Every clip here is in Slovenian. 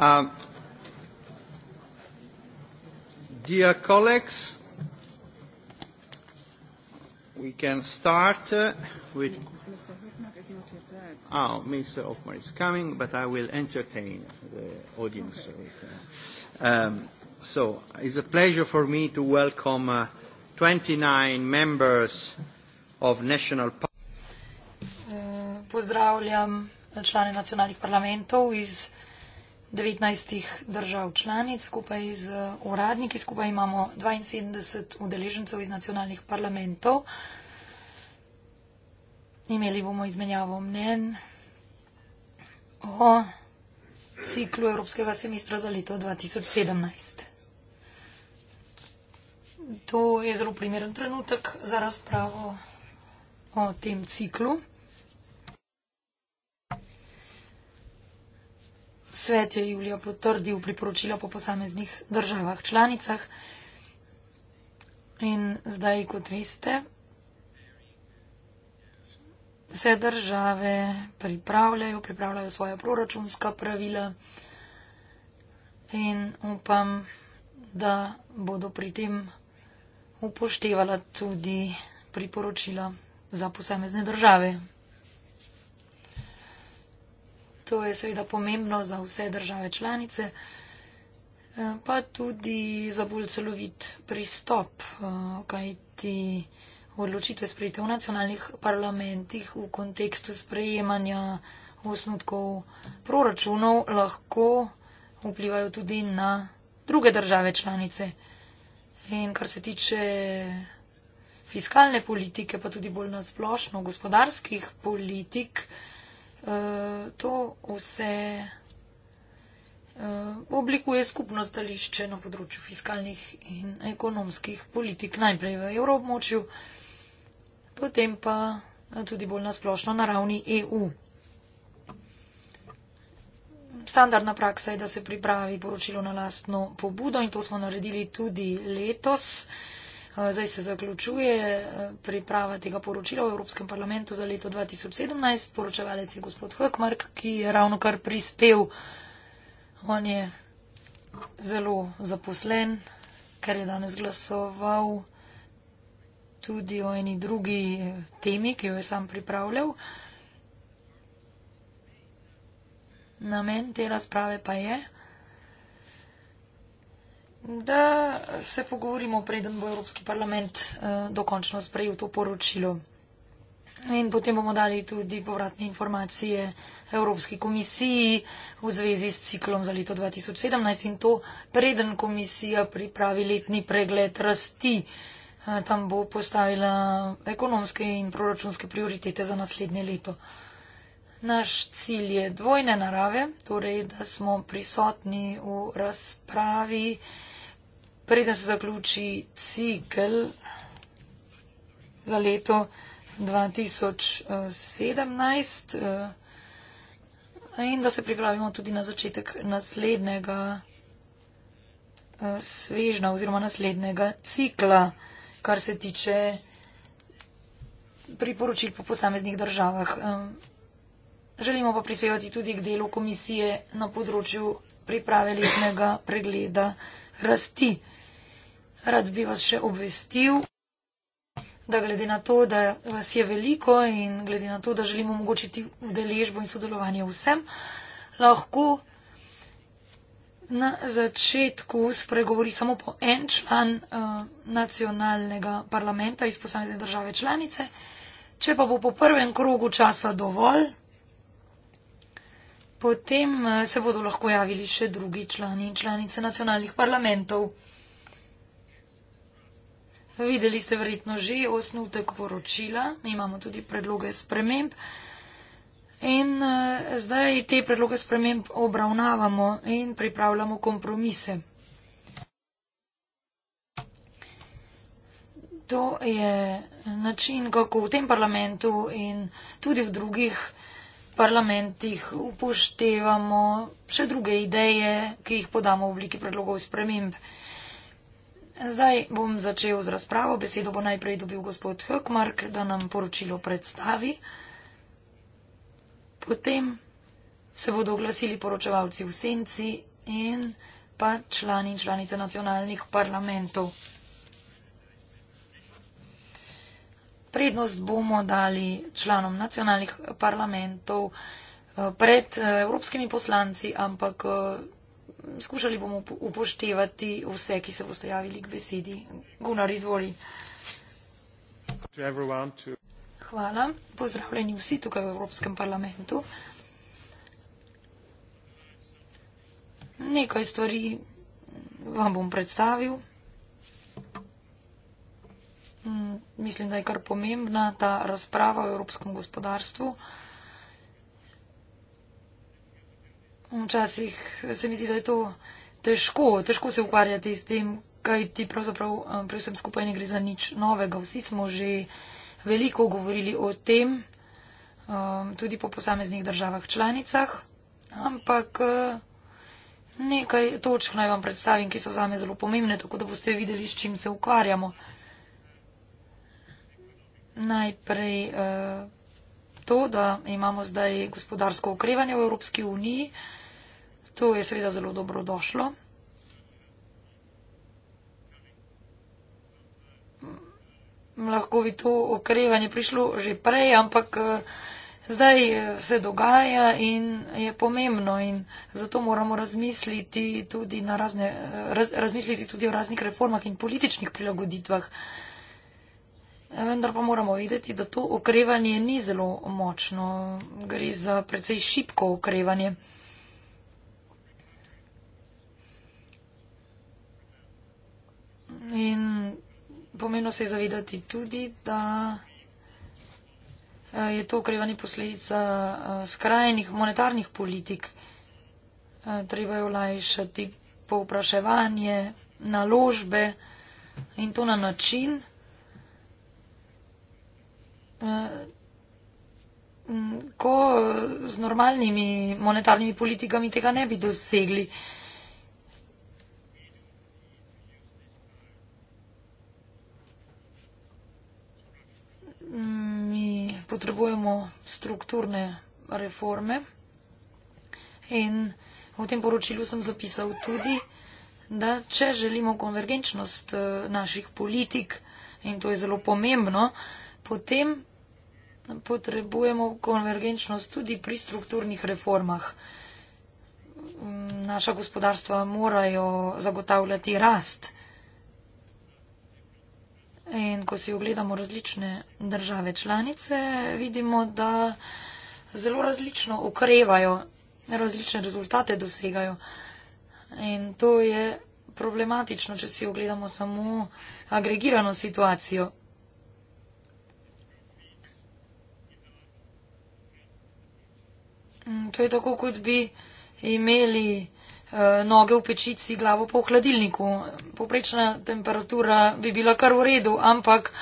Um, dear colleagues, we can start uh, with... Oh, Mr. Hofmar is coming, but I will entertain the audience. Okay. With, uh, um, so it's a pleasure for me to welcome uh, 29 members of National eh, Parliament. Uh, 19 držav članic, skupaj z uradniki, skupaj imamo 72 udeležencev iz nacionalnih parlamentov. Imeli bomo izmenjavo mnen o ciklu Evropskega semestra za leto 2017. To je zelo primeren trenutek za razpravo o tem ciklu. Svet je julija potrdil priporočila po posameznih državah članicah. In zdaj, kot veste, se države pripravljajo, pripravljajo svoje proračunska pravila in upam, da bodo pri tem upoštevala tudi priporočila za posamezne države. To je seveda pomembno za vse države članice, eh, pa tudi za bolj celovit pristop, eh, kajti odločitve sprejete v nacionalnih parlamentih v kontekstu sprejemanja osnutkov proračunov lahko vplivajo tudi na druge države članice. In kar se tiče fiskalne politike, pa tudi bolj nasplošno gospodarskih politik, Eh, to vse eh, oblikuje skupno stališče na področju fiskalnih in ekonomskih politik, najprej v evrobmočju, potem pa eh, tudi bolj nasplošno na ravni EU. Standardna praksa je, da se pripravi poročilo na lastno pobudo in to smo naredili tudi letos. Uh, Eh, zdaj se zaključuje eh, priprava tega poročila v Evropskem parlamentu za leto 2017. Poročevalec je gospod Hökmark, ki je ravno kar prispel. On je zelo zaposlen, ker je danes glasoval tudi o eni drugi eh, temi, ki jo je sam pripravljal. Namen te razprave pa je, da se pogovorimo, preden bo Evropski parlament eh, dokončno sprejel to poročilo. In potem bomo dali tudi povratne informacije Evropski komisiji v zvezi s ciklom za leto 2017 in to preden komisija pripravi letni pregled rasti. Eh, tam bo postavila ekonomske in proračunske prioritete za naslednje leto. Naš cilj je dvojne narave, torej da smo prisotni v razpravi. Preden se zaključi cikl za leto 2017 eh, eh, in da se pripravimo tudi na začetek naslednjega eh, svežna oziroma naslednjega cikla, kar se tiče priporočil po posameznih državah. Želimo pa prispevati tudi k delu komisije na področju pripravelitnega pregleda rasti. Rad bi vas še obvestil, da glede na to, da vas je veliko in glede na to, da želimo omogočiti vdeležbo in sodelovanje vsem, lahko na začetku spregovori samo po en član uh, nacionalnega parlamenta iz posamezne države članice. Če pa bo po prvem krogu časa dovolj, potem eh, se bodo lahko javili še drugi člani in članice nacionalnih parlamentov. Videli ste verjetno že osnutek poročila, imamo tudi predloge sprememb. In uh, zdaj te predloge sprememb obravnavamo in pripravljamo kompromise. To je način, kako v tem parlamentu in tudi v drugih parlamentih upoštevamo še druge ideje, ki jih podamo v obliki predlogov sprememb. Uh, Zdaj bom začel z razpravo. Besedo bo najprej dobil gospod Hökmark, da nam poročilo predstavi. Potem se bodo oglasili poročevalci v senci in pa člani in članice nacionalnih parlamentov. Prednost bomo dali članom nacionalnih parlamentov eh, pred eh, evropskimi poslanci, ampak eh, skušali bomo upoštevati vse, ki se boste javili k besedi. Gunnar, izvoli. Hvala. Pozdravljeni vsi tukaj v Evropskem parlamentu. Nekaj stvari vam bom predstavil. Hmm, mislim, da je kar pomembna ta razprava o evropskem gospodarstvu. včasih se mi zdi, da je to težko, težko se ukvarjati s tem, kaj ti pravzaprav eh, pri vsem skupaj ne gre za nič novega. Vsi smo že veliko govorili o tem, eh, tudi po posameznih državah članicah, ampak eh, nekaj točk naj vam predstavim, ki so zame zelo pomembne, tako da boste videli, s čim se ukvarjamo. Najprej to, da imamo zdaj gospodarsko okrevanje v Evropski uniji, To je seveda zelo dobro došlo. Lahko bi to okrevanje prišlo že prej, ampak eh, zdaj eh, se dogaja in je pomembno in zato moramo razmisliti tudi, na razne, eh, raz, razmisliti tudi o raznih reformah in političnih prilagoditvah. Vendar pa moramo videti, da to okrevanje ni zelo močno. Gre za precej šipko okrevanje. In pomembno se je zavedati tudi, da eh, je to okrevanje posledica eh, skrajnih monetarnih politik. Eh, treba je olajšati povpraševanje, naložbe in to na način, ko z normalnimi monetarnimi politikami tega ne bi dosegli. potrebujemo strukturne reforme. In v tem poročilu sem zapisal tudi, da če želimo konvergenčnost eh, naših politik, in to je zelo pomembno, potem potrebujemo konvergenčnost tudi pri strukturnih reformah. Naša gospodarstva morajo zagotavljati rast. In ko si ogledamo različne države članice, vidimo, da zelo različno ukrevajo, različne rezultate dosegajo. In to je problematično, če si ogledamo samo agregirano situacijo. Mm, to je tako, kot bi imeli Eh, noge v pečici, glavo pa v hladilniku. Poprečna temperatura bi bila kar v redu, ampak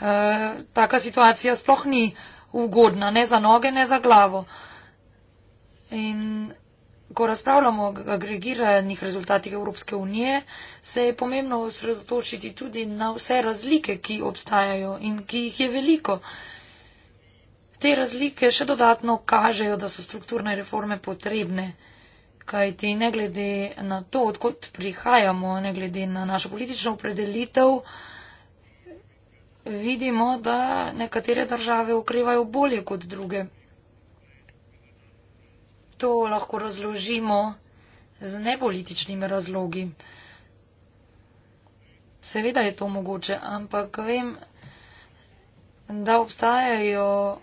eh, taka situacija sploh ni ugodna, ne za noge, ne za glavo. In ko razpravljamo o agregiranih rezultatih Evropske unije, se je pomembno osredotočiti tudi na vse razlike, ki obstajajo in ki jih je veliko. Te razlike še dodatno kažejo, da so strukturne reforme potrebne kajti ne glede na to, odkot prihajamo, ne glede na našo politično opredelitev, vidimo, da nekatere države okrevajo bolje kot druge. To lahko razložimo z nepolitičnimi razlogi. Seveda je to mogoče, ampak vem, da obstajajo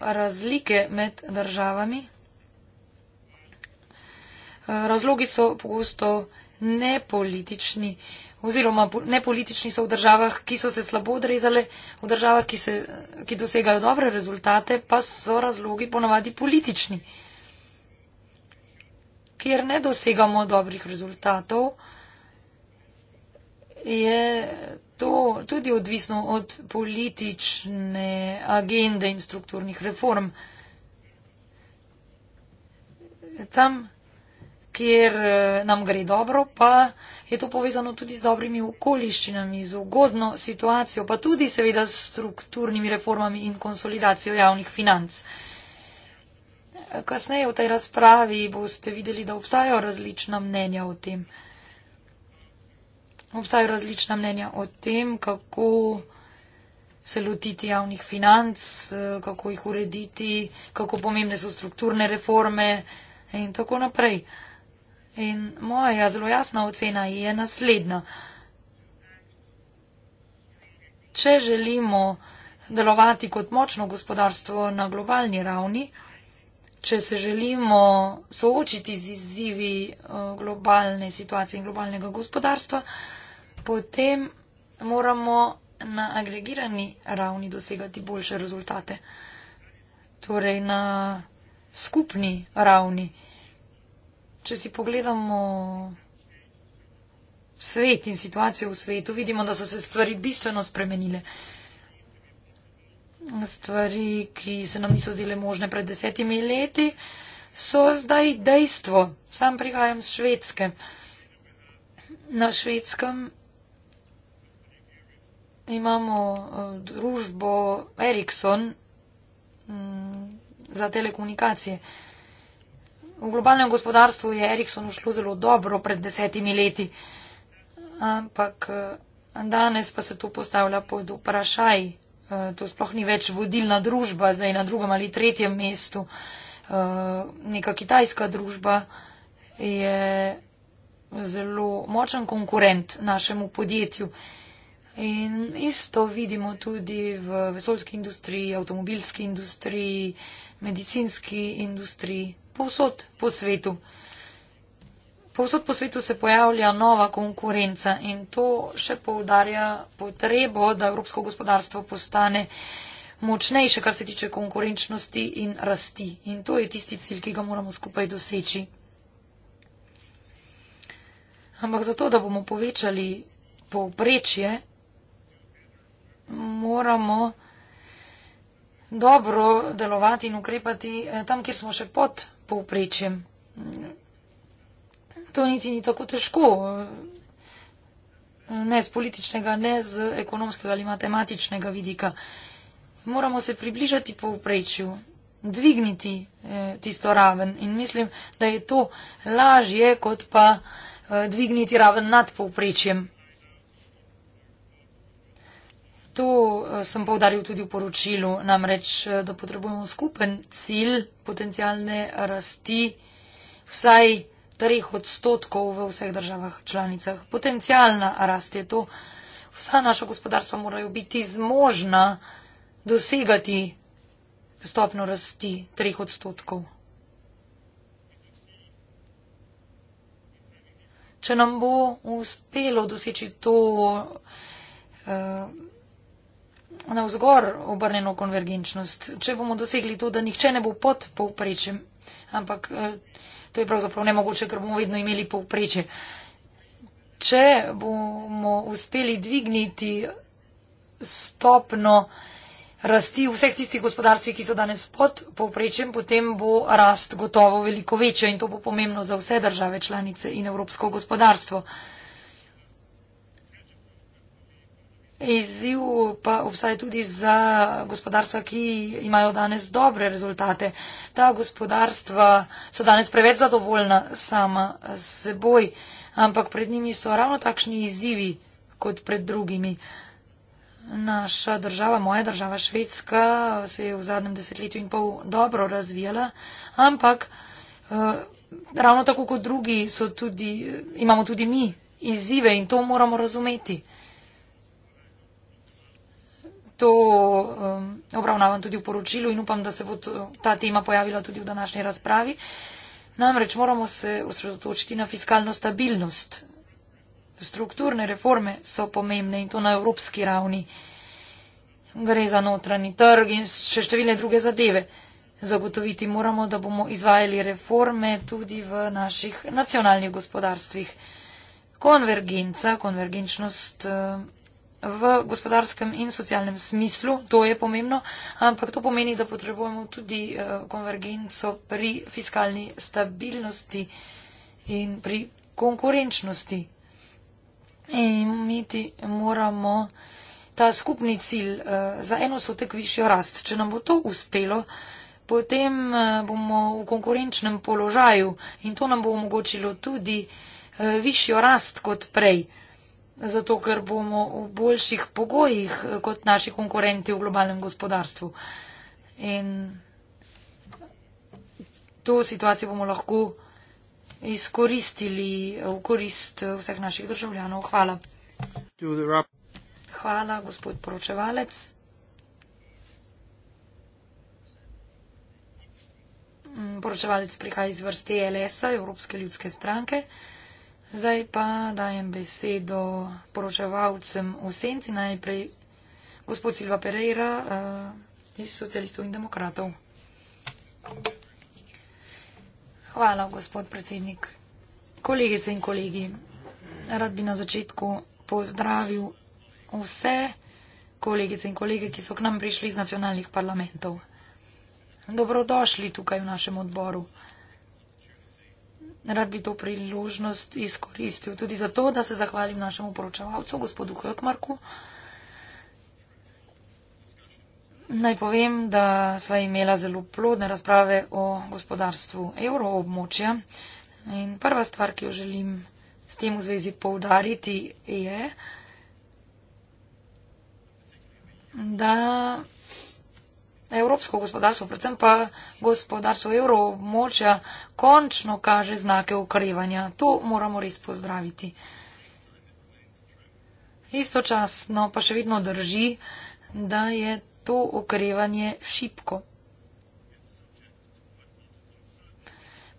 razlike med državami. Razlogi so pogosto nepolitični, oziroma nepolitični so v državah, ki so se slabo odrezale, v državah, ki, se, ki dosegajo dobre rezultate, pa so razlogi ponavadi politični. Ker ne dosegamo dobrih rezultatov, je to tudi odvisno od politične agende in strukturnih reform. Tam, kjer eh, nam gre dobro, pa je to povezano tudi z dobrimi okoliščinami, z ugodno situacijo, pa tudi seveda s strukturnimi reformami in konsolidacijo javnih financ. Eh, kasneje v tej razpravi boste videli, da obstajajo različna mnenja o tem. Obstajajo različna mnenja o tem, kako se lotiti javnih financ, eh, kako jih urediti, kako pomembne so strukturne reforme in tako naprej. In moja zelo jasna ocena je naslednja. Če želimo delovati kot močno gospodarstvo na globalni ravni, če se želimo soočiti z izzivi eh, globalne situacije in globalnega gospodarstva, potem moramo na agregirani ravni dosegati boljše rezultate. Torej na skupni ravni če si pogledamo svet in situacijo v svetu, vidimo, da so se stvari bistveno spremenile. Stvari, ki se nam niso zdele možne pred desetimi leti, so zdaj dejstvo. Sam prihajam z švedske. Na švedskem imamo eh, družbo Ericsson mm, za telekomunikacije. V globalnem gospodarstvu je Eriksonu šlo zelo dobro pred desetimi leti, ampak eh, danes pa se to postavlja pod vprašaj. Eh, to sploh ni več vodilna družba, zdaj na drugem ali tretjem mestu. Eh, neka kitajska družba je zelo močen konkurent našemu podjetju. In isto vidimo tudi v vesoljski industriji, avtomobilski industriji, medicinski industriji povsod po svetu. Povsod po svetu se pojavlja nova konkurenca in to še poudarja potrebo, da evropsko gospodarstvo postane močnejše, kar se tiče konkurenčnosti in rasti. In to je tisti cilj, ki ga moramo skupaj doseči. Ampak zato, da bomo povečali povprečje, moramo dobro delovati in ukrepati eh, tam, kjer smo še pod povprečjem. To niti ni tako težko. Eh, ne z političnega, ne z ekonomskega ali matematičnega vidika. Moramo se približati povprečju, dvigniti eh, tisto raven in mislim, da je to lažje, kot pa dvigniti raven nad povprečjem. To eh, sem povdaril tudi v poročilu, namreč, eh, da potrebujemo skupen cilj potencijalne rasti vsaj 3 odstotkov v vseh državah članicah. Potencijalna rast je to. Vsa naša gospodarstva morajo biti zmožna dosegati stopno rasti 3 odstotkov. Če nam bo uspelo doseči to, uh, navzgor obrnjeno konvergenčnost, če bomo dosegli to, da nihče ne bo pod povprečjem, ampak eh, to je pravzaprav nemogoče, ker bomo vedno imeli povprečje. Če bomo uspeli dvigniti stopno rasti vseh tistih gospodarstv, ki so danes pod povprečjem, potem bo rast gotovo veliko večja in to bo pomembno za vse države članice in evropsko gospodarstvo. Izziv pa obstaja tudi za gospodarstva, ki imajo danes dobre rezultate. Ta gospodarstva so danes preveč zadovoljna sama s seboj, ampak pred njimi so ravno takšni izzivi kot pred drugimi. Naša država, moja država Švedska, se je v zadnjem desetletju in pol dobro razvijala, ampak eh, ravno tako kot drugi tudi, imamo tudi mi izzive in to moramo razumeti to um, obravnavam tudi v poročilu in upam, da se bo to, ta tema pojavila tudi v današnji razpravi. Namreč moramo se osredotočiti na fiskalno stabilnost. Strukturne reforme so pomembne in to na evropski ravni. Gre za notranji trg in še številne druge zadeve. Zagotoviti moramo, da bomo izvajali reforme tudi v naših nacionalnih gospodarstvih. Konvergenca, konvergenčnost. Uh, v gospodarskem in socialnem smislu, to je pomembno, ampak to pomeni, da potrebujemo tudi eh, konvergenco pri fiskalni stabilnosti in pri konkurenčnosti. In mi ti moramo ta skupni cilj eh, za eno sotek višjo rast. Če nam bo to uspelo, potem eh, bomo v konkurenčnem položaju in to nam bo omogočilo tudi višjo rast kot prej zato ker bomo v boljših pogojih eh, kot naši konkurenti v globalnem gospodarstvu. In to situacijo bomo lahko izkoristili v korist eh, vseh naših državljanov. Hvala. Hvala, gospod poročevalec. Mm, poročevalec prihaja iz vrste LS-a, Evropske ljudske stranke. Zdaj pa dajem besedo poročevalcem v senci, najprej gospod Silva Pereira uh, iz socialistov in demokratov. Hvala, gospod predsednik. Kolegice in kolegi, rad bi na začetku pozdravil vse kolegice in kolege, ki so k nam prišli iz nacionalnih parlamentov. Dobrodošli tukaj v našem odboru rad bi to priložnost izkoristil tudi zato, da se zahvalim našemu poročevalcu, gospodu Hökmarku. Naj povem, da sva imela zelo plodne razprave o gospodarstvu evroobmočja. In prva stvar, ki jo želim s tem v zvezi poudariti, je, da evropsko gospodarstvo, predvsem pa gospodarstvo evroobmočja, končno kaže znake okrevanja. To moramo res pozdraviti. Istočasno pa še vedno drži, da je to okrevanje šipko.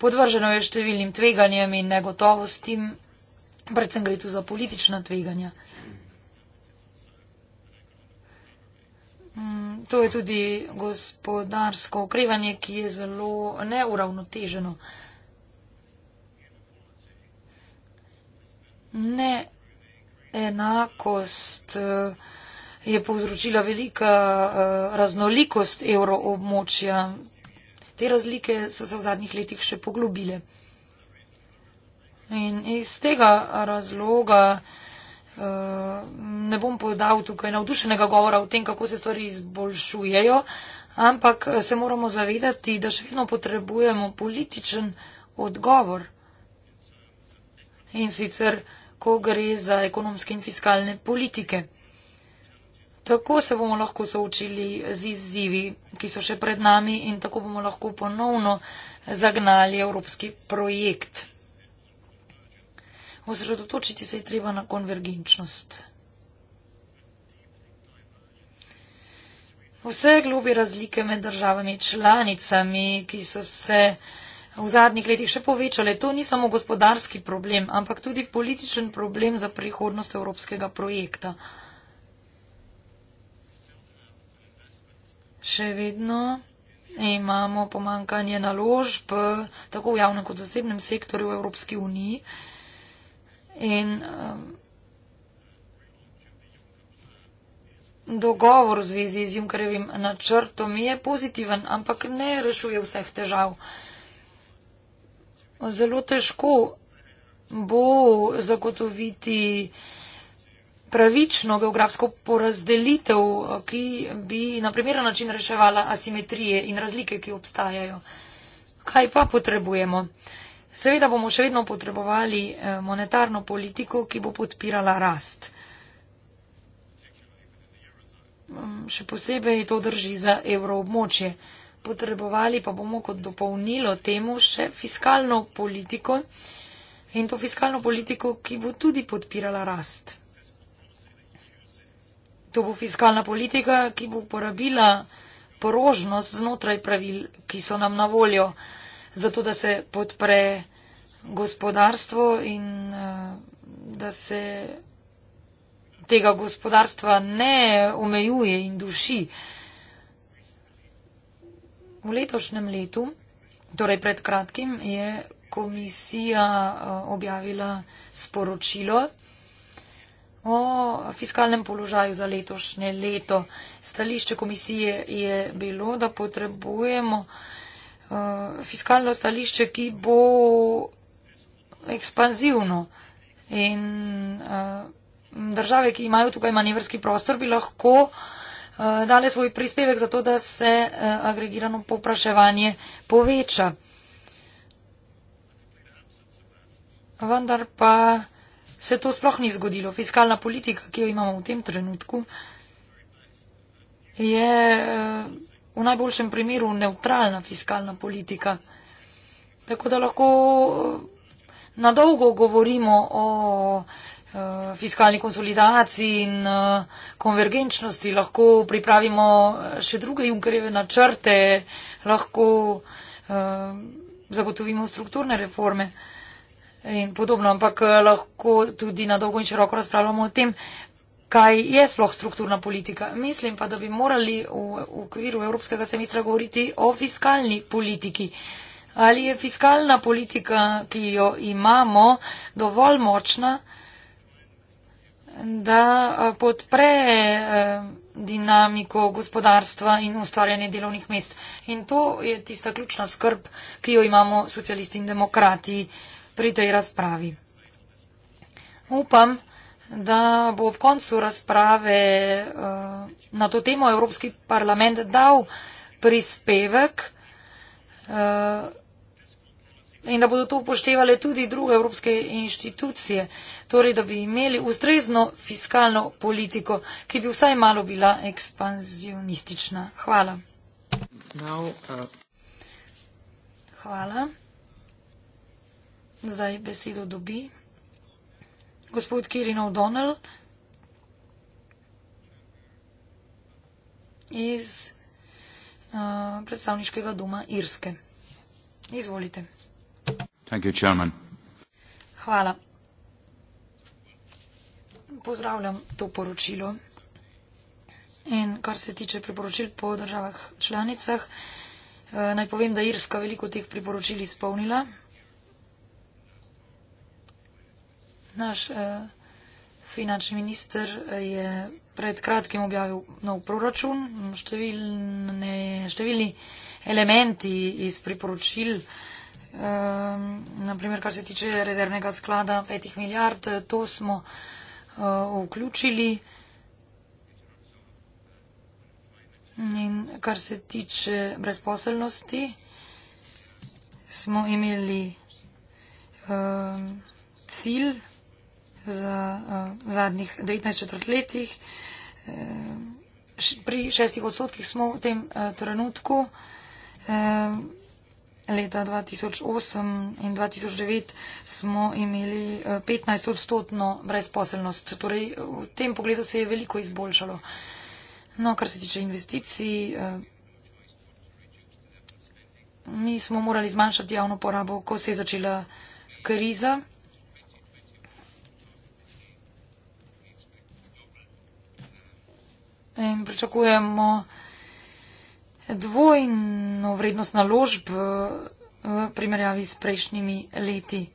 Podvrženo je številnim tveganjem in negotovostim, predvsem gre tu za politična tveganja. Mm, to je tudi gospodarsko okrevanje, ki je zelo neuravnoteženo. Neenakost eh, je povzročila velika eh, raznolikost evroobmočja. Te razlike so se v zadnjih letih še poglobile. In iz tega razloga. Eh, ne bom podal tukaj navdušenega govora o tem, kako se stvari izboljšujejo, ampak eh, se moramo zavedati, da še vedno potrebujemo političen odgovor. In sicer, ko gre za ekonomske in fiskalne politike. Tako se bomo lahko soočili z izzivi, ki so še pred nami in tako bomo lahko ponovno zagnali evropski projekt. Osredotočiti se je treba na konvergenčnost. Vse globi razlike med državami članicami, ki so se v zadnjih letih še povečale, to ni samo gospodarski problem, ampak tudi političen problem za prihodnost evropskega projekta. Še vedno imamo pomankanje naložb, tako v javnem kot zasebnem sektorju v Evropski uniji. In um, dogovor v zvezi z Junkerjevim načrtom je pozitiven, ampak ne rešuje vseh težav. Zelo težko bo zagotoviti pravično geografsko porazdelitev, ki bi na primeren način reševala asimetrije in razlike, ki obstajajo. Kaj pa potrebujemo? Uh, Seveda bomo še vedno potrebovali eh, monetarno politiko, ki bo podpirala rast. Mm, še posebej to drži za evroobmočje. Potrebovali pa bomo kot dopolnilo temu še fiskalno politiko in to fiskalno politiko, ki bo tudi podpirala rast. To bo fiskalna politika, ki bo uporabila porožnost znotraj pravil, ki so nam na voljo zato da se podpre gospodarstvo in eh, da se tega gospodarstva ne omejuje in duši. V letošnjem letu, torej pred kratkim, je komisija eh, objavila sporočilo o fiskalnem položaju za letošnje leto. Stališče komisije je bilo, da potrebujemo Eh, fiskalno stališče, ki bo ekspanzivno. In uh, države, ki imajo tukaj manevrski prostor, bi lahko uh, dale svoj prispevek za to, da se uh, agregirano popraševanje poveča. Vendar pa se to sploh ni zgodilo. Fiskalna politika, ki jo imamo v tem trenutku, je. Uh, v najboljšem primeru neutralna fiskalna politika. Tako da lahko eh, na dolgo govorimo o eh, fiskalni konsolidaciji in eh, konvergenčnosti, lahko pripravimo še druge Junkerjeve načrte, lahko zagotovimo strukturne reforme in podobno, ampak lahko tudi na dolgo in široko razpravljamo o tem, kaj je sploh strukturna politika. Mislim pa, da bi morali v, v okviru Evropskega semestra govoriti o fiskalni politiki. Ali je fiskalna politika, ki jo imamo, dovolj močna, da eh, podpre eh, dinamiko gospodarstva in ustvarjanje delovnih mest. In to je tista ključna skrb, ki jo imamo socialisti in demokrati pri tej razpravi. Upam, da bo ob koncu razprave eh, na to temo Evropski parlament dal prispevek eh, in da bodo to upoštevali tudi druge evropske inštitucije, torej da bi imeli ustrezno fiskalno politiko, ki bi vsaj malo bila ekspanzionistična. Hvala. Now, uh... Hvala. Zdaj besedo dobi. Gospod Kirin O'Donnell iz uh, predstavniškega doma Irske. Izvolite. Thank you, chairman. Hvala. Pozdravljam to poročilo. In kar se tiče priporočil po državah članicah, eh, naj povem, da Irska veliko teh priporočil izpolnila, Naš eh, finančni minister eh, je pred kratkim objavil nov proračun. Številne, številni elementi iz priporočil, ehm, naprimer, kar se tiče rezervnega sklada 5 milijard, eh, to smo vključili. In kar se tiče brezposelnosti, smo imeli um, cilj z, uh, eh, v zadnjih 19 četrtletjih. Eh, pri šestih odstotkih smo v tem uh, trenutku. Um, leta 2008 in 2009 smo imeli uh, 15 odstotno brezposelnost. Torej, v tem pogledu se je veliko izboljšalo. No, kar se tiče investicij, uh, mi smo morali zmanjšati javno porabo, ko se je začela kriza. In pričakujemo dvojno vrednost naložb eh, v primerjavi s prejšnjimi leti.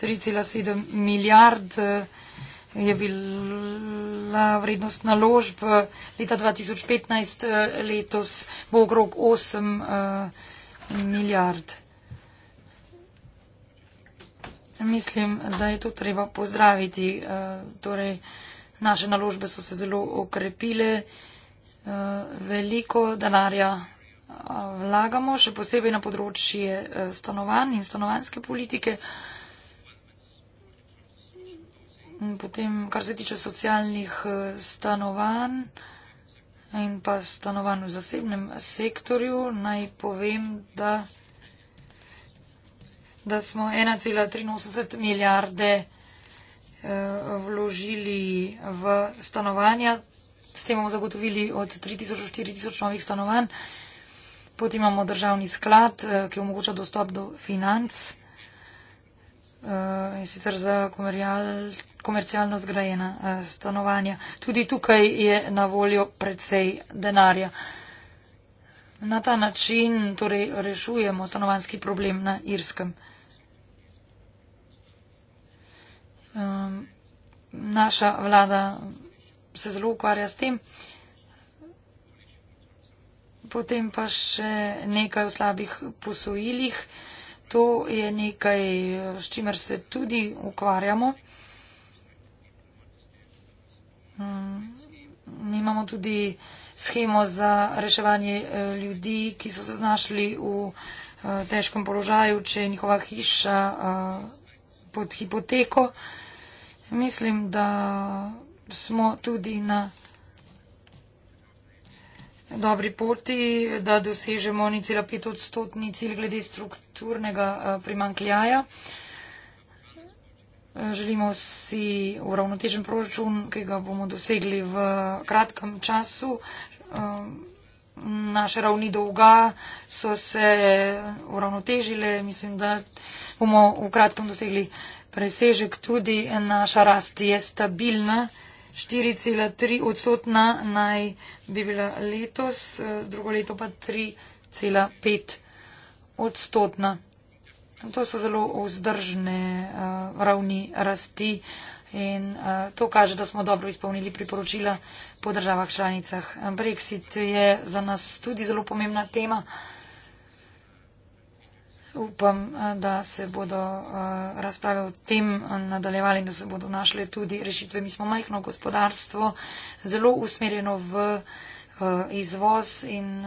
3,7 milijard eh, je bila vrednost naložb eh, leta 2015, letos bo okrog 8 milijard. Mislim, da je to treba pozdraviti. Torej, naše naložbe so se zelo okrepile, eh, veliko denarja eh, vlagamo, še posebej na področje eh, stanovanj in stanovanske politike. Potem, kar se tiče socialnih stanovanj in pa stanovanj v zasebnem sektorju, naj povem, da, da smo 1,83 milijarde vložili v stanovanja, s tem bomo zagotovili od 3000 do 4000 novih stanovanj. Potem imamo državni sklad, eh, ki omogoča dostop do financ eh, in sicer za komercialno zgrajena eh, stanovanja. Tudi tukaj je na voljo predvsej denarja. Na ta način torej rešujemo stanovanski problem na Irskem. um, naša vlada se zelo ukvarja s tem. Potem pa še nekaj o slabih posojilih. To je nekaj, s čimer se tudi ukvarjamo. Um, imamo tudi schemo za reševanje eh, ljudi, ki so se znašli v eh, težkem položaju, če je njihova hiša eh, pod hipoteko. Mislim, da smo tudi na dobri poti, da dosežemo ni cela pet odstotni cilj glede strukturnega eh, primankljaja. Želimo si uravnotežen proračun, ki ga bomo dosegli v kratkem času. Eh, naše ravni dolga so se uravnotežile. Mislim, da bomo v kratkem dosegli presežek tudi naša rast je stabilna. 4,3 odstotna naj bi bila letos, drugo leto pa 3,5 odstotna. To so zelo vzdržne eh, ravni rasti in eh, to kaže, da smo dobro izpolnili priporočila po državah članicah. Brexit je za nas tudi zelo pomembna tema upam, da se bodo razprave o tem nadaljevali in da se bodo našle tudi rešitve. Mi smo majhno gospodarstvo, zelo usmerjeno v izvoz in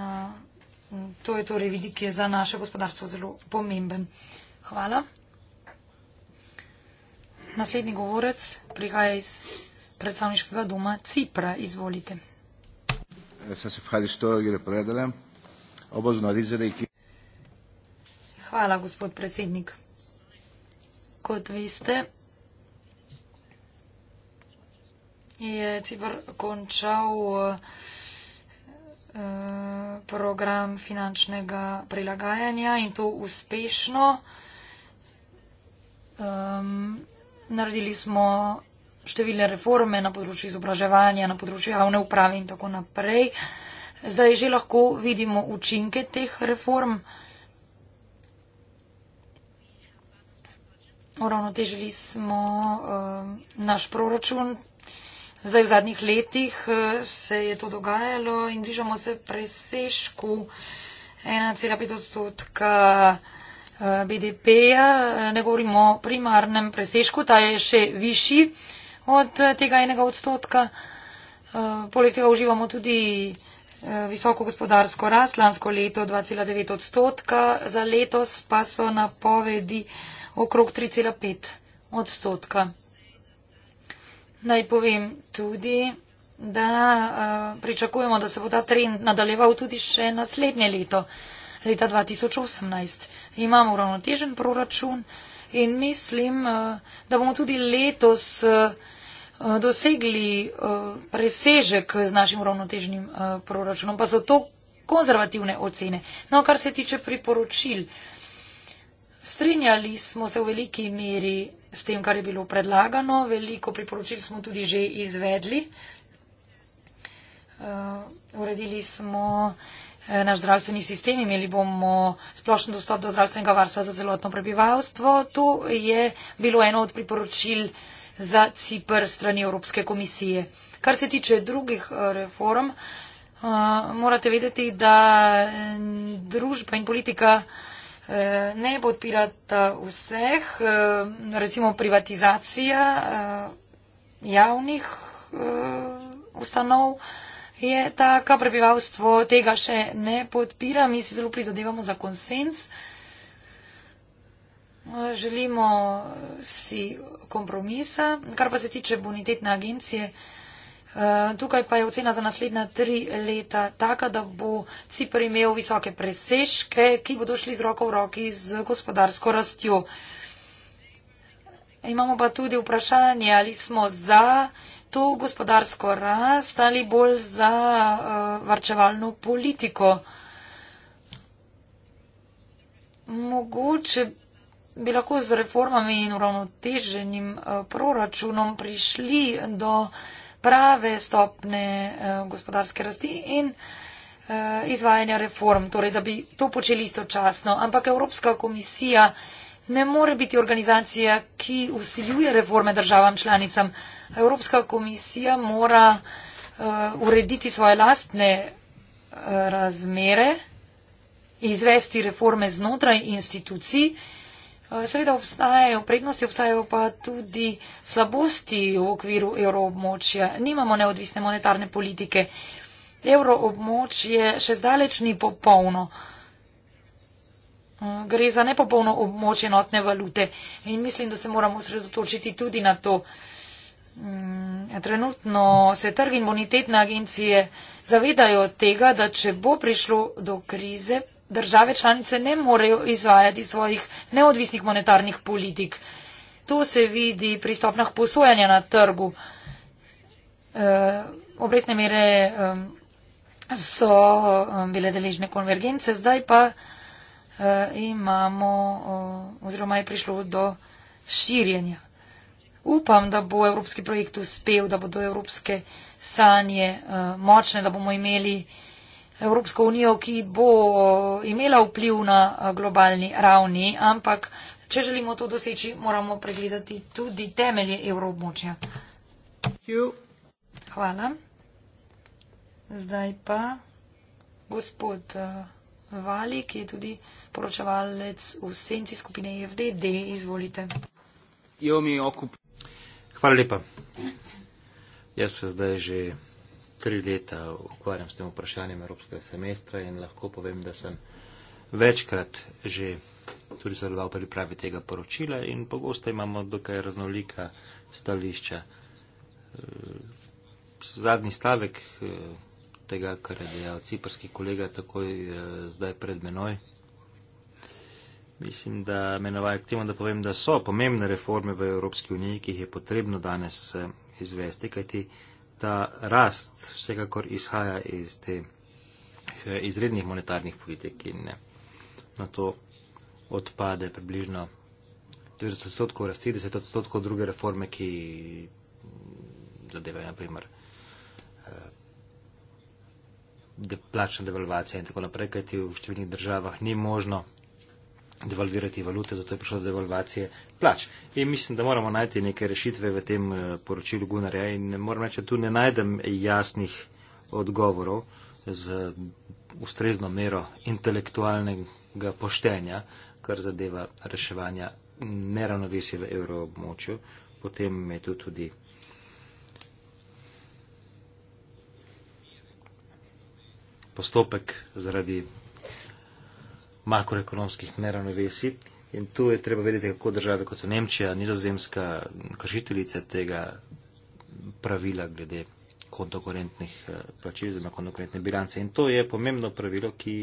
to je torej vidik, ki je za naše gospodarstvo zelo pomemben. Hvala. Naslednji govorec prihaja iz predstavniškega doma Cipra. Izvolite. Sam se vhajdi što je povedala. Obozno rizere i kipa. Hvala, gospod predsednik. Kot veste, je Cipr končal eh, program finančnega prilagajanja in to uspešno. Um, naredili smo številne reforme na področju izobraževanja, na področju javne uprave in tako naprej. Zdaj že lahko vidimo učinke teh reform. Uh, uravnotežili smo uh, naš proračun. Zdaj v zadnjih letih eh, se je to dogajalo in bližamo se presežku 1,5 odstotka eh, BDP-ja. Ne govorimo o primarnem presežku, ta je še višji od tega enega odstotka. Poleg tega uživamo tudi visoko gospodarsko rast, lansko leto 2,9 odstotka, za letos pa so napovedi okrog 3,5 odstotka. Naj povem tudi, da uh, pričakujemo, da se bo ta trend nadaljeval tudi še naslednje leto, leta 2018. Imamo uravnotežen proračun in mislim, uh, da bomo tudi letos uh, dosegli uh, presežek z našim uravnoteženim uh, proračunom. Pa so to konzervativne ocene. No, kar se tiče priporočil. Uh, Strinjali smo se v veliki meri s tem, kar je bilo predlagano, veliko priporočil smo tudi že izvedli. Eh, uredili smo eh, naš zdravstveni sistem, imeli bomo splošen dostop do zdravstvenega varstva za celotno prebivalstvo. To je bilo eno od priporočil za CIPR strani Evropske komisije. Kar se tiče drugih eh, reform, morate vedeti, da družba in politika. Eh, ne podpirata vseh, eh, recimo privatizacija eh, javnih ustanov je taka, prebivalstvo tega še ne podpira, mi si zelo prizadevamo za konsens, želimo si kompromisa, kar pa se tiče bonitetne agencije, Eh, tukaj pa je ocena za naslednja tri leta taka, da bo Cipr imel visoke presežke, ki bodo šli z roko v roki z gospodarsko rastjo. Imamo pa tudi vprašanje, ali smo za to gospodarsko rast ali bolj za uh, varčevalno politiko. Mogoče bi lahko z reformami in uravnoteženim uh, proračunom prišli do. Uh, prave stopne eh, gospodarske rasti in eh, izvajanja reform, torej da bi to počeli istočasno. Ampak Evropska komisija ne more biti organizacija, ki usiljuje reforme državam članicam. Evropska komisija mora eh, urediti svoje lastne razmere, izvesti reforme znotraj institucij, Eh, seveda obstajajo prednosti, obstajajo pa tudi slabosti v okviru evroobmočja. Nimamo neodvisne monetarne politike. Evroobmočje še zdaleč ni popolno. Eh, gre za nepopolno območje notne valute in mislim, da se moramo sredotočiti tudi na to. Mm, trenutno se trg in bonitetne agencije zavedajo tega, da če bo prišlo do krize, države članice ne morejo izvajati svojih neodvisnih monetarnih politik. To se vidi pri stopnjah posojanja na trgu. Eh, Obresne mere so bile deležne konvergence, zdaj pa eh, imamo eh, oziroma je prišlo do širjenja. Upam, da bo evropski projekt uspel, da bodo evropske sanje močne, da bomo imeli uh, Evropsko unijo, ki bo imela vpliv na eh, globalni ravni, ampak če želimo to doseči, moramo pregledati tudi temelje evroobmočja. Hvala. Zdaj pa gospod eh, Vali, ki je tudi poročevalec v senci skupine e FDD, izvolite. Hvala lepa. Jaz se zdaj že tri leta ukvarjam s tem vprašanjem evropskega semestra in lahko povem, da sem večkrat že tudi sodeloval pri pripravi tega poročila in pogosto imamo dokaj raznolika stališča. Eh, zadnji stavek eh, tega, kar je dejal ciprski kolega takoj eh, zdaj pred menoj. Mislim, da me navajajo k temu, da povem, da so pomembne reforme v Evropski uniji, ki jih je potrebno danes izvesti, kajti ta rast vsekakor izhaja iz te eh, izrednih monetarnih politik in ne. Eh, na to odpade približno 30 odstotkov rasti, 10 odstotkov druge reforme, ki zadevajo naprimer eh, de, plačna devalvacija in tako naprej, kajti v številnih državah ni možno devalvirati valute, zato je prišlo do devalvacije plač. In mislim, da moramo najti neke rešitve v tem eh, poročilu Gunarja in moram reči, da tu ne najdem jasnih odgovorov z ustrezno mero intelektualnega poštenja, kar zadeva reševanja neravnovesja v evroobmočju. Potem je tu tudi. Postopek zaradi makroekonomskih neravnovesij. In tu je treba vedeti, kako države kot so Nemčija, Nizozemska, kršiteljice tega pravila glede kontokorentnih eh, plačil, oziroma kontokorentne bilance. In to je pomembno pravilo, ki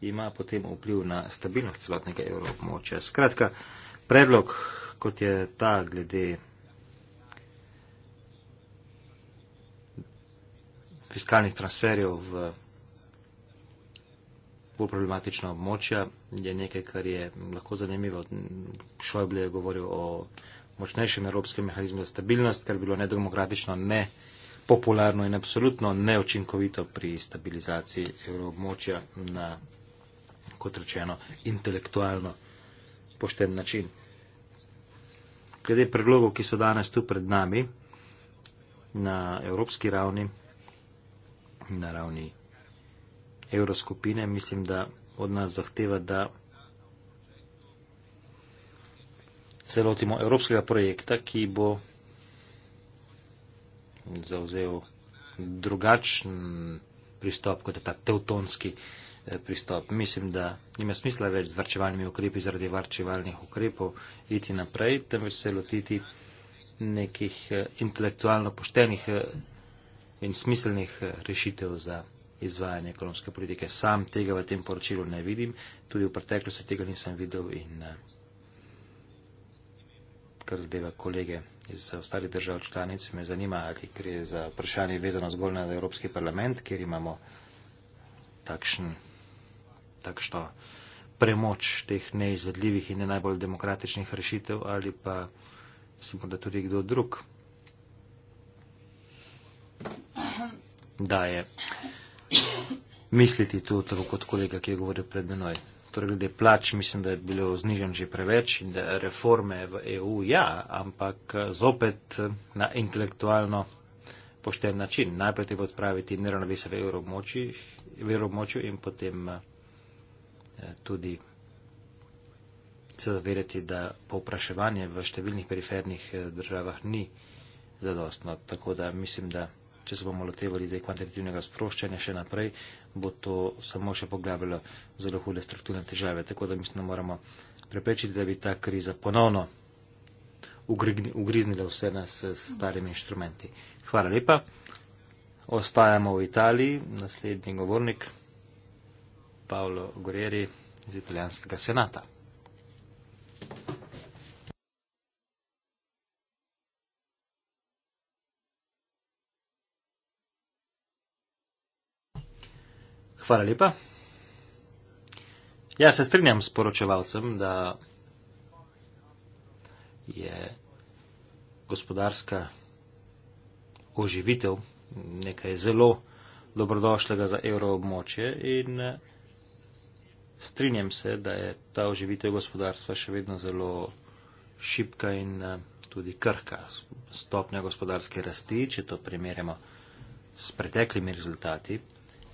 ima potem vpliv na stabilnost celotnega evroobmočja. Skratka, predlog, kot je ta glede fiskalnih transferjev v bolj problematična območja, je nekaj, kar je lahko zanimivo. Šojble je govoril o močnejšem evropskem mehanizmu za stabilnost, kar bi bilo nedemokratično, ne popularno in absolutno neočinkovito pri stabilizaciji evroobmočja na, kot rečeno, intelektualno pošten način. Glede predlogov, ki so danes tu pred nami, na evropski ravni, na ravni evroskupine, mislim, da od nas zahteva, da se lotimo evropskega projekta, ki bo zauzel drugačen pristop, kot je ta teutonski eh, pristop. Mislim, da nima smisla več z varčevalnimi ukrepi zaradi varčevalnih ukrepov iti naprej, temveč se lotiti nekih eh, intelektualno poštenih eh, in smiselnih rešitev za izvajanje ekonomske politike. Sam tega v tem poročilu ne vidim, tudi v preteklosti tega nisem videl in eh, kar zadeva kolege iz ostalih držav članic, me zanima, ali gre za vprašanje vezano zgolj na Evropski parlament, kjer imamo takšen, takšno premoč teh neizvedljivih in ne najbolj demokratičnih rešitev ali pa mislim, da tudi kdo drug daje misliti tu, tako kot kolega, ki je govoril pred menoj. Torej, glede plač, mislim, da je bilo znižen že preveč in da reforme v EU, ja, ampak eh, zopet eh, na intelektualno pošten način. Najprej treba odpraviti neravnovesje v evroobmočju in potem eh, tudi se zavedati, da povpraševanje v številnih perifernih državah ni zadostno. Tako da mislim, da če se bomo lotevali tega kvantitativnega sproščanja še naprej, bo to samo še poglabljalo zelo hude strukturne težave. Tako da mislim, da moramo preprečiti, da bi ta kriza ponovno ugriznila vse nas s starimi inštrumenti. Hvala lepa. Ostajamo v Italiji. Naslednji govornik, Paolo Gorieri iz italijanskega senata. Hvala lepa. Ja, se strinjam s poročevalcem, da je gospodarska oživitev nekaj zelo dobrodošlega za evroobmočje in eh, strinjam se, da je ta oživitev gospodarstva še vedno zelo šipka in eh, tudi krhka. Stopnja gospodarske rasti, če to primerjamo s preteklimi rezultati,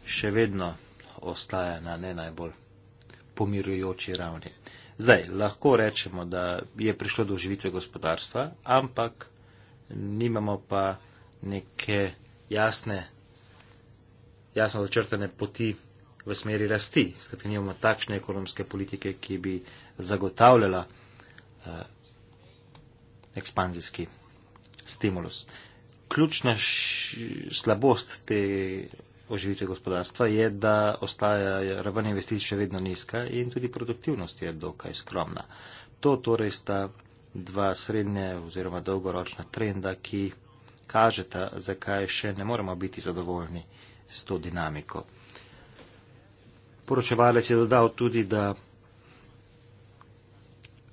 še vedno ostaja na ne najbolj pomirujoči ravni. Zdaj, lahko rečemo, da je prišlo do oživitve gospodarstva, ampak nimamo pa neke jasne, jasno začrtane poti v smeri rasti. Skratka, nimamo takšne ekonomske politike, ki bi zagotavljala uh, ekspanzijski stimulus. Ključna slabost te oživitve gospodarstva, je, da ostaja raven investicij še vedno nizka in tudi produktivnost je dokaj skromna. To torej sta dva srednje oziroma dolgoročna trenda, ki kažeta, zakaj še ne moramo biti zadovoljni s to dinamiko. Poročevalec je dodal tudi, da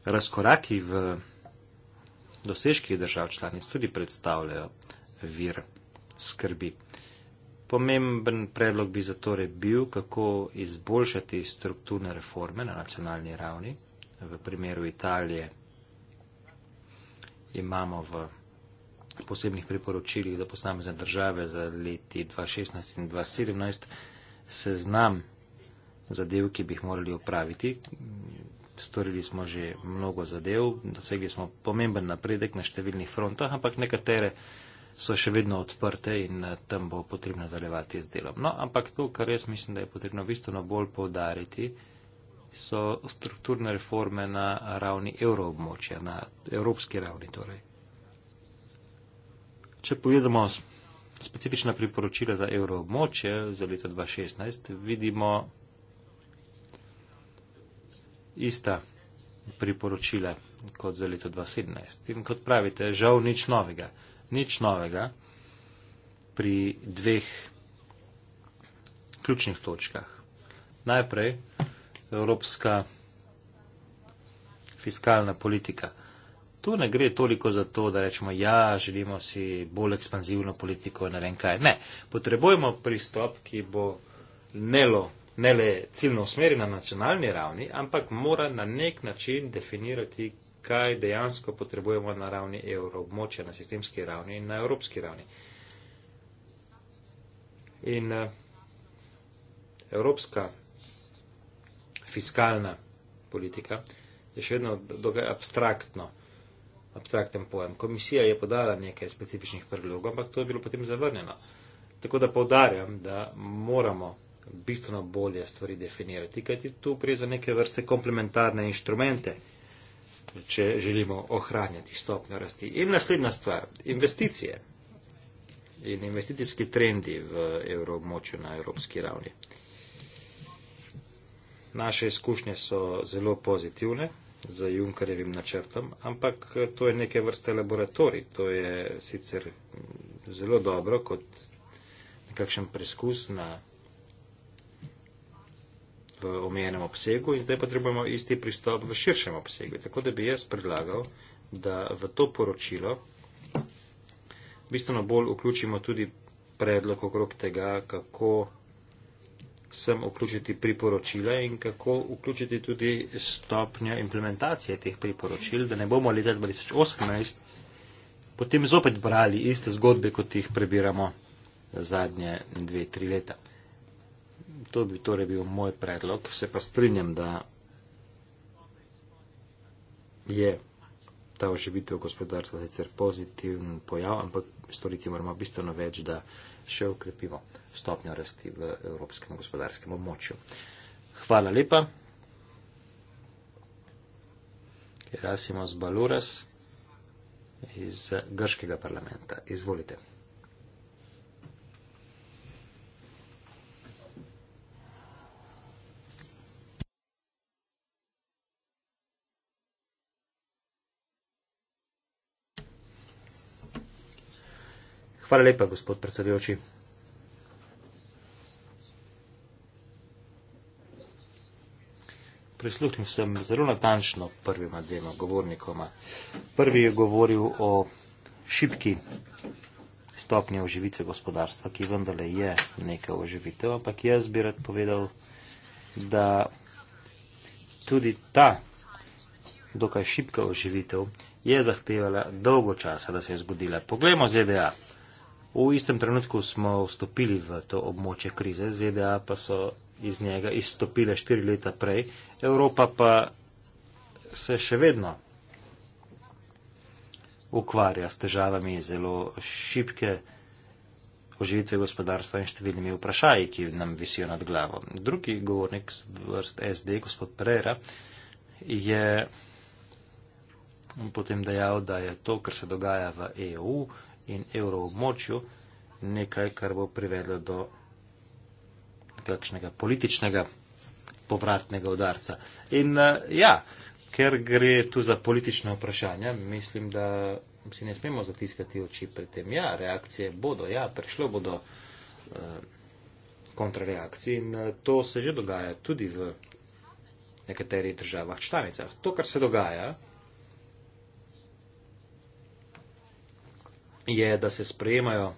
razkoraki v dosežkih držav članic tudi predstavljajo vir skrbi pomemben predlog bi zatorej bil, kako izboljšati strukturne reforme na nacionalni ravni. V primeru Italije imamo v posebnih priporočilih za posamezne države za leti 2016 in 2017 seznam zadev, ki bi jih morali opraviti. Storili smo že mnogo zadev, dosegli smo pomemben napredek na številnih frontah, ampak nekatere so še vedno odprte in eh, tam bo potrebno nadaljevati z delom. No, ampak to, kar jaz mislim, da je potrebno bistveno bolj povdariti, so strukturne reforme na ravni evroobmočja, na evropski ravni torej. Če pogledamo specifična priporočila za evroobmočje za leto 2016, vidimo ista priporočila kot za leto 2017. In kot pravite, žal nič novega nič novega pri dveh ključnih točkah. Najprej evropska fiskalna politika. Tu ne gre toliko za to, da rečemo, ja, želimo si bolj ekspanzivno politiko, ne vem kaj. Ne, potrebujemo pristop, ki bo nelo, ne le ciljno usmerjen na nacionalni ravni, ampak mora na nek način definirati, kaj dejansko potrebujemo na ravni evroobmočja, na sistemski ravni in na evropski ravni. In eh, evropska fiskalna politika je še vedno dokaj abstraktno, abstrakten pojem. Komisija je podala nekaj specifičnih predlogov, ampak to je bilo potem zavrnjeno. Tako da povdarjam, da moramo bistveno bolje stvari definirati, kajti tu gre za neke vrste komplementarne inštrumente, če želimo ohranjati stopnjo rasti. In naslednja stvar, investicije in investicijski trendi v evromočju na evropski ravni. Naše izkušnje so zelo pozitivne z Junkarjevim načrtom, ampak to je neke vrste laboratorij. To je sicer zelo dobro kot nekakšen preskus na omejenem obsegu in zdaj potrebujemo isti pristop v širšem obsegu. Tako da bi jaz predlagal, da v to poročilo bistveno bolj vključimo tudi predlog okrog tega, kako sem vključiti priporočila in kako vključiti tudi stopnjo implementacije teh priporočil, da ne bomo leta 2018 potem zopet brali iste zgodbe, kot jih prebiramo zadnje dve, tri leta. To bi torej bil moj predlog. Se pa strinjam, da je ta oživitev gospodarstva sicer pozitiven pojav, ampak storiti moramo bistveno več, da še ukrepimo stopnjo rasti v evropskem gospodarskem območju. Hvala lepa. Gerasimos Baluras iz grškega parlamenta. Izvolite. Hvala lepa, gospod predsedujoči. Prisluhnil sem zelo natančno prvima dvema govornikoma. Prvi je govoril o šipki stopnje oživitve gospodarstva, ki vendarle je neka oživitev, ampak jaz bi rad povedal, da tudi ta dokaj šipka oživitev je zahtevala dolgo časa, da se je zgodila. Poglejmo ZDA. V istem trenutku smo vstopili v to območje krize, ZDA pa so iz njega izstopile štiri leta prej, Evropa pa se še vedno ukvarja s težavami zelo šipke oživitve gospodarstva in številnimi vprašaji, ki nam visijo nad glavo. Drugi govornik z vrst SD, gospod Pereira, je potem dejal, da je to, kar se dogaja v EU, in evroobmočju, nekaj, kar bo privedlo do kakšnega političnega povratnega udarca. In eh, ja, ker gre tu za politično vprašanje, mislim, da si ne smemo zatiskati oči pri tem. Ja, reakcije bodo, ja, prišlo bodo eh, kontrareakcij in eh, to se že dogaja tudi v nekaterih državah članicah. To, kar se dogaja, je, da se sprejemajo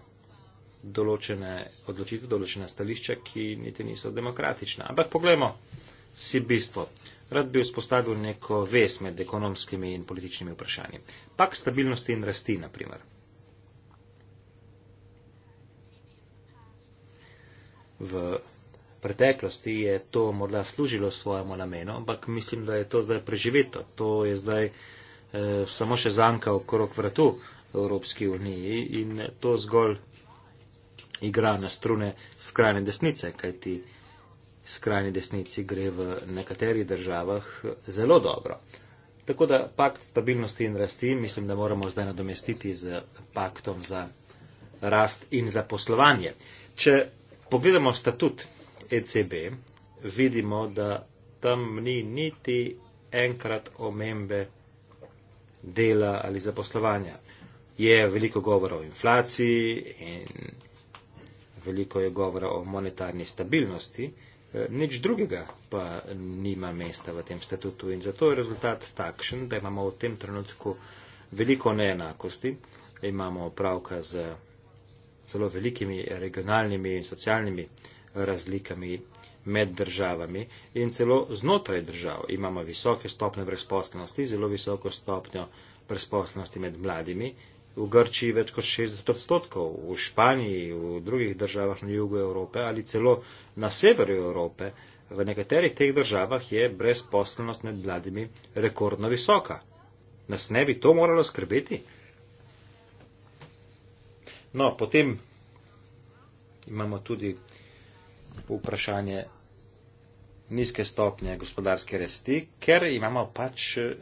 določene odločitve, določene stališča, ki niti niso demokratične. Ampak poglejmo si bistvo. Rad bi vzpostavil neko vez med ekonomskimi in političnimi vprašanji. Pak stabilnosti in rasti, na primer. V preteklosti je to morda služilo svojemu namenu, ampak mislim, da je to zdaj preživeto. To je zdaj eh, samo še zanka okrog vratu. Eh, Evropski uniji in to zgolj igra na strune skrajne desnice, kajti skrajni desnici gre v nekaterih državah zelo dobro. Tako da pakt stabilnosti in rasti mislim, da moramo zdaj nadomestiti z paktom za rast in za poslovanje. Če pogledamo statut ECB, vidimo, da tam ni niti enkrat omembe dela ali zaposlovanja je veliko govora o inflaciji in veliko je govora o monetarni stabilnosti, eh, nič drugega pa nima mesta v tem statutu in zato je rezultat takšen, da imamo v tem trenutku veliko neenakosti, imamo opravka z zelo velikimi regionalnimi in socialnimi razlikami med državami in celo znotraj držav. Imamo visoke stopne brezposlenosti, zelo visoko stopnjo brezposlenosti med mladimi v Grčiji več kot 60 odstotkov, v Španiji, v drugih državah na jugu Evrope ali celo na severu Evrope, v nekaterih teh državah je brezposelnost med mladimi rekordno visoka. Nas ne bi to moralo skrbeti? No, potem imamo tudi vprašanje nizke stopnje gospodarske rasti, ker imamo pač eh,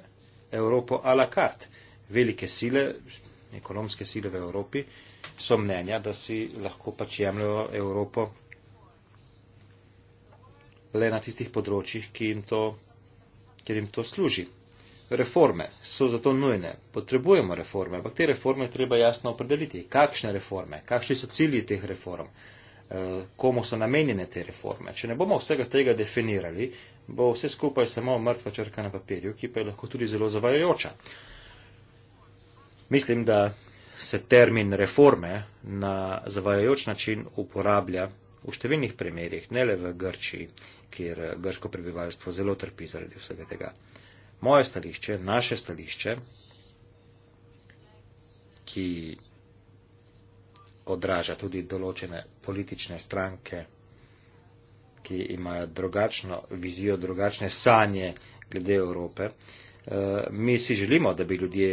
Evropo a la carte. Velike sile ekonomske sile v Evropi, so mnenja, da si lahko pač jemljajo Evropo le na tistih področjih, jim to, kjer jim to služi. Reforme so zato nujne, potrebujemo reforme, ampak te reforme treba jasno opredeliti. Kakšne reforme, kakšni so cilji teh reform, eh, komu so namenjene te reforme. Če ne bomo vsega tega definirali, bo vse skupaj samo mrtva črka na papirju, ki pa je lahko tudi zelo zavajajoča. Mislim, da se termin reforme na zavajajoč način uporablja v številnih primerjih, ne le v Grči, kjer grško prebivalstvo zelo trpi zaradi vsega tega. Moje stališče, naše stališče, ki odraža tudi določene politične stranke, ki imajo drugačno vizijo, drugačne sanje glede Evrope. Eh, mi si želimo, da bi ljudje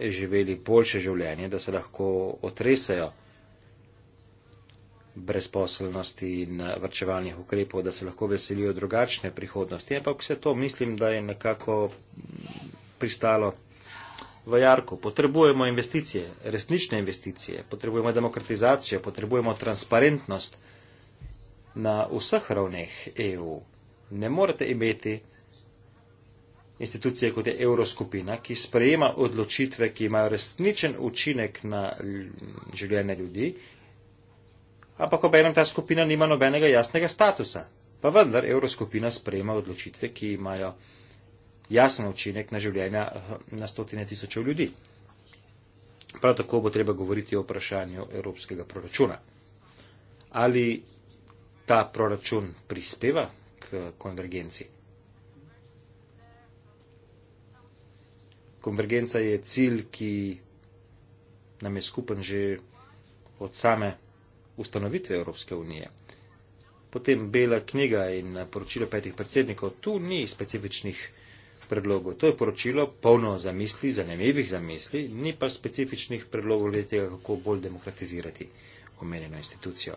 živeli boljše življenje, da se lahko otresajo brezposelnosti in vrčevalnih ukrepov, da se lahko veselijo drugačne prihodnosti. Ampak vse to mislim, da je nekako pristalo v jarku. Potrebujemo investicije, resnične investicije, potrebujemo demokratizacijo, potrebujemo transparentnost na vseh ravneh EU. Ne morete imeti institucije kot je Evroskupina, ki sprejema odločitve, ki imajo resničen učinek na življenje ljudi, ampak obenem ta skupina nima nobenega jasnega statusa. Pa vendar Evroskupina sprejema odločitve, ki imajo jasen učinek na življenja eh, na stotine tisočev ljudi. Prav tako bo treba govoriti o vprašanju evropskega proračuna. Ali ta proračun prispeva k konvergenciji? Konvergenca je cilj, ki nam je skupen že od same ustanovitve Evropske unije. Potem bela knjiga in poročilo petih predsednikov, tu ni specifičnih predlogov. To je poročilo polno zamisli, zanimivih zamisli, ni pa specifičnih predlogov glede tega, kako bolj demokratizirati omenjeno institucijo.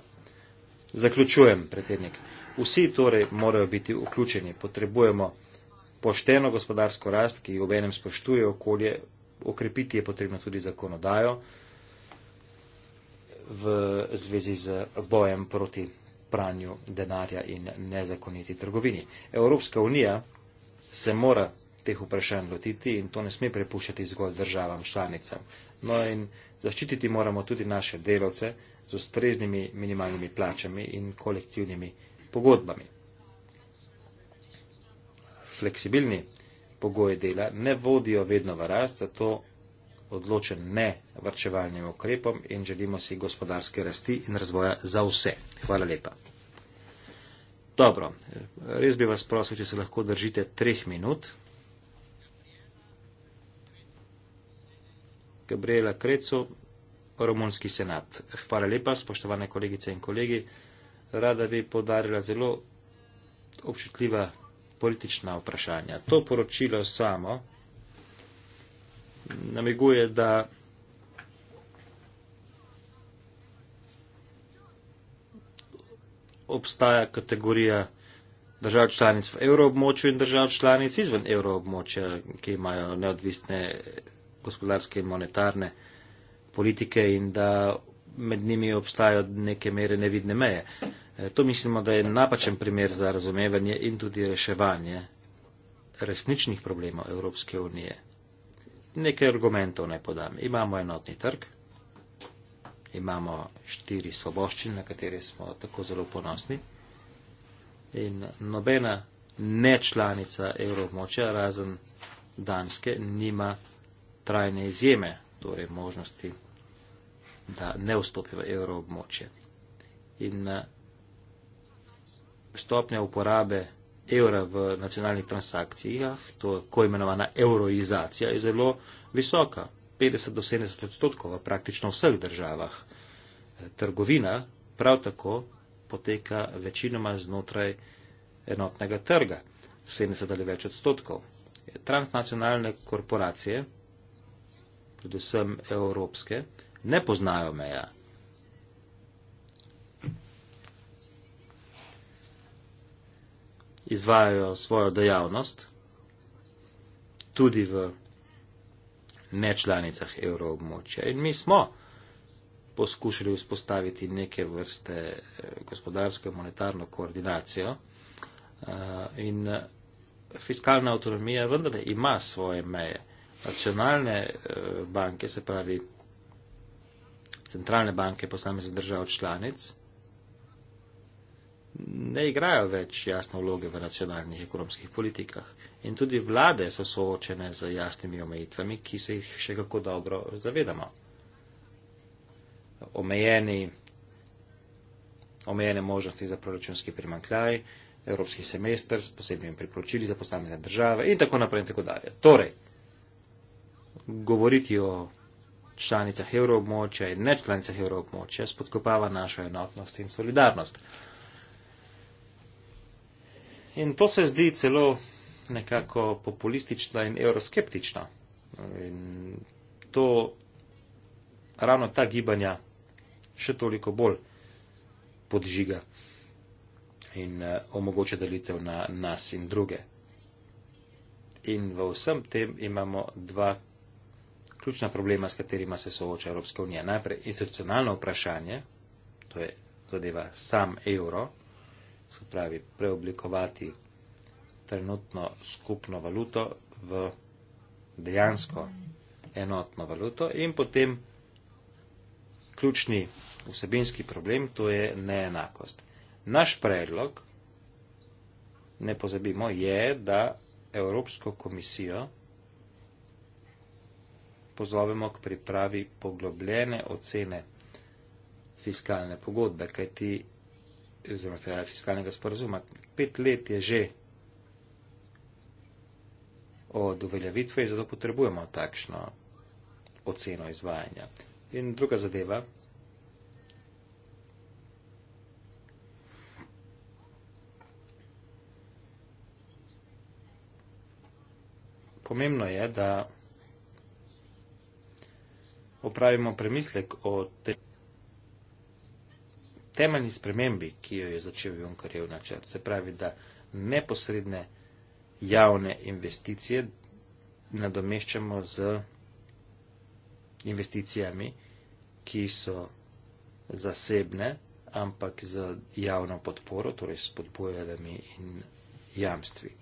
Zaključujem, predsednik. Vsi torej morajo biti vključeni. Potrebujemo pošteno gospodarsko rast, ki obenem spoštuje okolje, okrepiti je potrebno tudi zakonodajo v zvezi z bojem proti pranju denarja in nezakoniti trgovini. Evropska unija se mora teh vprašanj lotiti in to ne sme prepuščati zgolj državam članicam. No in zaščititi moramo tudi naše delavce z ustreznimi minimalnimi plačami in kolektivnimi pogodbami fleksibilni pogoji dela ne vodijo vedno v rast, zato odločen ne vrčevalnim ukrepom in želimo si gospodarske rasti in razvoja za vse. Hvala lepa. Dobro, res bi vas prosil, če se lahko držite treh minut. Gabriela Krecu, Romunski senat. Hvala lepa, spoštovane kolegice in kolegi. Rada bi podarila zelo občutljiva politična vprašanja. To poročilo samo namiguje, da obstaja kategorija držav članic v evroobmočju in držav članic izven evroobmočja, ki imajo neodvisne gospodarske in monetarne politike in da med njimi obstajajo neke mere nevidne meje. Uh, E, to mislimo, da je napačen primer za razumevanje in tudi reševanje resničnih problemov Evropske unije. Nekaj argumentov naj podam. Imamo enotni trg, imamo štiri svoboščine, na katere smo tako zelo ponosni. In nobena nečlanica evroobmočja, razen Danske, nima trajne izjeme, torej možnosti, da ne vstopi v evroobmočje. In stopnja uporabe evra v nacionalnih transakcijah, to je ko imenovana euroizacija, je zelo visoka. 50 do 70 odstotkov v praktično vseh državah. E, trgovina prav tako poteka večinoma znotraj enotnega trga, 70 ali več odstotkov. E, transnacionalne korporacije, predvsem evropske, ne poznajo meja. izvajajo svojo dejavnost tudi v nečlanicah evroobmočja. In mi smo poskušali vzpostaviti neke vrste eh, gospodarsko in monetarno koordinacijo eh, in eh, fiskalna avtonomija vendar ima svoje meje. Nacionalne banke, se pravi centralne banke posameznih držav članic, ne igrajo več jasne vloge v nacionalnih ekonomskih politikah. In tudi vlade so soočene z jasnimi omejitvami, ki se jih še kako dobro zavedamo. Omejeni, omejene možnosti za proračunski primankljaj, evropski semester s posebnimi priporočili za posamezne države in tako naprej in tako dalje. Torej, govoriti o članicah evroobmočja in nečlanicah evroobmočja spodkopava našo enotnost in solidarnost. In to se zdi celo nekako populistična in euroskeptična. In to ravno ta gibanja še toliko bolj podžiga in eh, omogoča delitev na nas in druge. In v vsem tem imamo dva ključna problema, s katerima se sooča Evropska unija. Najprej institucionalno vprašanje, to je zadeva sam evro, se pravi preoblikovati trenutno skupno valuto v dejansko enotno valuto in potem ključni vsebinski problem, to je neenakost. Naš predlog, ne pozabimo, je, da Evropsko komisijo pozovemo k pripravi poglobljene ocene fiskalne pogodbe, kajti oziroma tega fiskalnega sporazuma. Pet let je že od uveljavitve in zato potrebujemo takšno oceno izvajanja. In druga zadeva. Pomembno je, da opravimo premislek o tem temeljni spremembi, ki jo je začel Junkarjev načrt. Se pravi, da neposredne javne investicije nadomeščamo z investicijami, ki so zasebne, ampak z javno podporo, torej s podbojami in jamstvi.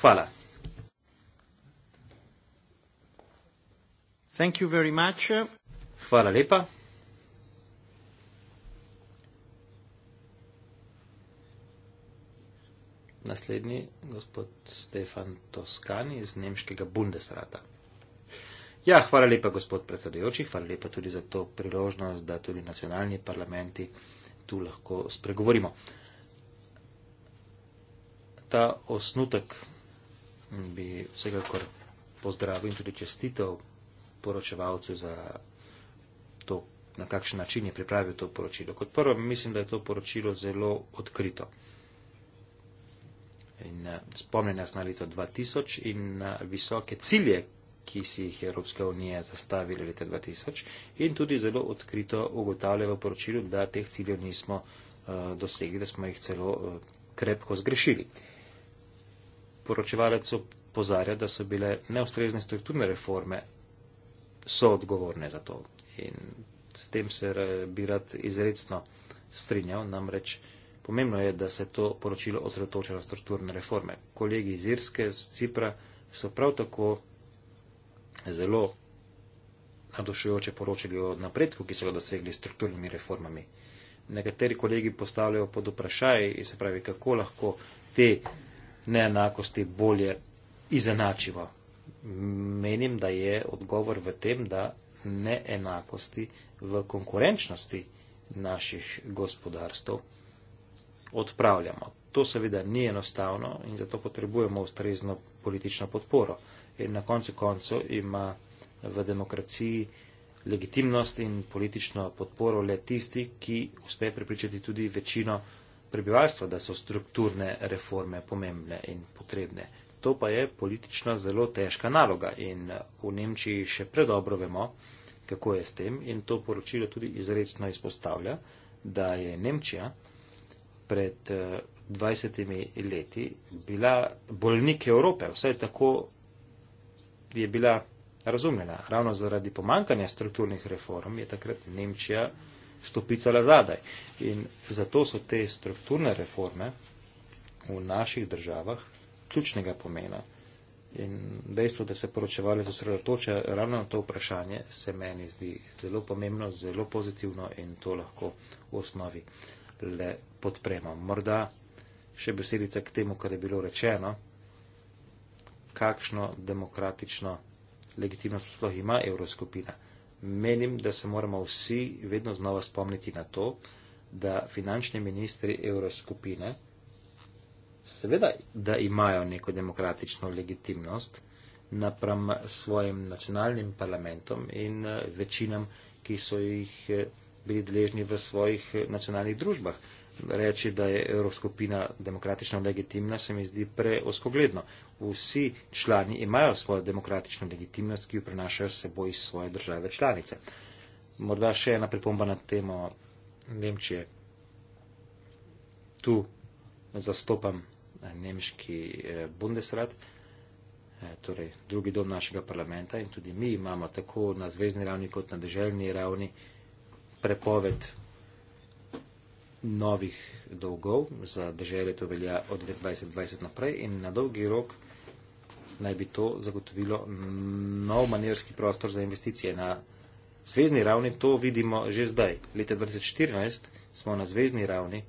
Hvala. Thank you very much. Hvala lepa. naslednji gospod Stefan Toskani iz nemškega Bundesrata. Ja, hvala lepa, gospod predsedujoči, hvala lepa tudi za to priložnost, da tudi nacionalni parlamenti tu lahko spregovorimo. Ta osnutek bi vsekakor pozdravil in tudi čestitev poročevalcu za to, na kakšen način je pripravil to poročilo. Kot prvo, mislim, da je to poročilo zelo odkrito in eh, spomni nas na leto 2000 in eh, visoke cilje, ki si jih Evropska unija zastavila leta 2000 in tudi zelo odkrito ugotavlja v poročilu, da teh ciljev nismo eh, dosegli, da smo jih celo krepko zgrešili. Poročevalec opozarja, da so bile neustrezne strukturne reforme so odgovorne za to. In s tem se bi rad izredno strinjal, namreč Pomembno je, da se to poročilo osredotoča na strukturne reforme. Kolegi iz Irske, z Cipra so prav tako zelo nadušujoče poročali o napredku, ki so ga dosegli s strukturnimi reformami. Nekateri kolegi postavljajo pod vprašaj in se pravi, kako lahko te neenakosti bolje izenačimo. Menim, da je odgovor v tem, da neenakosti v konkurenčnosti naših gospodarstv odpravljamo. To seveda ni enostavno in zato potrebujemo ustrezno politično podporo. In na koncu koncev ima v demokraciji legitimnost in politično podporo le tisti, ki uspe pripričati tudi večino prebivalstva, da so strukturne reforme pomembne in potrebne. To pa je politično zelo težka naloga in eh, v Nemčiji še predobro vemo, kako je s tem in to poročilo tudi izredno izpostavlja, da je Nemčija pred 20 eh, leti bila bolnik Evrope, vsaj tako je bila razumljena. Ravno zaradi pomankanja strukturnih reform je takrat Nemčija stopicala zadaj. In zato so te strukturne reforme v naših državah ključnega pomena. In dejstvo, da se poročevalec osredotoča ravno na to vprašanje, se meni zdi zelo pomembno, zelo pozitivno in to lahko v osnovi le podpremo. Morda še besedica k temu, kar je bilo rečeno, kakšno demokratično legitimnost sploh ima evroskupina. Menim, da se moramo vsi vedno znova spomniti na to, da finančni ministri evroskupine seveda, da imajo neko demokratično legitimnost napram svojim nacionalnim parlamentom in eh, večinam, ki so jih eh, bili deležni v svojih nacionalnih družbah. Reči, da je Evropska skupina demokratično legitimna, se mi zdi preoskogledno. Vsi člani imajo svojo demokratično legitimnost, ki jo prenašajo s seboj iz svoje države članice. Morda še ena pripomba na temo Nemčije. Tu zastopam eh, nemški eh, Bundesrat, eh, torej drugi dom našega parlamenta in tudi mi imamo tako na zvezdni ravni kot na državni ravni prepoved novih dolgov za države, to velja od 2020 naprej in na dolgi rok naj bi to zagotovilo nov manjerski prostor za investicije. Na zvezdni ravni to vidimo že zdaj. Leta 2014 smo na zvezdni ravni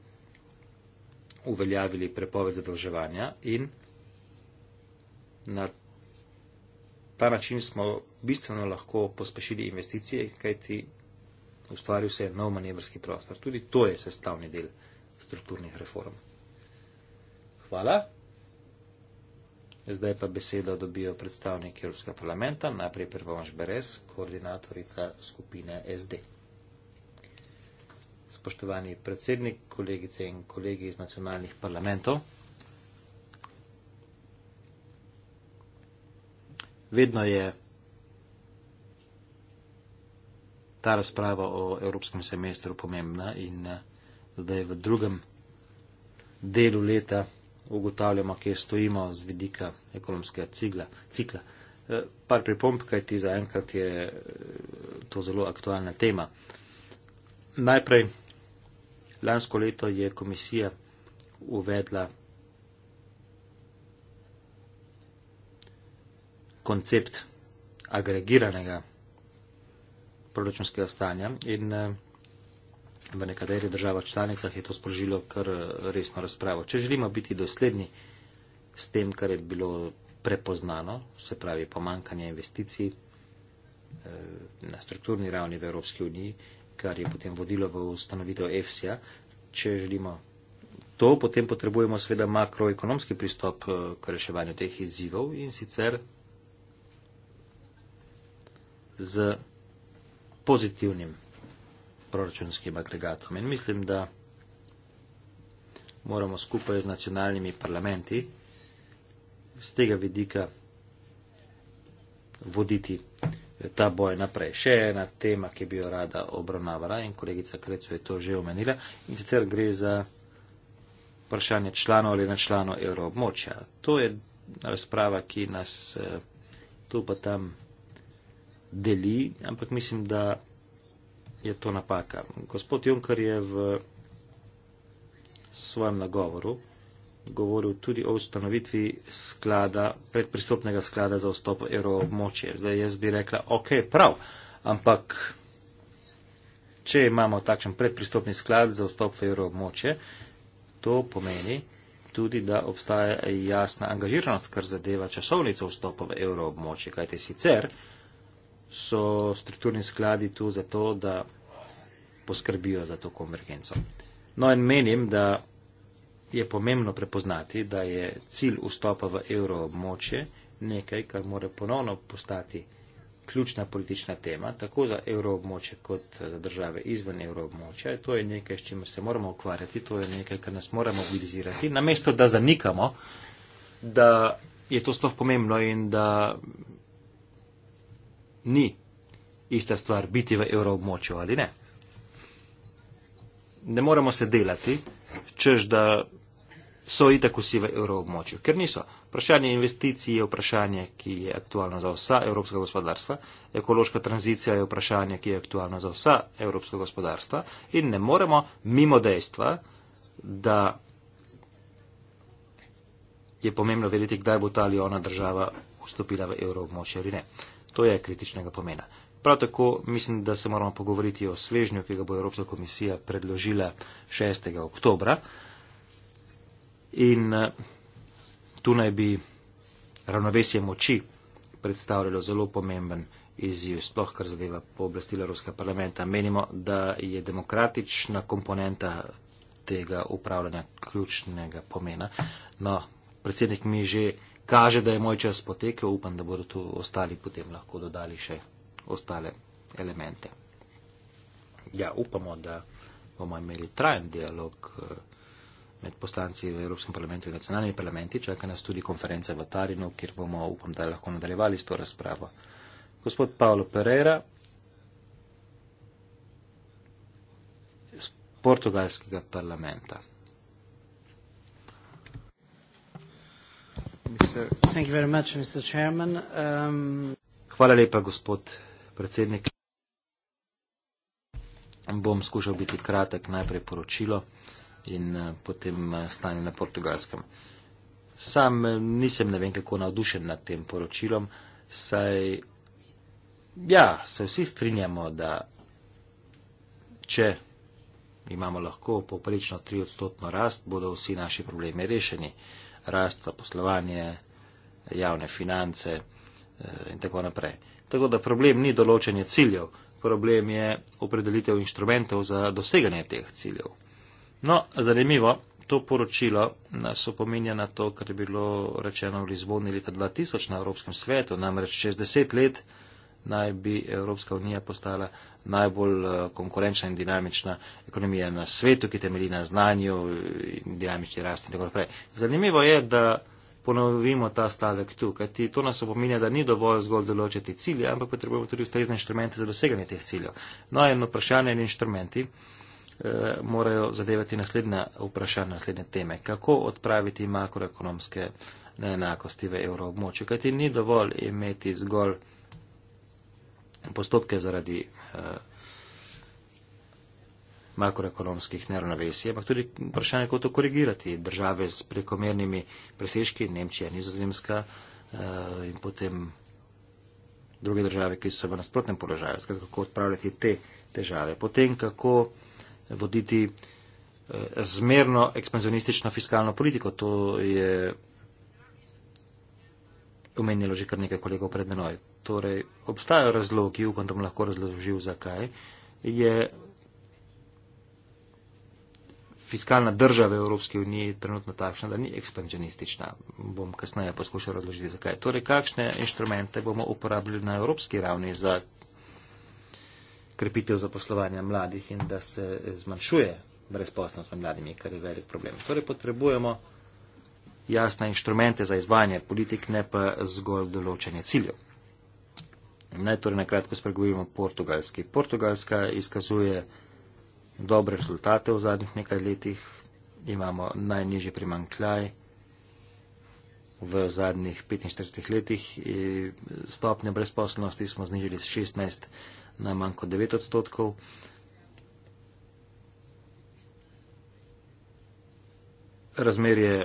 uveljavili prepoved zadolževanja in na ta način smo bistveno lahko pospešili investicije, kajti ustvaril se je nov manevrski prostor. Tudi to je sestavni del strukturnih reform. Hvala. Zdaj pa besedo dobijo predstavniki Evropskega parlamenta, najprej Prvomaš Beres, koordinatorica skupine SD. Spoštovani predsednik, kolegice in kolegi iz nacionalnih parlamentov, vedno je ta razprava o evropskem semestru pomembna in eh, zdaj v drugem delu leta ugotavljamo, kje stojimo z vidika ekonomskega cigla, cikla. Eh, par pripomp, kajti zaenkrat je eh, to zelo aktualna tema. Najprej, lansko leto je komisija uvedla koncept agregiranega proračunskega stanja in eh, v nekaterih državah članicah je to sprožilo kar eh, resno razpravo. Če želimo biti dosledni s tem, kar je bilo prepoznano, se pravi pomankanje investicij eh, na strukturni ravni v Evropski uniji, kar je potem vodilo v ustanovitev EFSA, če želimo to, potem potrebujemo seveda makroekonomski pristop k reševanju teh izzivov in sicer z pozitivnim proračunskim agregatom. In mislim, da moramo skupaj z nacionalnimi parlamenti z tega vidika voditi eh, ta boj naprej. Še ena tema, ki bi jo rada obravnavala in kolegica Krecu je to že omenila, in sicer gre za vprašanje članov ali na članov evroobmočja. To je razprava, ki nas eh, tu pa tam deli, ampak mislim, da je to napaka. Gospod Juncker je v svojem nagovoru govoril tudi o ustanovitvi sklada, predpristopnega sklada za vstop euroobmočje. Zdaj jaz bi rekla, ok, prav, ampak če imamo takšen predpristopni sklad za vstop v euroobmočje, to pomeni tudi, da obstaja jasna angažiranost, kar zadeva časovnico vstopa v euroobmočje, kajte sicer so strukturni skladi tu zato, da poskrbijo za to konvergenco. No in menim, da je pomembno prepoznati, da je cilj vstopa v euroobmočje nekaj, kar mora ponovno postati ključna politična tema, tako za euroobmočje kot za države izven euroobmočja. To je nekaj, s čim se moramo ukvarjati, to je nekaj, kar nas mora mobilizirati. Namesto, da zanikamo, da je to sploh pomembno in da ni ista stvar biti v evroobmočju ali ne. Ne moremo se delati, čež da so itak vsi v evroobmočju, ker niso. Vprašanje investicij je vprašanje, ki je aktualno za vsa evropska gospodarstva, ekološka tranzicija je vprašanje, ki je aktualno za vsa evropska gospodarstva in ne moremo mimo dejstva, da je pomembno vedeti, kdaj bo ta ali ona država vstopila v evroobmočje ali ne. To je kritičnega pomena. Prav tako mislim, da se moramo pogovoriti o svežnju, ki ga bo Evropska komisija predložila 6. oktober. In eh, tu naj bi ravnovesje moči predstavljalo zelo pomemben izziv, sploh kar zadeva pooblastila Evropskega parlamenta. Menimo, da je demokratična komponenta tega upravljanja ključnega pomena. No, predsednik mi že kaže, da je moj čas potekel. Upam, da bodo tu ostali potem lahko dodali še ostale elemente. Ja, upamo, da bomo imeli trajen dialog eh, med poslanci v Evropskem parlamentu in nacionalnimi parlamenti. Čaka nas tudi konferenca v Tarinu, kjer bomo, upam, da lahko nadaljevali s to razpravo. Gospod Paolo Pereira, iz portugalskega parlamenta. Um, Hvala lepa, gospod predsednik. Bom skušal biti kratek najprej poročilo in eh, potem eh, stanje na portugalskem. Sam eh, nisem ne vem kako navdušen nad tem poročilom, saj ja, se vsi strinjamo, da če imamo lahko poprečno triodstotno rast, bodo vsi naši problemi rešeni. Uh, rast, poslovanje, javne finance eh, in tako naprej. Tako da problem ni določenje ciljev, problem je opredelitev inštrumentov za doseganje teh ciljev. No, zanimivo, to poročilo nas opominja na to, kar je bilo rečeno v Lizboni leta 2000 na Evropskem svetu, namreč čez deset let naj bi Evropska unija postala najbolj eh, konkurenčna in dinamična ekonomija na svetu, ki temelji na znanju in dinamični rasti in tako naprej. Zanimivo je, da ponovimo ta stavek tu, kajti to nas opominja, da ni dovolj zgolj določiti cilje, ampak potrebujemo tudi ustrezne inštrumente za doseganje teh ciljev. No, eno vprašanje in inštrumenti eh, morajo zadevati naslednja vprašanja, naslednje teme. Kako odpraviti makroekonomske neenakosti v evroobmočju, kajti ni dovolj imeti zgolj postopke zaradi Eh, makroekonomskih neravnovesij, ampak tudi vprašanje, kako to korigirati. Države s prekomernimi presežki, Nemčija, Nizozemska eh, in potem druge države, ki so v nasprotnem položaju, skratka, kako odpravljati te težave. Potem, kako eh, voditi zmerno ekspanzionistično fiskalno politiko, to je omenilo že kar nekaj kolegov pred menoj torej obstajajo razlogi, upam, da bom lahko razložil, zakaj je fiskalna drža v Evropski uniji trenutno takšna, da ni ekspanzionistična. Bom kasneje poskušal razložiti, zakaj. Torej, kakšne inštrumente bomo uporabljali na evropski ravni za krepitev zaposlovanja mladih in da se zmanjšuje brezposlenost med mladimi, kar je velik problem. Torej, potrebujemo jasne inštrumente za izvajanje politik, ne pa zgolj določanje ciljev. Naj torej na kratko spregovorimo o portugalski. Portugalska izkazuje dobre rezultate v zadnjih nekaj letih. Imamo najnižji primankljaj v zadnjih 45 letih. E, Stopnje brezposobnosti smo znižili z 16 na manj kot 9 odstotkov. Razmer je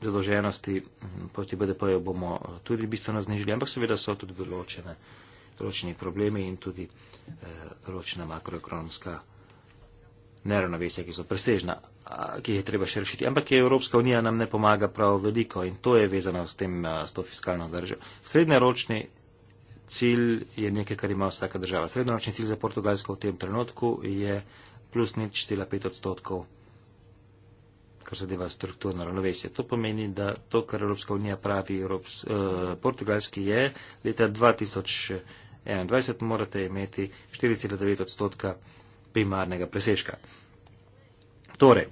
zadolženosti mhm, proti BDP-ju bomo tudi bistveno znižili, ampak seveda so tudi določene, določeni problemi in tudi eh, določena makroekonomska neravnovesja, ki so presežna, ki jih je treba še rešiti. Ampak Evropska unija nam ne pomaga prav veliko in to je vezano s, tem, eh, s to fiskalno držo. Srednjeročni cilj je nekaj, kar ima vsaka država. Srednjeročni cilj za Portugalsko v tem trenutku je plus nič 4,5 odstotkov kar zadeva strukturno ravnovesje. To pomeni, da to, kar Evropska unija pravi Evrops, eh, portugalski, je leta 2021 morate imeti 4,9 odstotka primarnega presežka. Torej,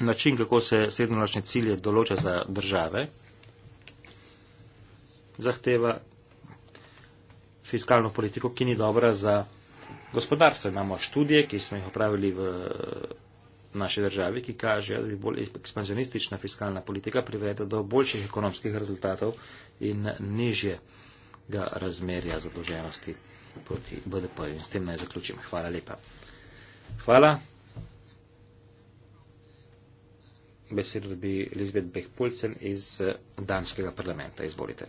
način, kako se srednjeročne cilje določa za države, zahteva fiskalno politiko, ki ni dobra za gospodarstvo. Imamo študije, ki smo jih opravili v naši državi, ki kaže, da bi bolj ekspanzionistična fiskalna politika privedla do boljših ekonomskih rezultatov in nižjega razmerja zadolženosti proti BDP-ju. In s tem naj zaključim. Hvala lepa. Hvala. Besedo dobi Lizbet Behpulcen iz eh, danskega parlamenta. Izvolite.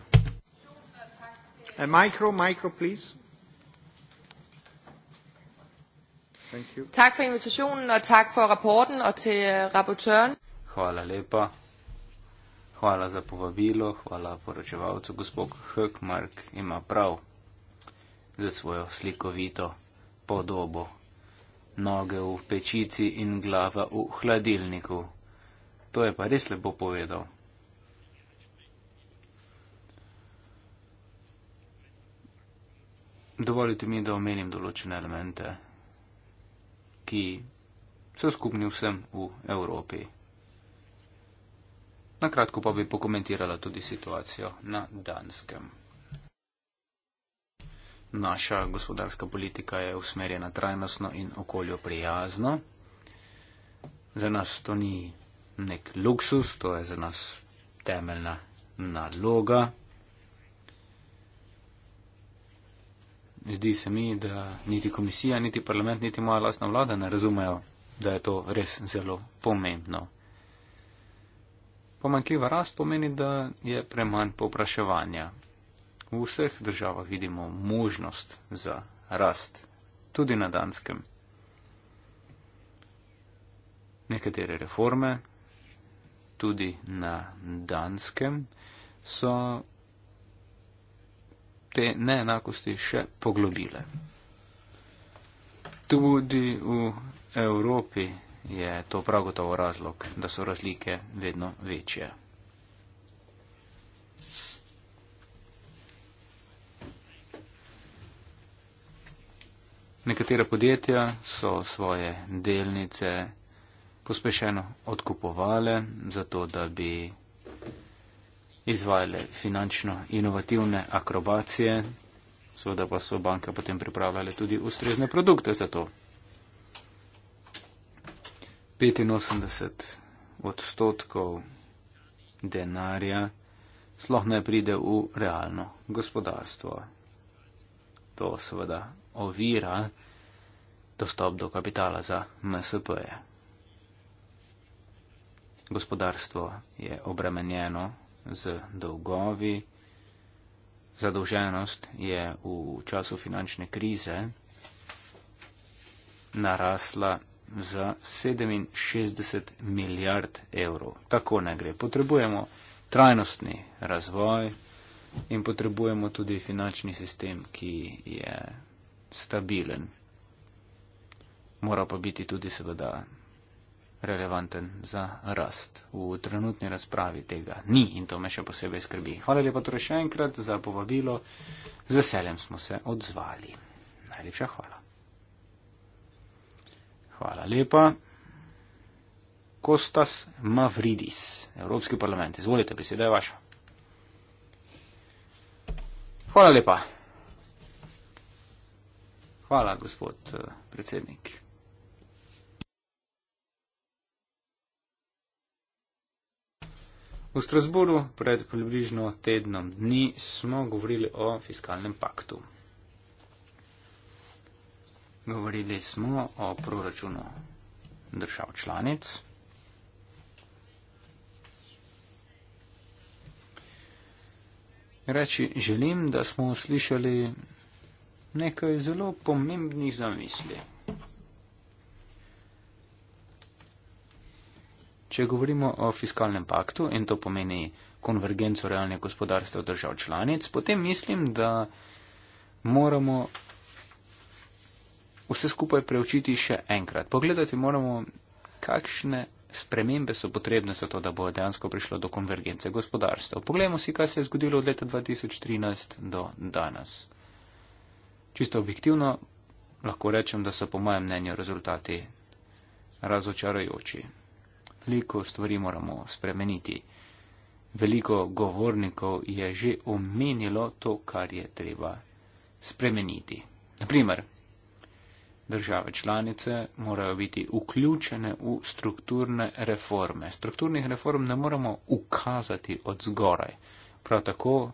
A eh, micro, micro, please. Tak for invitationen, og tak for rapporten og til øh, rapportøren. Hvala lepa. Hvala za povabilo, hvala poročevalcu, gospod Høgmark ima prav za svojo slikovito podobo. Noge v pečici in glava v hladilniku. To je pa res lepo povedal. Dovolite mi, da omenim določene elemente ki so skupni vsem v Evropi. Nakratko pa bi pokomentirala tudi situacijo na Danskem. Naša gospodarska politika je usmerjena trajnostno in okolju prijazno. Za nas to ni nek luksus, to je za nas temeljna naloga. zdi se mi, da niti komisija, niti parlament, niti moja lastna vlada ne razumejo, da je to res zelo pomembno. Pomankljiva rast pomeni, da je premanj popraševanja. V vseh državah vidimo možnost za rast, tudi na danskem. Nekatere reforme, tudi na danskem, so te neenakosti še poglobile. Tudi v Evropi je to prav gotovo razlog, da so razlike vedno večje. Nekatera podjetja so svoje delnice pospešeno odkupovale, zato da bi izvajale finančno inovativne akrobacije, seveda pa so banke potem pripravljale tudi ustrezne produkte za to. 85 odstotkov denarja sloh ne pride v realno gospodarstvo. To seveda ovira dostop do kapitala za MSP-je. Gospodarstvo je obremenjeno z dolgovi. Zadolženost je v času finančne krize narasla za 67 milijard evrov. Tako ne gre. Potrebujemo trajnostni razvoj in potrebujemo tudi finančni sistem, ki je stabilen. Mora pa biti tudi seveda relevanten za rast. V trenutni razpravi tega ni in to me še posebej skrbi. Hvala lepa torej še enkrat za povabilo. Z veseljem smo se odzvali. Najlepša hvala. Hvala lepa. Kostas Mavridis, Evropski parlament. Izvolite, beseda je vaša. Hvala lepa. Hvala, gospod eh, predsednik. V Strasburu pred približno tednom dni smo govorili o fiskalnem paktu. Govorili smo o proračunu držav članic. Reči želim, da smo slišali nekaj zelo pomembnih zamisli. Če govorimo o fiskalnem paktu in to pomeni konvergenco realnega gospodarstva držav članic, potem mislim, da moramo vse skupaj preučiti še enkrat. Pogledati moramo, kakšne spremembe so potrebne za to, da bo dejansko prišlo do konvergence gospodarstva. Poglejmo si, kaj se je zgodilo od leta 2013 do danes. Čisto objektivno lahko rečem, da so po mojem mnenju rezultati razočarajoči veliko stvari moramo spremeniti. Veliko govornikov je že omenilo to, kar je treba spremeniti. Naprimer, države članice morajo biti vključene v strukturne reforme. Strukturnih reform ne moramo ukazati od zgoraj. Prav tako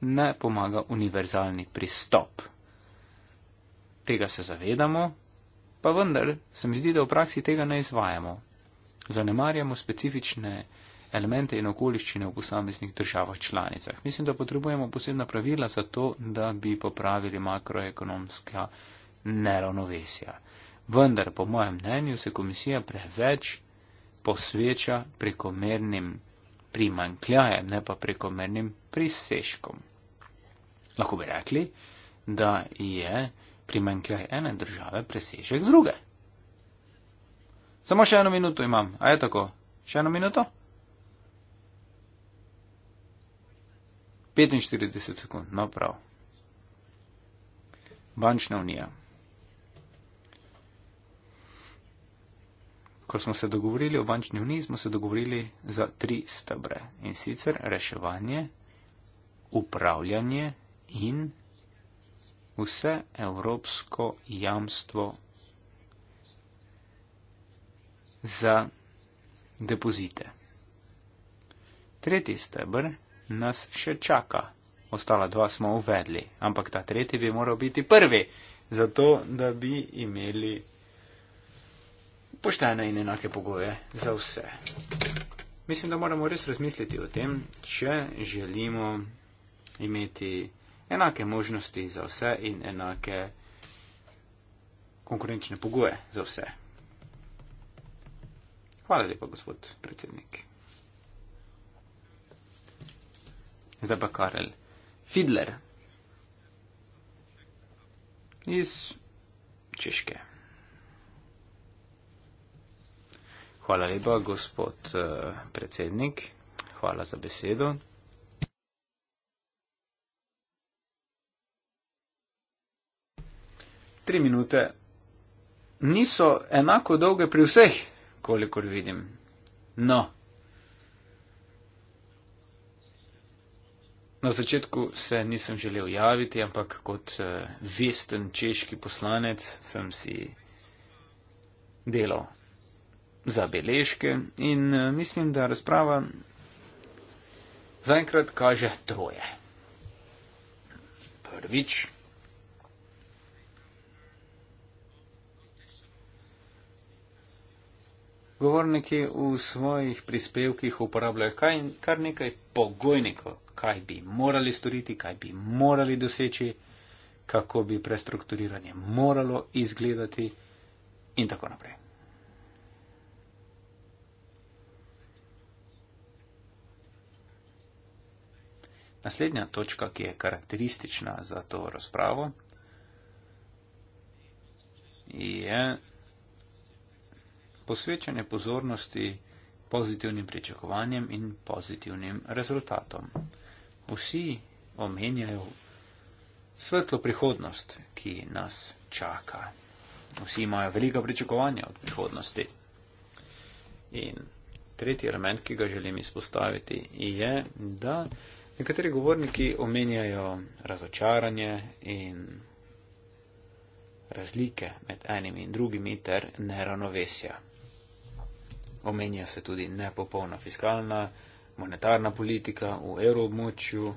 ne pomaga univerzalni pristop. Tega se zavedamo, pa vendar se mi zdi, da v praksi tega ne izvajamo zanemarjamo specifične elemente in okoliščine v posameznih državah članicah. Mislim, da potrebujemo posebna pravila za to, da bi popravili makroekonomska neravnovesja. Vendar, po mojem mnenju, se komisija preveč posveča prekomernim primankljajem, ne pa prekomernim priseškom. Lahko bi rekli, da je primankljaj ene države presežek druge. Samo še eno minuto imam, a je tako? Še eno minuto? 45 sekund, no prav. Bančna unija. Ko smo se dogovorili o bančni uniji, smo se dogovorili za tri stebre. In sicer reševanje, upravljanje in vse evropsko jamstvo za depozite. Tretji stebr nas še čaka. Ostala dva smo uvedli, ampak ta tretji bi moral biti prvi, zato da bi imeli poštene in enake pogoje za vse. Mislim, da moramo res razmisliti o tem, če želimo imeti enake možnosti za vse in enake konkurenčne pogoje za vse. Hvala lepa, gospod predsednik. Zdaj pa Karel. Fidler iz Češke. Hvala lepa, gospod uh, predsednik. Hvala za besedo. Tri minute niso enako dolge pri vseh kolikor vidim. No. Na začetku se nisem želel javiti, ampak kot eh, visten češki poslanec sem si delal za beležke in eh, mislim, da razprava zaenkrat kaže troje. Prvič. govorniki v svojih prispevkih uporabljajo kaj, kar nekaj pogojnikov, kaj bi morali storiti, kaj bi morali doseči, kako bi prestrukturiranje moralo izgledati in tako naprej. Naslednja točka, ki je karakteristična za to razpravo, je posvečanje pozornosti pozitivnim pričakovanjem in pozitivnim rezultatom. Vsi omenjajo svetlo prihodnost, ki nas čaka. Vsi imajo velika pričakovanja od prihodnosti. In tretji element, ki ga želim izpostaviti, je, da nekateri govorniki omenjajo razočaranje in razlike med enimi in drugimi ter neravnovesja. Omenja se tudi nepopolna fiskalna, monetarna politika v evroobmočju.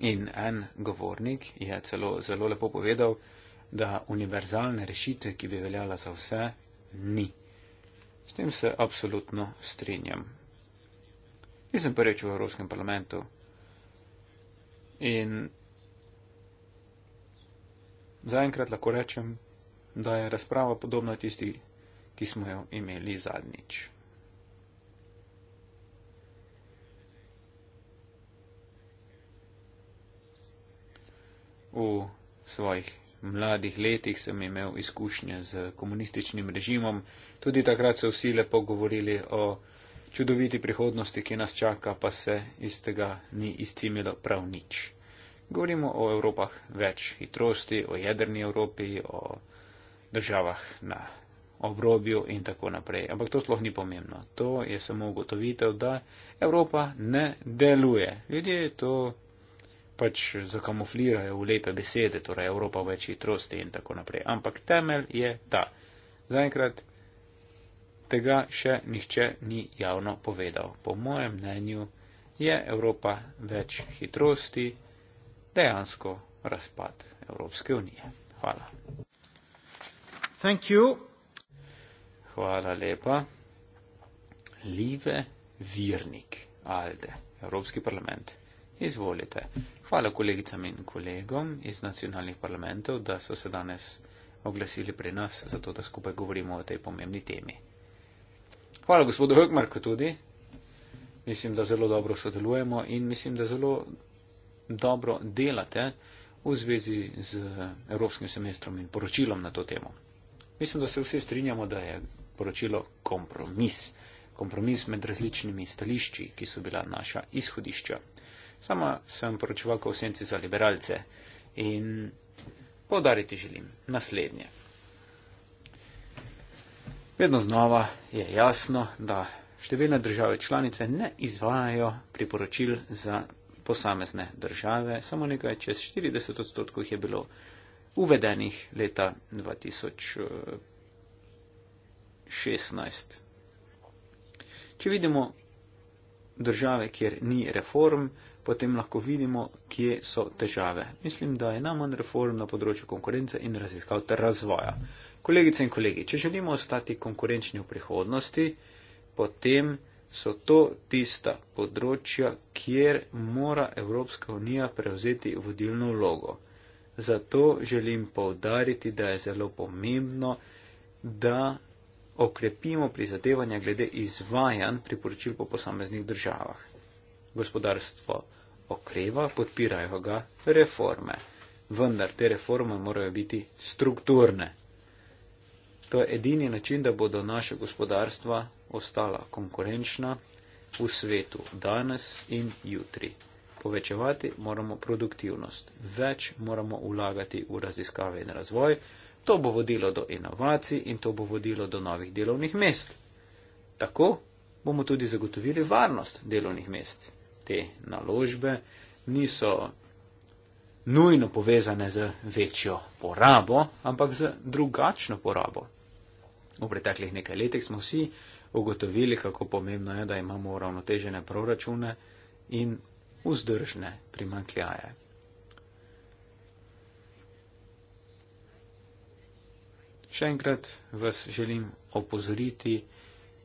In en govornik je celo zelo lepo povedal, da univerzalne rešitve, ki bi veljala za vse, ni. S tem se absolutno strinjam. Nisem prvič v Evropskem parlamentu. In zaenkrat lahko rečem, da je razprava podobna tisti, ki smo jo imeli zadnjič. V svojih mladih letih sem imel izkušnje z komunističnim režimom, tudi takrat so vsi lepo govorili o čudoviti prihodnosti, ki nas čaka, pa se iz tega ni izcimilo prav nič. Govorimo o Evropah več hitrosti, o jedrni Evropi, o državah na obrobju in tako naprej. Ampak to sploh ni pomembno. To je samo ugotovitev, da Evropa ne deluje. Ljudje to pač zakamuflirajo v lepe besede, torej Evropa več hitrosti in tako naprej. Ampak temelj je ta. Zaenkrat tega še nihče ni javno povedal. Po mojem mnenju je Evropa več hitrosti dejansko razpad Evropske unije. Hvala. Hvala lepa. Live Virnik, Alde, Evropski parlament. Izvolite. Hvala kolegicam in kolegom iz nacionalnih parlamentov, da so se danes oglasili pri nas, zato da skupaj govorimo o tej pomembni temi. Hvala gospodu Hökmarku tudi. Mislim, da zelo dobro sodelujemo in mislim, da zelo dobro delate v zvezi z evropskim semestrom in poročilom na to temo. Mislim, da se vsi strinjamo, da je poročilo kompromis. Kompromis med različnimi stališči, ki so bila naša izhodišča. Sama sem poročevalka v senci za liberalce in povdariti želim naslednje. Vedno znova je jasno, da številne države članice ne izvajajo priporočil za posamezne države, samo nekaj čez 40 odstotkov jih je bilo uvedenih leta 2016. Eh, če vidimo države, kjer ni reform, potem lahko vidimo, kje so težave. Mislim, da je najmanj reform na področju konkurence in raziskav ter razvoja. Kolegice in kolegi, če želimo ostati konkurenčni v prihodnosti, potem so to tista področja, kjer mora Evropska unija prevzeti vodilno vlogo. Zato želim povdariti, da je zelo pomembno, da okrepimo prizadevanja glede izvajanj priporočil po posameznih državah. Gospodarstvo okreva, podpirajo ga reforme, vendar te reforme morajo biti strukturne. To je edini način, da bodo naše gospodarstva ostala konkurenčna v svetu danes in jutri. Povečevati moramo produktivnost, več moramo vlagati v raziskave in razvoj, to bo vodilo do inovacij in to bo vodilo do novih delovnih mest. Tako bomo tudi zagotovili varnost delovnih mest. Te naložbe niso nujno povezane z večjo porabo, ampak z drugačno porabo. V preteklih nekaj letih smo vsi ugotovili, kako pomembno je, da imamo uravnotežene proračune in vzdržne primankljaje. Še enkrat vas želim opozoriti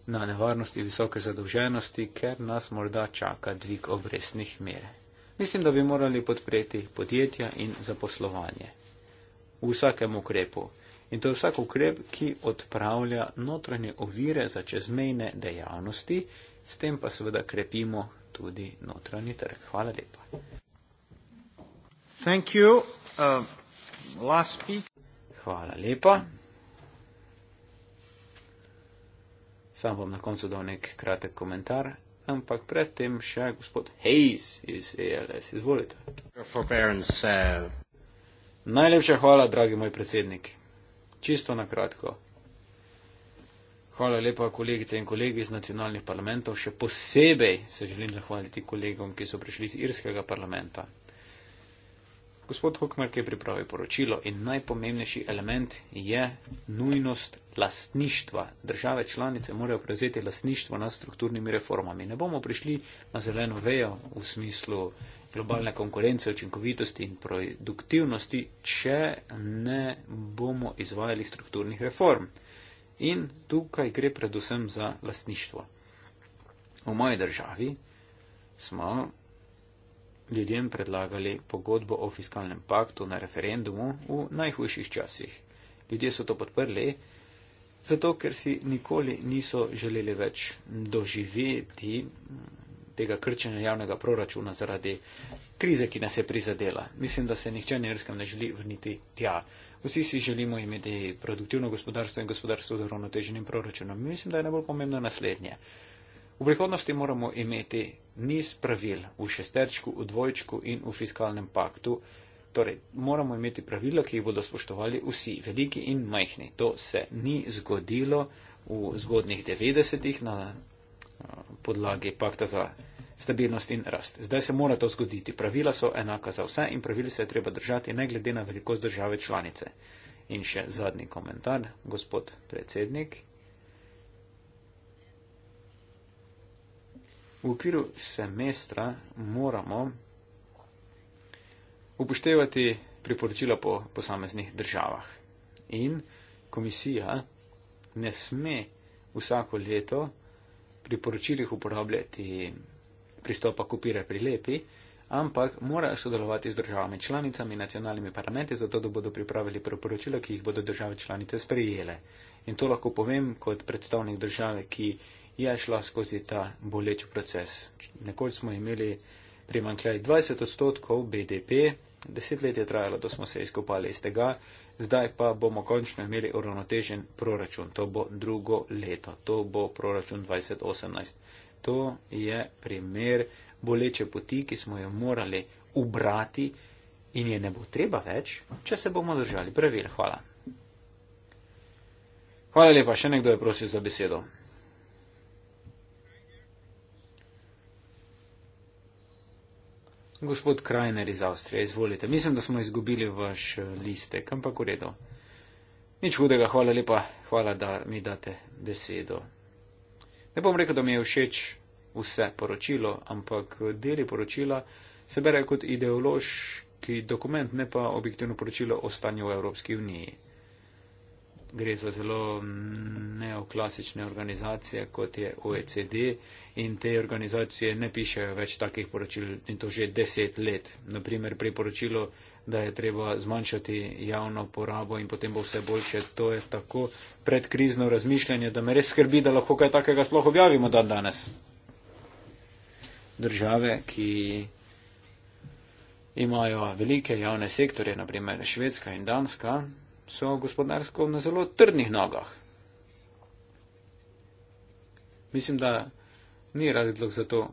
na nevarnosti visoke zadolženosti, ker nas morda čaka dvig obresnih mere. Mislim, da bi morali podpreti podjetja in zaposlovanje. V vsakem ukrepu. In to je vsak ukrep, ki odpravlja notranje ovire za čezmejne dejavnosti, s tem pa seveda krepimo tudi notranji trg. Hvala lepa. Thank you. Uh, last speak. Hvala lepa. Sam bom na koncu dal nek kratek komentar, ampak predtem še gospod Hayes iz ALS. Izvolite. Uh, Najlepša hvala, dragi moj predsednik čisto na kratko. Hvala lepa kolegice in kolegi iz nacionalnih parlamentov. Še posebej se želim zahvaliti kolegom, ki so prišli iz irskega parlamenta. Gospod Hokmark je pripravil poročilo in najpomembnejši element je nujnost lastništva. Države članice morajo prevzeti lastništvo nad strukturnimi reformami. Ne bomo prišli na zeleno vejo v smislu globalne konkurence, učinkovitosti in produktivnosti, če ne bomo izvajali strukturnih reform. In tukaj gre predvsem za lasništvo. V moji državi smo ljudem predlagali pogodbo o fiskalnem paktu na referendumu v najhujših časih. Ljudje so to podprli, zato ker si nikoli niso želeli več doživeti tega krčenja javnega proračuna zaradi krize, ki nas je prizadela. Mislim, da se nihče na Irskem ne želi vrniti tja. Vsi si želimo imeti produktivno gospodarstvo in gospodarstvo z uravnoteženim proračunom. Mislim, da je najbolj pomembno naslednje. V prihodnosti moramo imeti niz pravil v šesterčku, v dvojčku in v fiskalnem paktu. Torej, moramo imeti pravila, ki jih bodo spoštovali vsi, veliki in majhni. To se ni zgodilo v zgodnih 90-ih, na podlagi pakta za stabilnost in rast. Zdaj se mora to zgoditi. Pravila so enaka za vse in pravili se je treba držati ne glede na velikost države članice. In še zadnji komentar, gospod predsednik. V okviru semestra moramo upoštevati priporočila po posameznih državah. In komisija ne sme vsako leto pri poročilih uporabljati pristopa kopira pri lepi, ampak morajo sodelovati z državami članicami in nacionalnimi parlamenti, zato da bodo pripravili preporočila, ki jih bodo države članice sprejele. In to lahko povem kot predstavnik države, ki je šla skozi ta boleč proces. Nekoč smo imeli primankljaj 20 odstotkov BDP, deset let je trajalo, da smo se izkopali iz tega, Zdaj pa bomo končno imeli uravnotežen proračun. To bo drugo leto. To bo proračun 2018. To je primer boleče poti, ki smo jo morali ubrati in je ne bo treba več, če se bomo držali pravil. Hvala. Hvala lepa. Še nekdo je prosil za besedo. Gospod Krajner iz Avstrije, izvolite. Mislim, da smo izgubili vaš eh, listek, ampak v redu. Nič hudega, hvala lepa, hvala, da mi date besedo. Ne bom rekel, da mi je všeč vse poročilo, ampak eh, deli poročila se berejo kot ideološki dokument, ne pa objektivno poročilo o stanju v Evropski uniji gre za zelo neoklasične organizacije, kot je OECD in te organizacije ne pišejo več takih poročil in to že deset let. Naprimer, priporočilo, da je treba zmanjšati javno porabo in potem bo vse boljše, to je tako predkrizno razmišljanje, da me res skrbi, da lahko kaj takega sploh objavimo dan danes. Države, ki imajo velike javne sektore, naprimer Švedska in Danska, so gospodarsko na zelo trdnih nogah. Mislim, da ni razlog za to,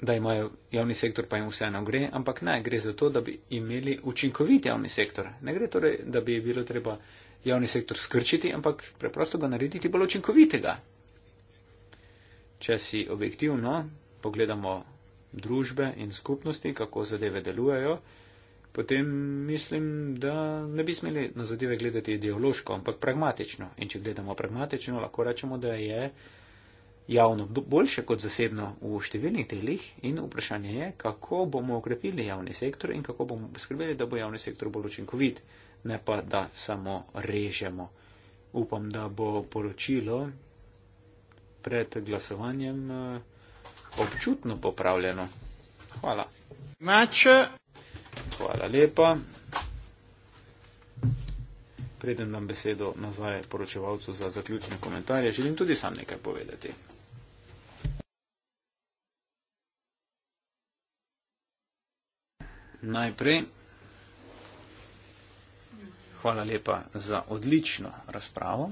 da imajo javni sektor, pa jim vseeno gre, ampak ne, gre za to, da bi imeli učinkovit javni sektor. Ne gre torej, da bi bilo treba javni sektor skrčiti, ampak preprosto ga narediti bolj učinkovitega. Če si objektivno pogledamo družbe in skupnosti, kako zadeve delujejo, potem mislim, da ne bi smeli na zadeve gledati ideološko, ampak pragmatično. In če gledamo pragmatično, lahko rečemo, da je javno boljše kot zasebno v številnih delih in vprašanje je, kako bomo okrepili javni sektor in kako bomo poskrbeli, da bo javni sektor bolj učinkovit, ne pa da samo režemo. Upam, da bo poročilo pred glasovanjem eh, občutno popravljeno. Hvala. Match. Eh, Hvala lepa. Preden nam besedo nazaj poročevalcu za zaključne komentarje, želim tudi sam nekaj povedati. Najprej, hvala lepa za odlično razpravo.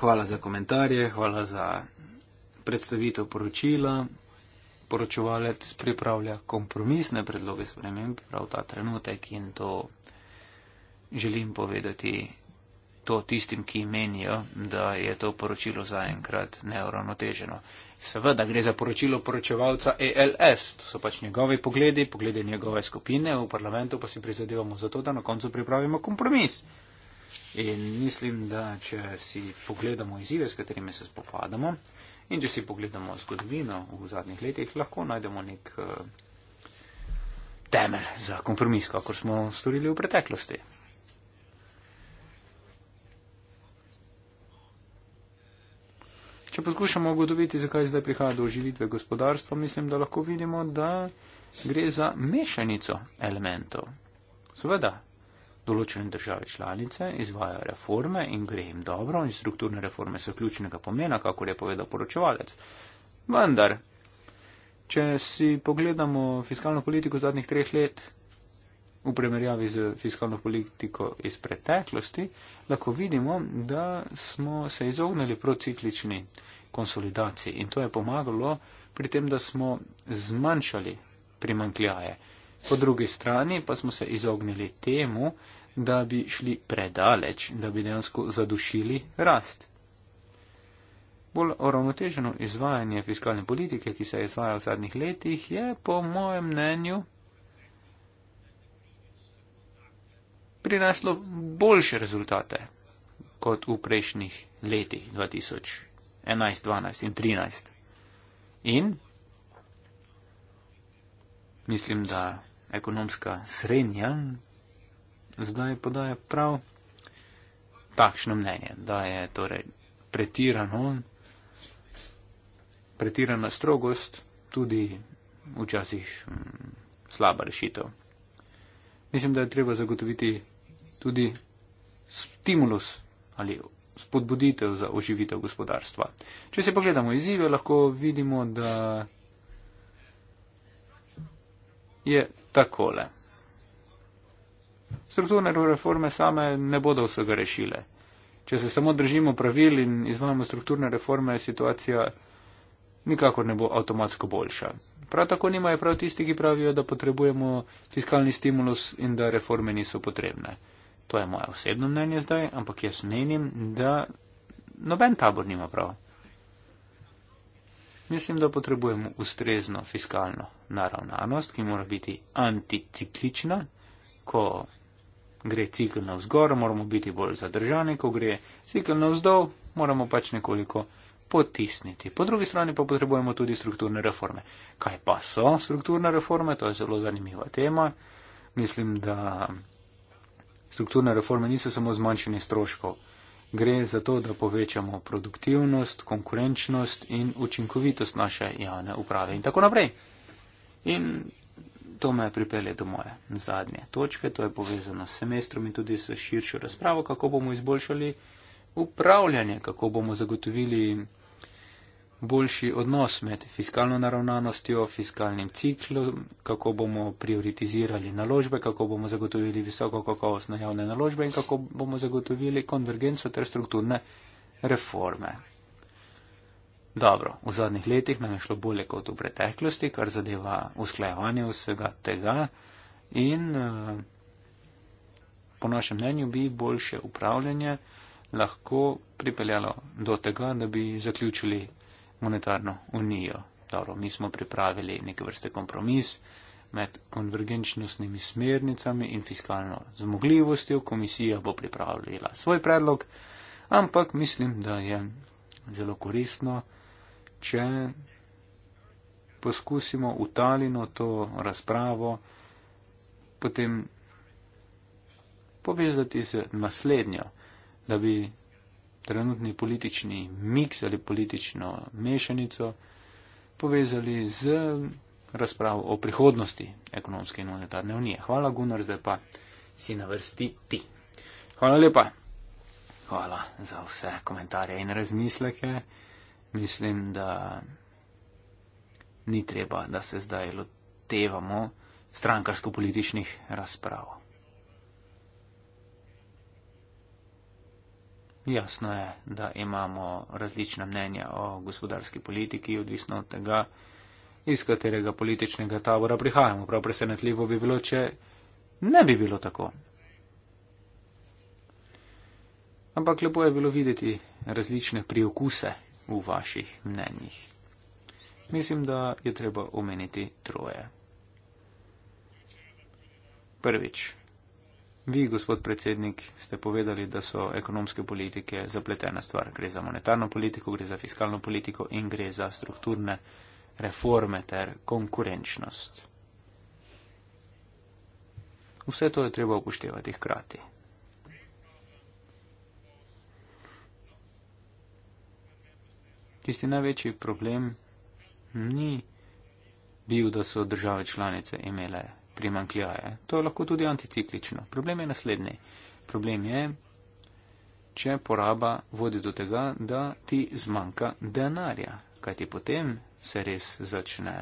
Hvala za komentarje, hvala za predstavitev poročila. Poročevalec pripravlja kompromisne predloge sprememb prav ta trenutek in to želim povedati to tistim, ki menijo, da je to poročilo zaenkrat neuravnoteženo. Seveda gre za poročilo poročevalca ALS, to so pač njegovi pogledi, pogledi njegove skupine, v parlamentu pa si prizadevamo za to, da na koncu pripravimo kompromis. In mislim, da če si pogledamo izzive, s katerimi se spopadamo, in če si pogledamo zgodovino v zadnjih letih, lahko najdemo nek uh, temelj za kompromis, kakor smo storili v preteklosti. Če poskušamo ugotoviti, zakaj zdaj prihaja do oživitve gospodarstva, mislim, da lahko vidimo, da gre za mešanico elementov. Seveda, določene države članice izvajajo reforme in gre jim dobro in strukturne reforme so ključnega pomena, kako je povedal poročevalec. Vendar, če si pogledamo fiskalno politiko zadnjih treh let v primerjavi z fiskalno politiko iz preteklosti, lahko vidimo, da smo se izognili prociklični konsolidaciji in to je pomagalo pri tem, da smo zmanjšali primankljaje. Po drugi strani pa smo se izognili temu, da bi šli predaleč, da bi dejansko zadušili rast. Bolj oravnoteženo izvajanje fiskalne politike, ki se je izvajalo v zadnjih letih, je po mojem mnenju prineslo boljše rezultate kot v prejšnjih letih 2011, 2012 in 2013. In mislim, da ekonomska srednja, zdaj podaja prav takšno mnenje, da je torej pretirano, pretirana strogost tudi včasih mm, slaba rešitev. Mislim, da je treba zagotoviti tudi stimulus ali spodbuditev za oživitev gospodarstva. Če se pogledamo izzive, lahko vidimo, da je takole. Strukturne reforme same ne bodo vsega rešile. Če se samo držimo pravil in izvajamo strukturne reforme, situacija nikakor ne bo avtomatsko boljša. Prav tako nimajo prav tisti, ki pravijo, da potrebujemo fiskalni stimulus in da reforme niso potrebne. To je moje osebno mnenje zdaj, ampak jaz menim, da noben tabor nima prav. Mislim, da potrebujemo ustrezno fiskalno naravnanost, ki mora biti anticiklična. Ko gre cikl navzgor, moramo biti bolj zadržani, ko gre cikl navzdol, moramo pač nekoliko potisniti. Po drugi strani pa potrebujemo tudi strukturne reforme. Kaj pa so strukturne reforme? To je zelo zanimiva tema. Mislim, da strukturne reforme niso samo zmanjšanje stroškov gre za to, da povečamo produktivnost, konkurenčnost in učinkovitost naše javne uprave in tako naprej. In to me pripelje do moje zadnje točke, to je povezano s semestrom in tudi s širšo razpravo, kako bomo izboljšali upravljanje, kako bomo zagotovili boljši odnos med fiskalno naravnanostjo, fiskalnim ciklom, kako bomo prioritizirali naložbe, kako bomo zagotovili visoko kakovostno javne naložbe in kako bomo zagotovili konvergenco ter strukturne reforme. Dobro, v zadnjih letih nam je šlo bolje kot v preteklosti, kar zadeva usklajevanje vsega tega in eh, po našem mnenju bi boljše upravljanje lahko pripeljalo do tega, da bi zaključili monetarno unijo. Dobro, mi smo pripravili neke vrste kompromis med konvergenčnostnimi smernicami in fiskalno zmogljivostjo, komisija bo pripravila svoj predlog, ampak mislim, da je zelo koristno, če poskusimo v Talino to razpravo potem povezati z naslednjo, da bi trenutni politični miks ali politično mešanico povezali z razpravo o prihodnosti ekonomske in monetarne unije. Hvala, Gunnar, zdaj pa si na vrsti ti. Hvala lepa. Hvala za vse komentarje in razmisleke. Mislim, da ni treba, da se zdaj lotevamo strankarsko-političnih razprav. Jasno je, da imamo različna mnenja o gospodarski politiki, odvisno od tega, iz katerega političnega tabora prihajamo. Prav presenetljivo bi bilo, če ne bi bilo tako. Ampak lepo je bilo videti različne priokuse v vaših mnenjih. Mislim, da je treba omeniti troje. Prvič, Vi, gospod predsednik, ste povedali, da so ekonomske politike zapletena stvar. Gre za monetarno politiko, gre za fiskalno politiko in gre za strukturne reforme ter konkurenčnost. Vse to je treba upoštevati hkrati. Tisti največji problem ni bil, da so države članice imele primankljaje. To je lahko tudi anticiklično. Problem je naslednji. Problem je, če poraba vodi do tega, da ti zmanjka denarja, kajti potem se res začne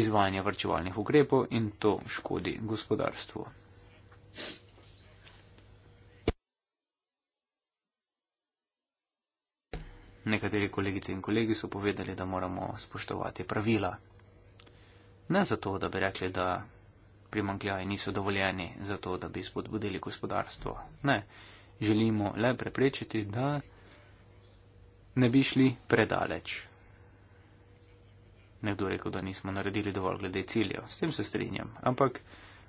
izvajanje vrčevalnih ukrepov in to škodi gospodarstvu. Nekateri kolegice in kolegi so povedali, da moramo spoštovati pravila. Ne zato, da bi rekli, da primankljaji niso dovoljeni za to, da bi spodbudili gospodarstvo. Ne, želimo le preprečiti, da ne bi šli predaleč. Nekdo rekel, da nismo naredili dovolj glede ciljev. S tem se strinjam. Ampak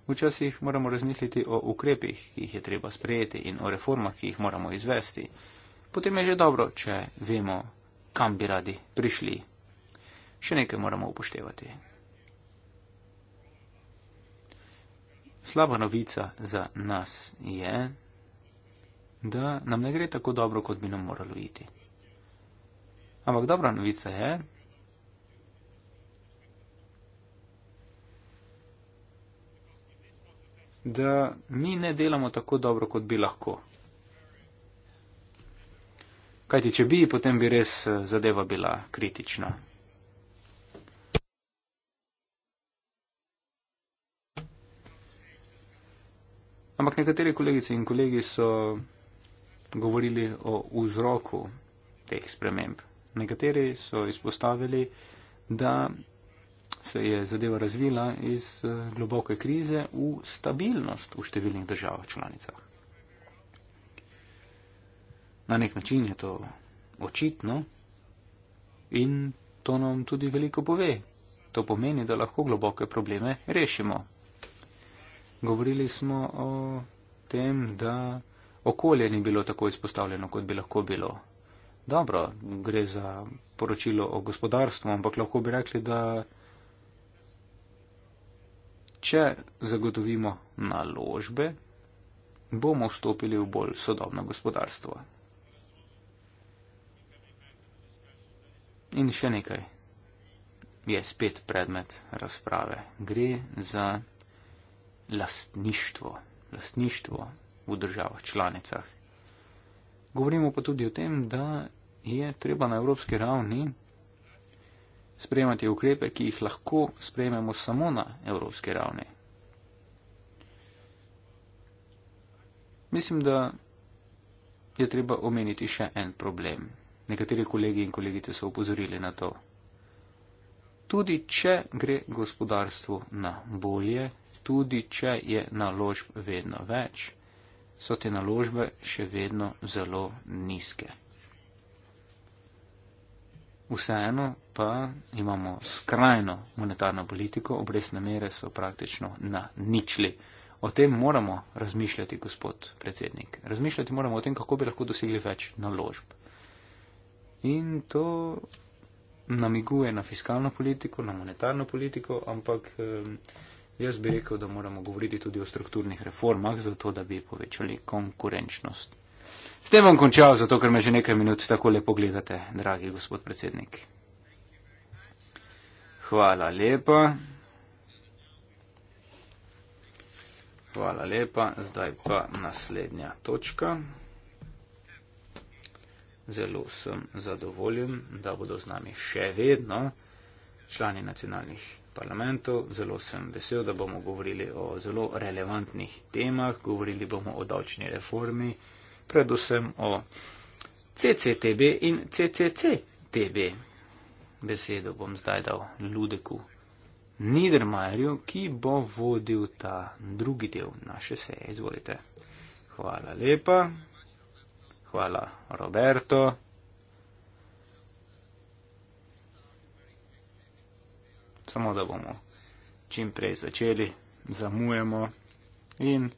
včasih moramo razmisliti o ukrepih, ki jih je treba sprejeti in o reformah, ki jih moramo izvesti. Potem je že dobro, če vemo, kam bi radi prišli. Še nekaj moramo upoštevati. Slaba novica za nas je, da nam ne gre tako dobro, kot bi nam moralo iti. Ampak dobra novica je, da mi ne delamo tako dobro, kot bi lahko. Kajti, če bi, potem bi res eh, zadeva bila kritična. Ampak nekateri kolegice in kolegi so govorili o vzroku teh sprememb. Nekateri so izpostavili, da se je zadeva razvila iz eh, globoke krize v stabilnost v številnih državah članicah. Na nek način je to očitno in to nam tudi veliko pove. To pomeni, da lahko globoke probleme rešimo, govorili smo o tem, da okolje ni bilo tako izpostavljeno, kot bi lahko bilo. Dobro, gre za poročilo o gospodarstvu, ampak lahko bi rekli, da če zagotovimo naložbe, bomo vstopili v bolj sodobno gospodarstvo. In še nekaj je spet predmet razprave. Gre za lastništvo, lastništvo v državah članicah. Govorimo pa tudi o tem, da je treba na evropski ravni sprejemati ukrepe, ki jih lahko sprejmemo samo na evropski ravni. Mislim, da je treba omeniti še en problem. Nekateri kolegi in kolegice so upozorili na to. Tudi če gre gospodarstvo na bolje, tudi če je naložb vedno več, so te naložbe še vedno zelo nizke. Vseeno pa imamo skrajno monetarno politiko, obrestne mere so praktično na ničli. O tem moramo razmišljati, gospod predsednik. Razmišljati moramo o tem, kako bi lahko dosegli več naložb. In to namiguje na fiskalno politiko, na monetarno politiko, ampak. Eh, Jaz bi rekel, da moramo govoriti tudi o strukturnih reformah, zato da bi povečali konkurenčnost. S tem bom končal, zato ker me že nekaj minut tako lepo gledate, dragi gospod predsednik. Hvala lepa. Hvala lepa. Zdaj pa naslednja točka. Zelo sem zadovoljen, da bodo z nami še vedno člani nacionalnih parlamentu. Zelo sem vesel, da bomo govorili o zelo relevantnih temah. Govorili bomo o davčni reformi, predvsem o CCTB in CCCTB. Besedo bom zdaj dal Ludeku Niedermajerju, ki bo vodil ta drugi del naše seje. Izvolite. Hvala lepa. Hvala, Roberto. samo da bomo čim prej začeli, zamujamo in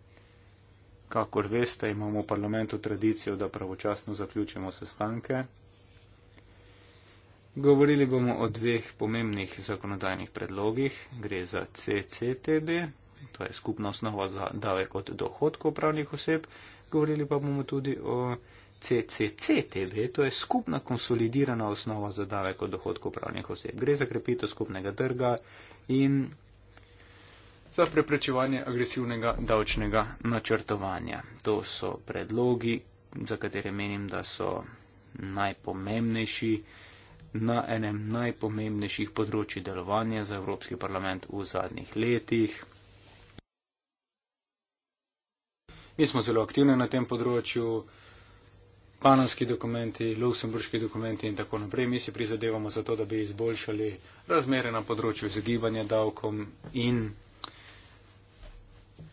kakor veste, imamo v parlamentu tradicijo, da pravočasno zaključimo sestanke. Govorili bomo o dveh pomembnih zakonodajnih predlogih. Gre za CCTB, to je skupna osnova za davek od dohodkov pravnih oseb. Govorili pa bomo tudi o CCCTV, to je skupna konsolidirana osnova za davek od dohodkov pravnih oseb. Gre za krepitev skupnega trga in za preprečevanje agresivnega davčnega načrtovanja. To so predlogi, za katere menim, da so najpomembnejši na enem najpomembnejših področji delovanja za Evropski parlament v zadnjih letih. Mi smo zelo aktivni na tem področju panamski dokumenti, luksemburški dokumenti in tako naprej. Mi si prizadevamo za to, da bi izboljšali razmere na področju zagibanja davkom in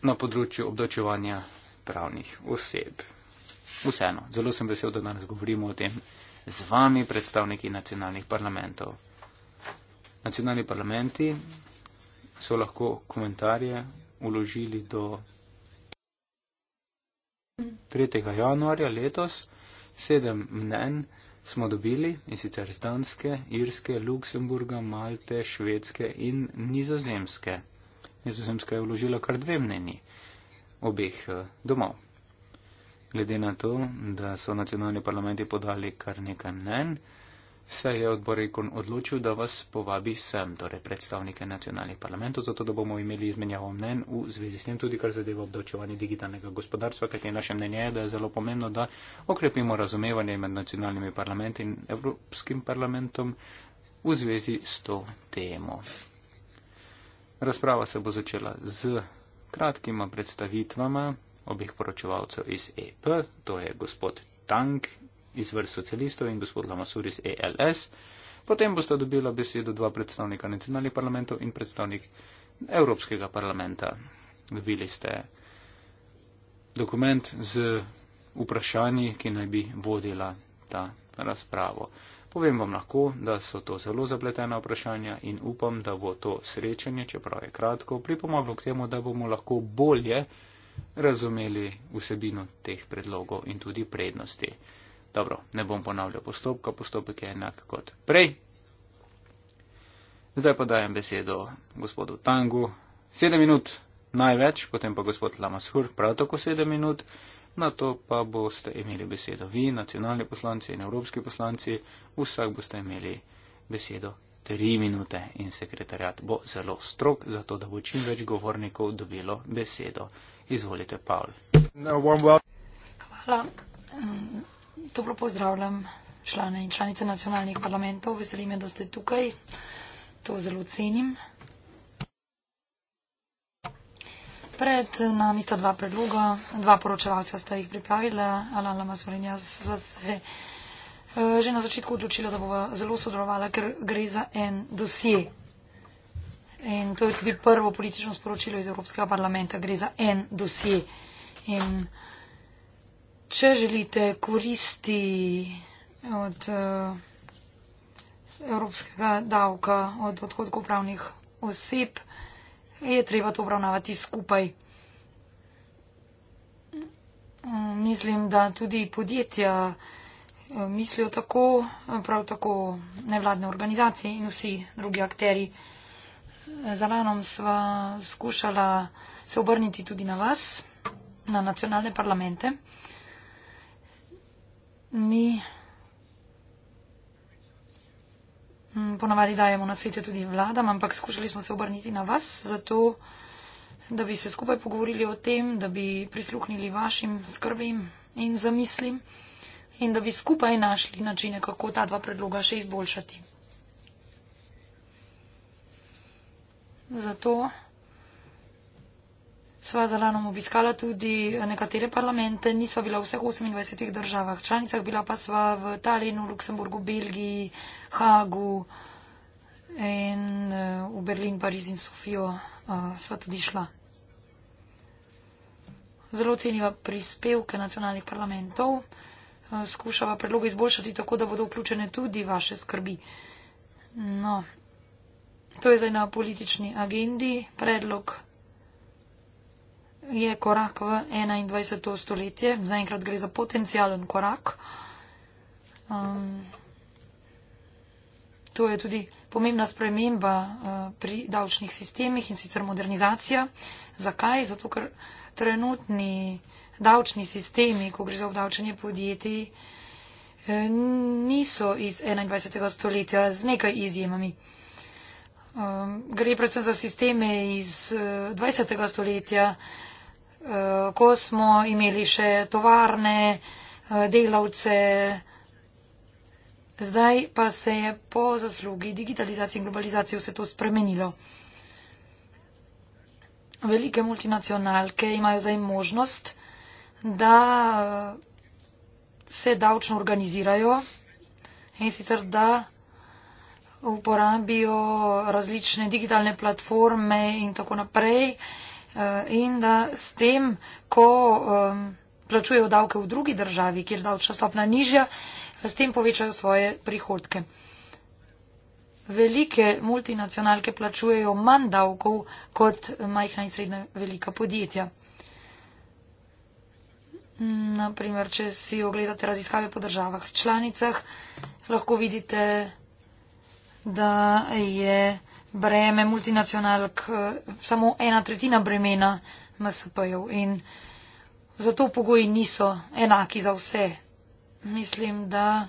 na področju obdočevanja pravnih oseb. Vseeno, zelo sem vesel, da danes govorimo o tem z vami, predstavniki nacionalnih parlamentov. Nacionalni parlamenti so lahko komentarje uložili do 3. januarja letos. Sedem mnen smo dobili in sicer z Danske, Irske, Luksemburga, Malte, Švedske in Nizozemske. Nizozemska je vložila kar dve mneni obeh eh, domov. Glede na to, da so nacionalni parlamenti podali kar nekaj mnen, se je odbor Ekon odločil, da vas povabi sem, torej predstavnike nacionalnih parlamentov, zato da bomo imeli izmenjavo mnen v zvezi s tem tudi, kar zadeva obdavčevanje digitalnega gospodarstva, kajti naše mnenje je, da je zelo pomembno, da okrepimo razumevanje med nacionalnimi parlamenti in Evropskim parlamentom v zvezi s to temo. Razprava se bo začela z kratkima predstavitvama obih poročevalcev iz EP, to je gospod Tank iz vrst socialistov in gospod Lamasuris ELS. Potem bosta dobila besedo dva predstavnika nacionalnih parlamentov in predstavnik Evropskega parlamenta. Dobili ste dokument z vprašanji, ki naj bi vodila ta razpravo. Povem vam lahko, da so to zelo zapletena vprašanja in upam, da bo to srečanje, čeprav je kratko, pripomoglo k temu, da bomo lahko bolje razumeli vsebino teh predlogov in tudi prednosti. Dobro, ne bom ponavljal postopka, postopek je enak kot prej. Zdaj pa dajem besedo gospodu Tangu. Sedem minut največ, potem pa gospod Lamashur, prav tako sedem minut. Na to pa boste imeli besedo vi, nacionalni poslanci in evropski poslanci. Vsak boste imeli besedo tri minute in sekretarjat bo zelo strok, zato da bo čim več govornikov dobilo besedo. Izvolite, Paul. No, Hvala. Toplo pozdravljam člane in članice nacionalnih parlamentov. Veselim me, da ste tukaj. To zelo cenim. Pred nami sta dva predloga, dva poročevalca sta jih pripravila. Alan Lamasorinja sva se eh, že na začetku odločila, da bova zelo sodelovala, ker gre za en dosje. In to je tudi prvo politično sporočilo iz Evropskega parlamenta. Gre za en dosje. In če želite koristi od eh, evropskega davka, od odhodkov pravnih oseb, je treba to obravnavati skupaj. Mislim, da tudi podjetja eh, mislijo tako, prav tako nevladne organizacije in vsi drugi akteri. Za lanom sva skušala se obrniti tudi na vas, na nacionalne parlamente mi mm, ponavadi dajemo na svete tudi vladam, ampak skušali smo se obrniti na vas, zato da bi se skupaj pogovorili o tem, da bi prisluhnili vašim skrbim in zamislim in da bi skupaj našli načine, kako ta dva predloga še izboljšati. Zato Sva z Alanom obiskala tudi eh, nekatere parlamente, nisva bila v vseh 28 državah članicah, bila pa sva v Talinu, Luksemburgu, Belgiji, Hagu in eh, v Berlin, Pariz in Sofijo eh, sva tudi šla. Zelo ceniva prispevke nacionalnih parlamentov, skušava predloge izboljšati tako, da bodo vključene tudi vaše skrbi. No, to je zdaj na politični agendi predlog je korak v 21. stoletje. Zaenkrat gre za potencijalen korak. Um, to je tudi pomembna sprememba uh, pri davčnih sistemih in sicer modernizacija. Zakaj? Zato, ker trenutni davčni sistemi, ko gre za obdavčanje podjetij, eh, niso iz 21. stoletja z nekaj izjemami. Um, gre predvsem za sisteme iz uh, eh, 20. stoletja, uh, Eh, ko smo imeli še tovarne, eh, delavce. Zdaj pa se je po zaslugi digitalizacije in globalizacije vse to spremenilo. Velike multinacionalke imajo zdaj možnost, da eh, se davčno organizirajo in sicer da uporabijo različne digitalne platforme in tako naprej. Eh, in da s tem, ko um, plačujejo davke v drugi državi, kjer je davčna stopna nižja, s tem povečajo svoje prihodke. Velike multinacionalke plačujejo manj davkov kot majhna in srednja velika podjetja. Naprimer, če si ogledate raziskave po državah članicah, lahko vidite, da je breme multinacionalk, eh, samo ena tretjina bremena MSP-jev in zato pogoji niso enaki za vse. Mislim, da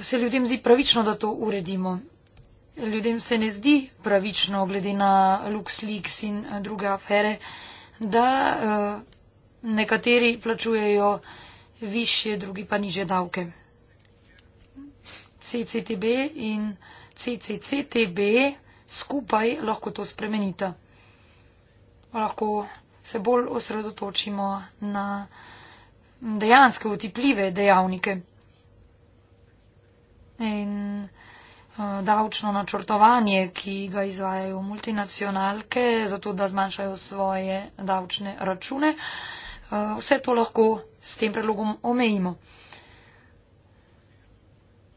se ljudem zdi pravično, da to uredimo. Ljudem se ne zdi pravično, glede na LuxLeaks in eh, druge afere, da eh, nekateri plačujejo višje, drugi pa niže davke. CCTB in CCC, TB, skupaj lahko to spremenita. Lahko se bolj osredotočimo na dejanske otipljive dejavnike. In eh, davčno načrtovanje, ki ga izvajajo multinacionalke, zato da zmanjšajo svoje davčne račune. Eh, vse to lahko s tem predlogom omejimo.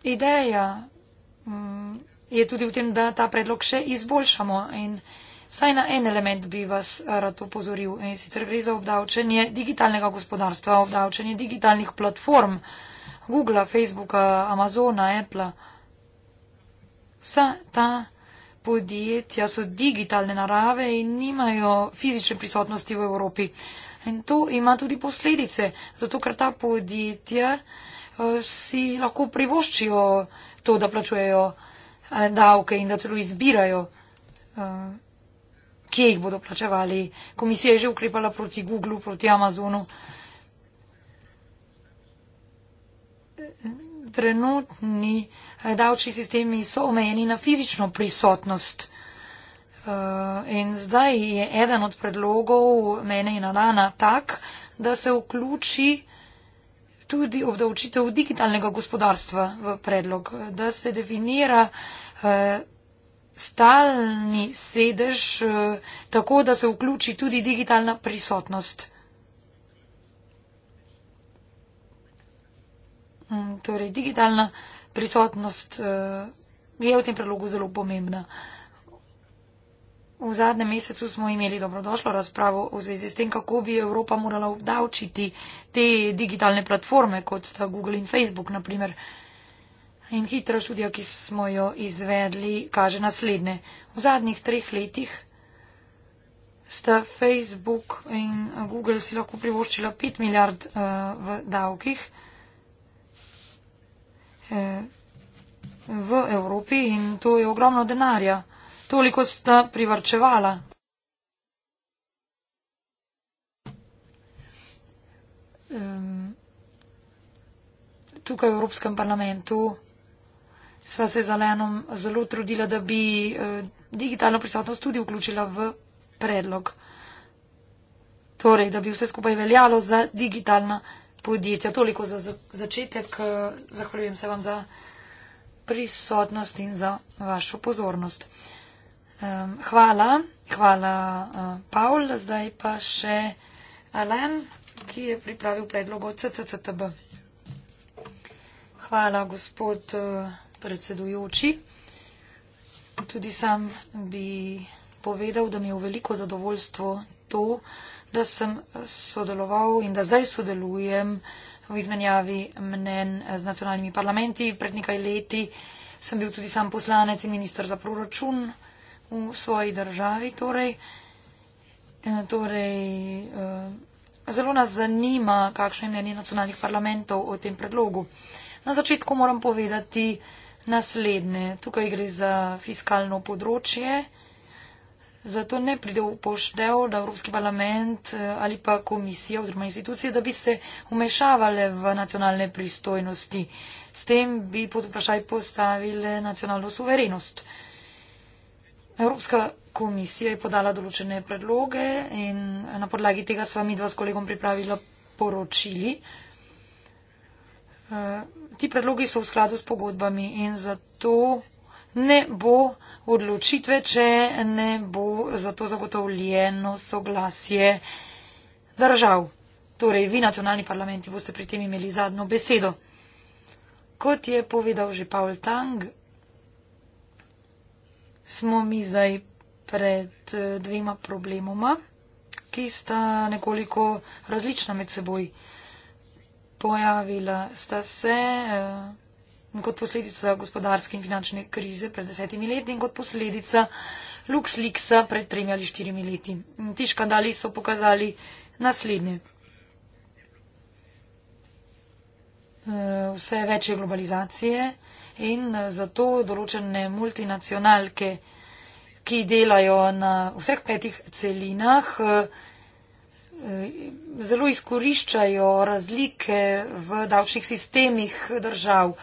Ideja mm, je tudi v tem, da ta predlog še izboljšamo. In vsaj na en element bi vas rad upozoril. In sicer gre za obdavčenje digitalnega gospodarstva, obdavčenje digitalnih platform, Google, Facebooka, Amazona, Apple. Vsa ta podjetja so digitalne narave in nimajo fizične prisotnosti v Evropi. In to ima tudi posledice, zato ker ta podjetja uh, si lahko privoščijo to, da plačujejo uh, Eh, davke in da celo izbirajo, eh, kje jih bodo plačevali. Komisija je že ukrepala proti Google, proti Amazonu. Trenutni eh, davčni sistemi so omejeni na fizično prisotnost. In zdaj je eden od predlogov mene in Alana tak, da se vključi tudi obdavčitev digitalnega gospodarstva v predlog, da se definira eh, stalni sedež eh, tako, da se vključi tudi digitalna prisotnost. Mm, torej, digitalna prisotnost eh, je v tem predlogu zelo pomembna. V zadnjem mesecu smo imeli dobrodošlo razpravo v zvezi s tem, kako bi Evropa morala obdavčiti te digitalne platforme, kot sta Google in Facebook, naprimer. In hitra študija, ki smo jo izvedli, kaže naslednje. V zadnjih treh letih sta Facebook in Google si lahko privoščila 5 milijard uh, v davkih eh, v Evropi in to je ogromno denarja toliko sta privrčevala. Um, tukaj v Evropskem parlamentu sva se z Alenom zelo trudila, da bi uh, digitalno prisotnost tudi vključila v predlog. Torej, da bi vse skupaj veljalo za digitalna podjetja. Toliko za začetek. E, zahvaljujem se vam za prisotnost in za vašo pozornost. Um, hvala, hvala uh, Paul. Zdaj pa še Alan, ki je pripravil predlog od CCTB. Hvala, gospod uh, predsedujoči. Tudi sam bi povedal, da mi je v veliko zadovoljstvo to, da sem sodeloval in da zdaj sodelujem v izmenjavi mnen z nacionalnimi parlamenti. Pred nekaj leti sem bil tudi sam poslanec in minister za proračun v svoji državi. Torej, eh, torej, eh, zelo nas zanima, kakšno je mnenje nacionalnih parlamentov o tem predlogu. Na začetku moram povedati naslednje. Tukaj gre za fiskalno področje. Zato ne pride v poštev, da Evropski parlament eh, ali pa komisija oziroma institucije, da bi se umešavale v nacionalne pristojnosti. S tem bi pod vprašaj postavile nacionalno suverenost. Evropska komisija je podala določene predloge in na podlagi tega sva mi dva s kolegom pripravila poročili. Eh, ti predlogi so v skladu s pogodbami in zato ne bo odločitve, če ne bo zato zagotovljeno soglasje držav. Torej, vi, nacionalni parlamenti, boste pri tem imeli zadnjo besedo. Kot je povedal že Paul Tang, smo mi zdaj pred eh, dvema problemoma, ki sta nekoliko različna med seboj. Pojavila sta se eh, kot posledica gospodarske in finančne krize pred desetimi leti in kot posledica LuxLeaksa pred tremi ali štirimi leti. Ti škandali so pokazali naslednje. Eh, vse več je globalizacije, in eh, zato določene multinacionalke, ki delajo na vseh petih celinah, eh, eh, zelo izkoriščajo razlike v davčnih sistemih držav.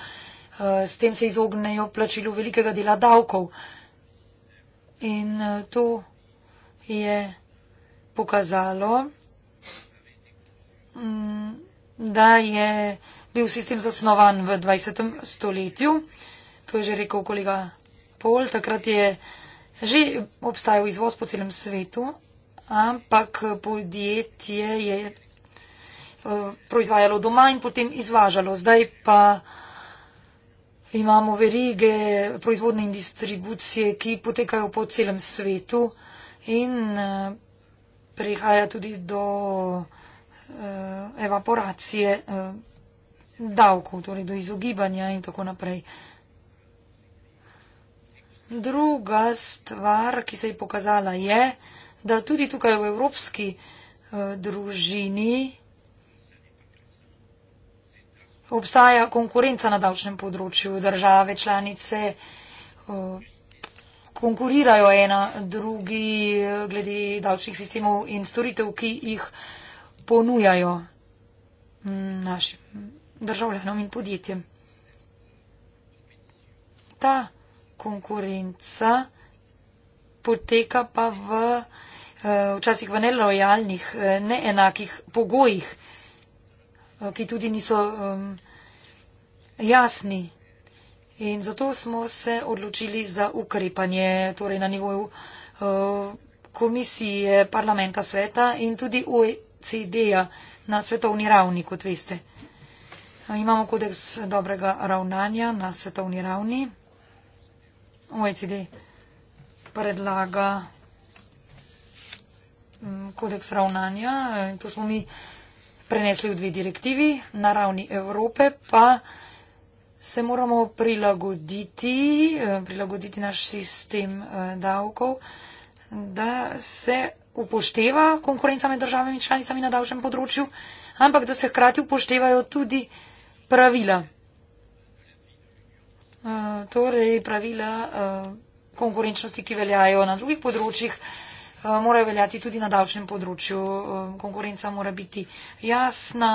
S tem se izognejo plačilu velikega dela davkov. In to je pokazalo, mm, da je bil sistem zasnovan v 20. stoletju. To je že rekel kolega Pol. Takrat je že obstajal izvoz po celem svetu, ampak podjetje je eh, proizvajalo doma in potem izvažalo. Zdaj pa imamo verige proizvodne in distribucije, ki potekajo po celem svetu in eh, prihaja tudi do eh, evaporacije davkov, torej do izogibanja in tako naprej. Druga stvar, ki se je pokazala, je, da tudi tukaj v evropski eh, družini obstaja konkurenca na davčnem področju. Države članice eh, konkurirajo ena drugi eh, glede davčnih sistemov in storitev, ki jih ponujajo mm, našim državljanom in podjetjem. Ta konkurenca poteka pa v eh, včasih v nelojalnih, eh, neenakih pogojih, eh, ki tudi niso jasni. In zato smo se odločili za ukrepanje torej na nivoju komisije parlamenta sveta in tudi OECD-ja na svetovni ravni, kot veste. Imamo kodeks dobrega ravnanja na svetovni ravni. OECD predlaga mm, kodeks ravnanja. To smo mi prenesli v dve direktivi. Na ravni Evrope pa se moramo prilagoditi, eh, prilagoditi naš sistem eh, davkov, da se upošteva konkurenca med državami in članicami na davčnem področju, ampak da se hkrati upoštevajo tudi Pravila. Eh, torej, pravila eh, konkurenčnosti, ki veljajo na drugih področjih, eh, morajo veljati tudi na davčnem področju. Konkurenca mora biti jasna,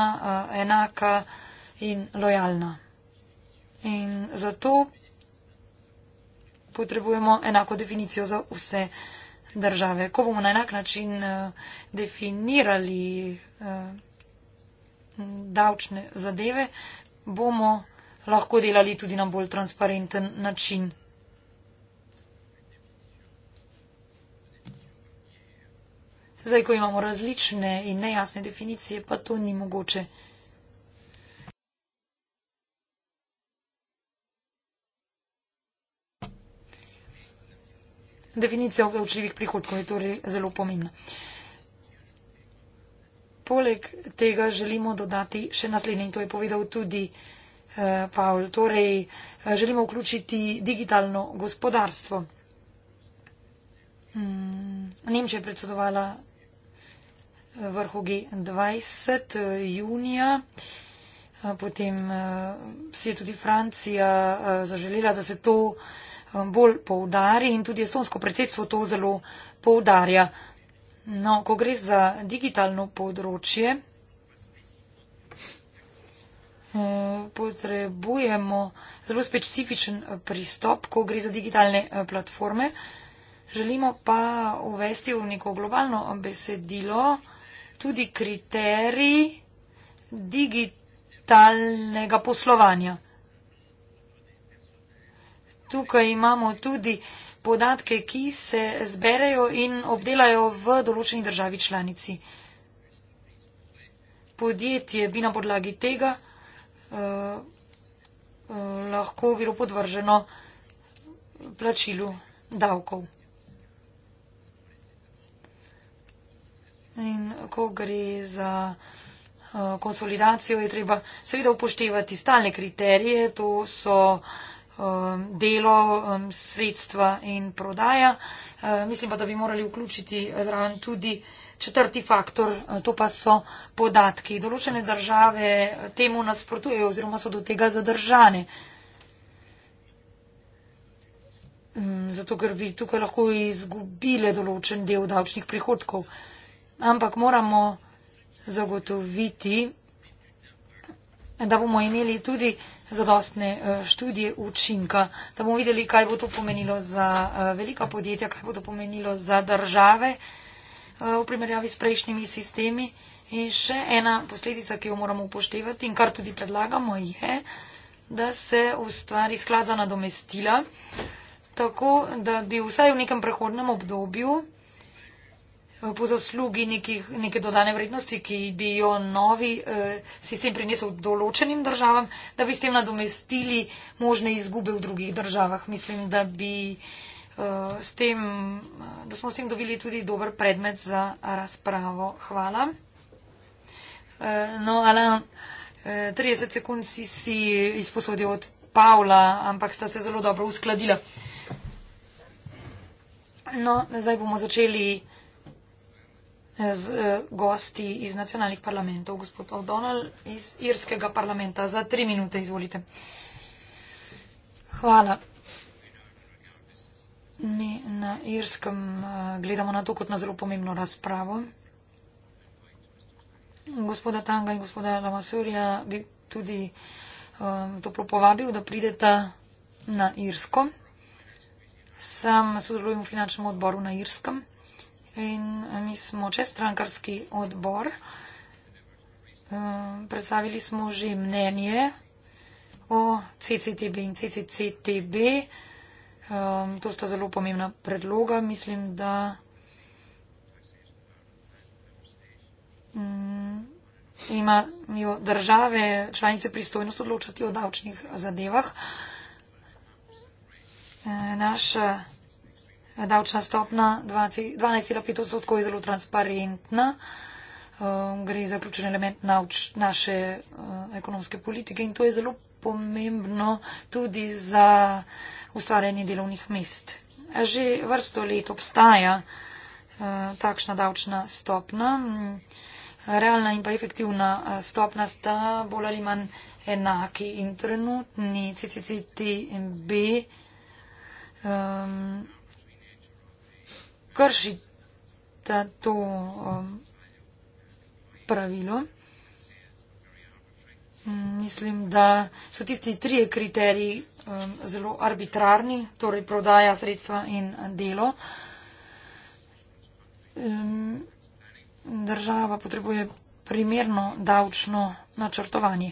enaka in lojalna. In zato potrebujemo enako definicijo za vse države. Ko bomo na enak način definirali davčne zadeve, bomo lahko delali tudi na bolj transparenten način. Zdaj, ko imamo različne in nejasne definicije, pa to ni mogoče. Definicija obdavčljivih prihodkov je torej zelo pomembna poleg tega želimo dodati še naslednje in to je povedal tudi eh, Paul. Torej, eh, želimo vključiti digitalno gospodarstvo. Hmm, Nemčija je predsedovala eh, vrhu G20 eh, junija, potem si je tudi Francija zaželjela, da se to bolj poudari in tudi estonsko predsedstvo to zelo poudarja. No, ko gre za digitalno področje, eh, potrebujemo zelo specifičen eh, pristop, ko gre za digitalne eh, platforme. Želimo pa uvesti v neko globalno besedilo tudi kriterij digitalnega poslovanja. Tukaj imamo tudi podatke, ki se zberejo in obdelajo v določeni državi članici. Podjetje bi na podlagi tega uh, lahko bilo podvrženo plačilu davkov. In ko gre za eh, konsolidacijo, je treba seveda upoštevati stalne kriterije, to so uh, Um, delo, um, sredstva in prodaja. Uh, mislim pa, da bi morali vključiti zraven tudi četrti faktor, uh, to pa so podatki. Določene države temu nasprotujejo oziroma so do tega zadržane. Um, zato, ker bi tukaj lahko izgubile določen del davčnih prihodkov. Ampak moramo zagotoviti, da bomo imeli tudi zadostne eh, študije učinka, da bomo videli, kaj bo to pomenilo za eh, velika podjetja, kaj bo to pomenilo za države eh, v primerjavi s prejšnjimi sistemi. In še ena posledica, ki jo moramo upoštevati in kar tudi predlagamo, je, da se ustvari sklad za nadomestila, tako da bi vsaj v nekem prehodnem obdobju po zaslugi nekih, neke dodane vrednosti, ki bi jo novi eh, sistem prinesel določenim državam, da bi s tem nadomestili možne izgube v drugih državah. Mislim, da bi. Eh, s tem, eh, da smo s tem dobili tudi dober predmet za razpravo. Hvala. No, Alan, 30 sekund si si izposodil od Pavla, ampak sta se zelo dobro uskladila. No, zdaj bomo začeli z eh, gosti iz nacionalnih parlamentov, gospod O'Donnell iz irskega parlamenta. Za tri minute izvolite. Hvala. Mi na irskem eh, gledamo na to kot na zelo pomembno razpravo. Gospoda Tanga in gospoda Lamasurja bi tudi um, toplo povabil, da prideta na Irsko. Sam sodelujem v finančnem odboru na Irskem. In mi smo čez strankarski odbor eh, predstavili smo že mnenje o CCTB in CCCTB. Eh, to sta zelo pomembna predloga. Mislim, da mm, imajo države članice pristojnost odločati o davčnih zadevah. Eh, naša davčna stopna 12,5 odstotkov je zelo transparentna. Eh, gre za ključen element naše eh, ekonomske politike in to je zelo pomembno tudi za ustvarjanje delovnih mest. Že vrsto let obstaja eh, takšna davčna stopna. Realna in pa efektivna stopna sta bolj ali manj enaki in trenutni CCCTB. Ehm, kršite to um, pravilo. Mislim, da so tisti trije kriteriji um, zelo arbitrarni, torej prodaja sredstva in delo. Um, država potrebuje primerno davčno načrtovanje.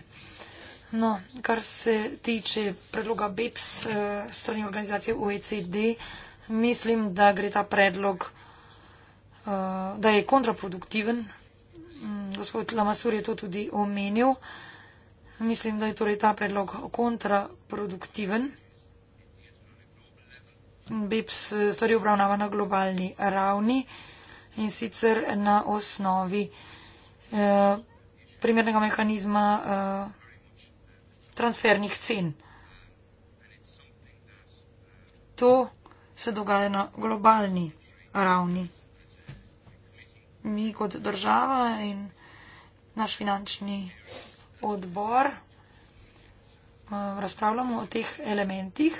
No, kar se tiče predloga BEPS uh, eh, strani organizacije OECD, uh, mislim, da gre ta predlog, eh, da je kontraproduktiven. Mm, gospod Lamasur je to tudi omenil. Mislim, da je torej ta predlog kontraproduktiven. BEPS stvari obravnava na globalni ravni in sicer na osnovi eh, primernega mehanizma eh, transfernih cen. To se dogaja na globalni ravni. Mi kot država in naš finančni odbor eh, razpravljamo o teh elementih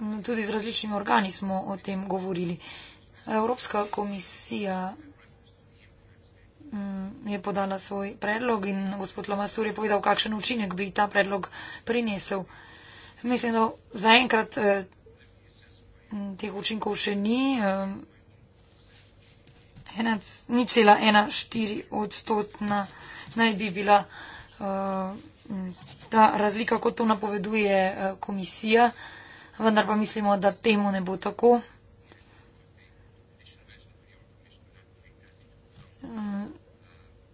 in no, tudi z različnimi organi smo o tem govorili. Evropska komisija mm, je podala svoj predlog in gospod Lamasur je povedal, kakšen učinek bi ta predlog prinesel. Mislim, da zaenkrat eh, teh učinkov še ni. Eh, ena, ni cela ena štiri odstotna naj bi bila eh, ta razlika, kot to napoveduje eh, komisija, vendar pa mislimo, da temu ne bo tako. Eh,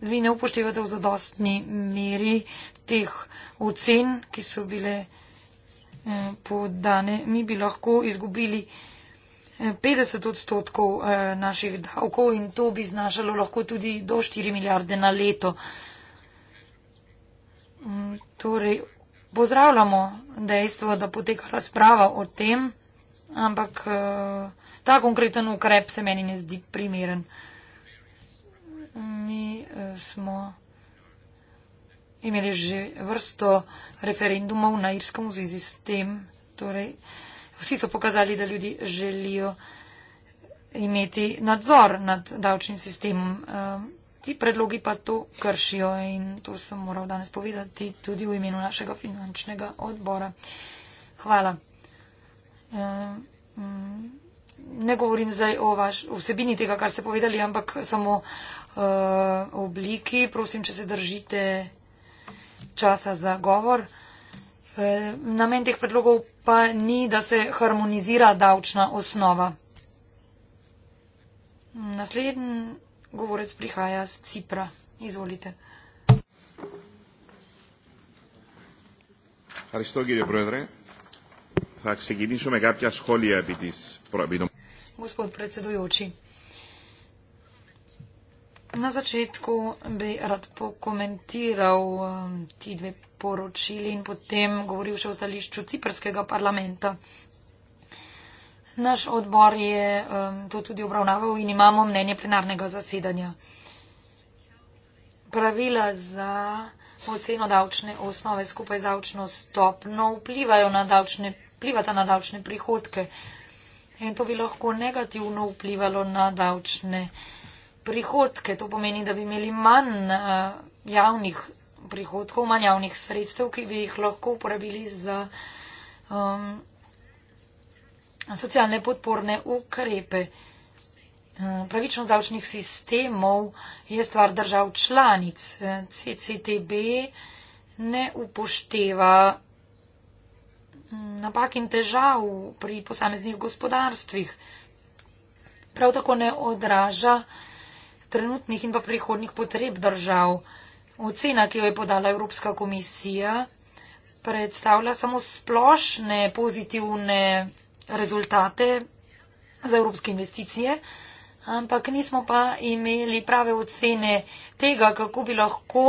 vi ne upoštevate v zadostni meri teh ocen, ki so bile podane, mi bi lahko izgubili 50 eh, odstotkov eh, naših davkov in to bi znašalo lahko tudi do 4 milijarde na leto. Mm, torej, pozdravljamo dejstvo, da poteka razprava o tem, ampak eh, ta konkreten ukrep se meni ne zdi primeren. Mi smo imeli že vrsto referendumov na Irskem v zvezi s tem. Torej, vsi so pokazali, da ljudi želijo imeti nadzor nad davčnim sistemom. Eh, ti predlogi pa to kršijo in to sem moral danes povedati tudi v imenu našega finančnega odbora. Hvala. Eh, mm, ne govorim zdaj o vaš, vsebini tega, kar ste povedali, ampak samo o eh, obliki. Prosim, če se držite časa za govor. E, namen teh predlogov pa ni, da se harmonizira davčna osnova. Naslednji govorec prihaja z Cipra. Izvolite. Gospod predsedujoči. Na začetku bi rad pokomentiral um, ti dve poročili in potem govoril še o stališču ciprskega parlamenta. Naš odbor je um, to tudi obravnaval in imamo mnenje plenarnega zasedanja. Pravila za oceno davčne osnove skupaj z davčno stopno vplivajo na davčne, vplivata na davčne prihodke. In to bi lahko negativno vplivalo na davčne prihodke prihodke. To pomeni, da bi imeli manj eh, javnih prihodkov, manj javnih sredstev, ki bi jih lahko uporabili za um, socialne podporne ukrepe. Eh, Pravično davčnih sistemov je stvar držav članic. Eh, CCTB ne upošteva mm, napak in težav pri posameznih gospodarstvih. Prav tako ne odraža trenutnih in pa prihodnih potreb držav. Ocena, ki jo je podala Evropska komisija, predstavlja samo splošne pozitivne rezultate za evropske investicije, ampak nismo pa imeli prave ocene tega, kako bi lahko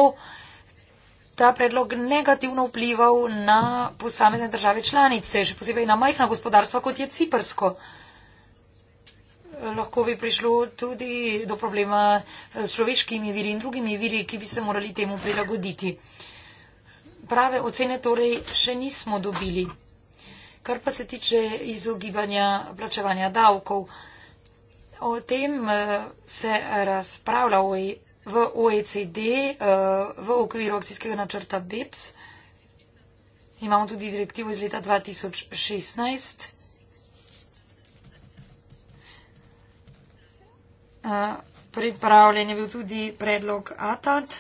ta predlog negativno vplival na posamezne države članice, še posebej na majhna gospodarstva, kot je ciprsko lahko bi prišlo tudi do problema s človeškimi viri in drugimi viri, ki bi se morali temu prilagoditi. Prave ocene torej še nismo dobili. Kar pa se tiče izogibanja plačevanja davkov, o tem eh, se razpravlja v OECD e eh, v okviru akcijskega načrta BEPS. Imamo tudi direktivo iz leta 2016. Eh, pripravljen je bil tudi predlog ATAD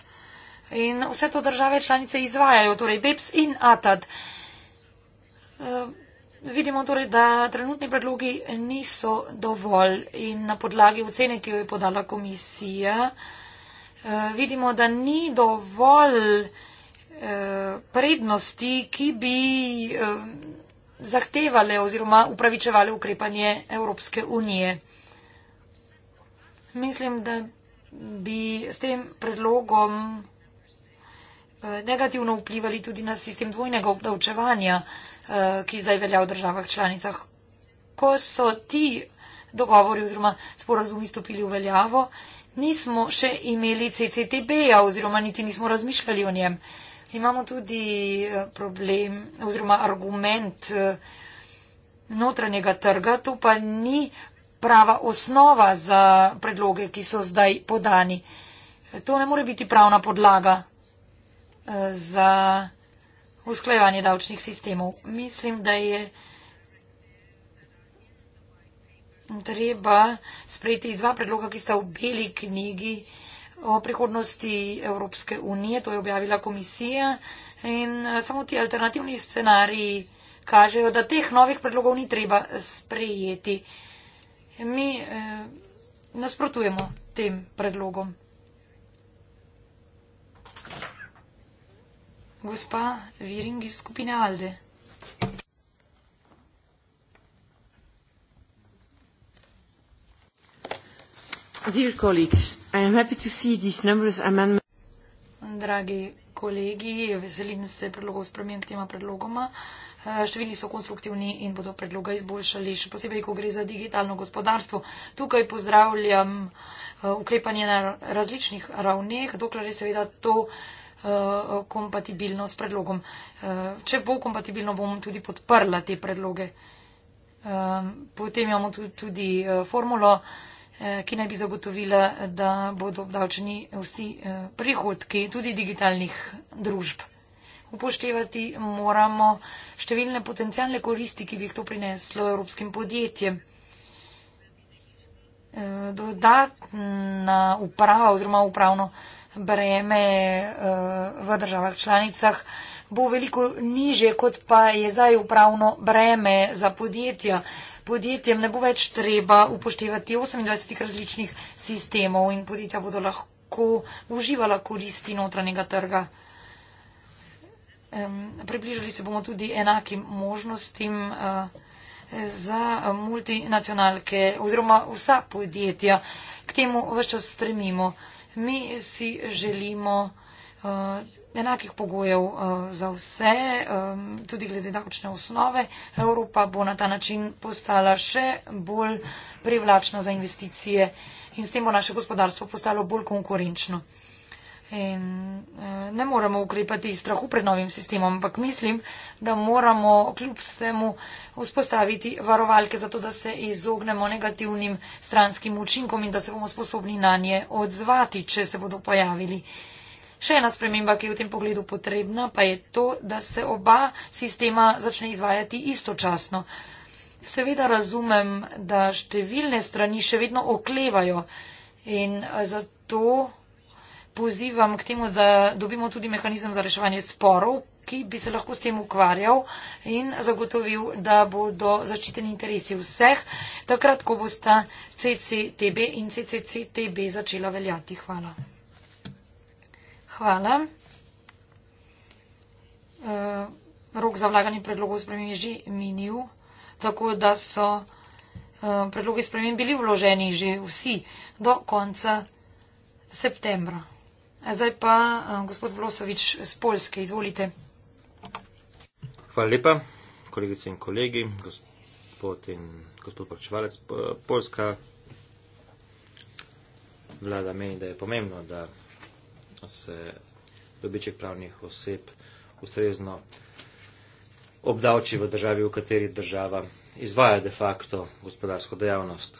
in vse to države članice izvajajo, torej BEPS in ATAD. Eh, vidimo torej, da trenutni predlogi niso dovolj in na podlagi ocene, ki jo je podala komisija, eh, vidimo, da ni dovolj prednosti, ki bi zahtevale oziroma upravičevale ukrepanje Evropske unije. Mislim, da bi s tem predlogom eh, negativno vplivali tudi na sistem dvojnega obdavčevanja, eh, ki zdaj velja v državah članicah. Ko so ti dogovori oziroma sporazumi stopili v veljavo, nismo še imeli CCTB-ja oziroma niti nismo razmišljali o njem. Imamo tudi eh, problem oziroma argument notranjega trga, to pa ni prava osnova za predloge, ki so zdaj podani. To ne more biti pravna podlaga eh, za usklajevanje davčnih sistemov. Mislim, da je treba sprejeti dva predloga, ki sta v beli knjigi o prihodnosti Evropske unije. To je objavila komisija in eh, samo ti alternativni scenariji kažejo, da teh novih predlogov ni treba sprejeti mi eh, nasprotujemo tem predlogom. Gospa Viring iz skupine Alde. Dear colleagues, I am happy to see these numerous amendments. Dragi kolegi, veselim se predlogov spremenb tema predlogoma. Uh, Eh, številni so konstruktivni in bodo predloga izboljšali, še posebej, ko gre za digitalno gospodarstvo. Tukaj pozdravljam eh, ukrepanje na različnih ravneh, dokler je seveda to eh, kompatibilno s predlogom. Če bo kompatibilno, bom tudi podprla te predloge. Potem imamo tudi formulo, ki naj bi zagotovila, da bodo obdavčeni vsi prihodki tudi digitalnih družb upoštevati moramo številne potencijalne koristi, ki bi jih to prineslo evropskim podjetjem. E, dodatna uprava oziroma upravno breme e, v državah članicah bo veliko niže, kot pa je zdaj upravno breme za podjetja. Podjetjem ne bo več treba upoštevati 28 različnih sistemov in podjetja bodo lahko uživala koristi notranjega trga. Um, približali se bomo tudi enakim možnostim uh, za multinacionalke oziroma vsa podjetja. K temu vse čas stremimo. Mi si želimo uh, enakih pogojev uh, za vse, um, tudi glede davčne osnove. Evropa bo na ta način postala še bolj privlačna za investicije in s tem bo naše gospodarstvo postalo bolj konkurenčno. In eh, ne moramo ukrepati iz strahu pred novim sistemom, ampak mislim, da moramo kljub vsemu vzpostaviti varovalke za to, da se izognemo negativnim stranskim učinkom in da se bomo sposobni na nje odzvati, če se bodo pojavili. Še ena sprememba, ki je v tem pogledu potrebna, pa je to, da se oba sistema začne izvajati istočasno. Seveda razumem, da številne strani še vedno oklevajo in eh, zato pozivam k temu, da dobimo tudi mehanizem za reševanje sporov, ki bi se lahko s tem ukvarjal in zagotovil, da bodo zaščiteni interesi vseh, takrat, ko bosta CCTB in CCCTB začela veljati. Hvala. Hvala. Eh, rok za vlaganje predlogov spremem je že minil, tako da so eh, predlogi spremem bili vloženi že vsi do konca septembra. Zdaj pa eh, gospod Vlosovič z Polske, izvolite. Hvala lepa, kolegice in kolegi, gospod in gospod poročevalec. Polska vlada meni, da je pomembno, da se dobiček pravnih oseb ustrezno obdavči v državi, v kateri država izvaja de facto gospodarsko dejavnost.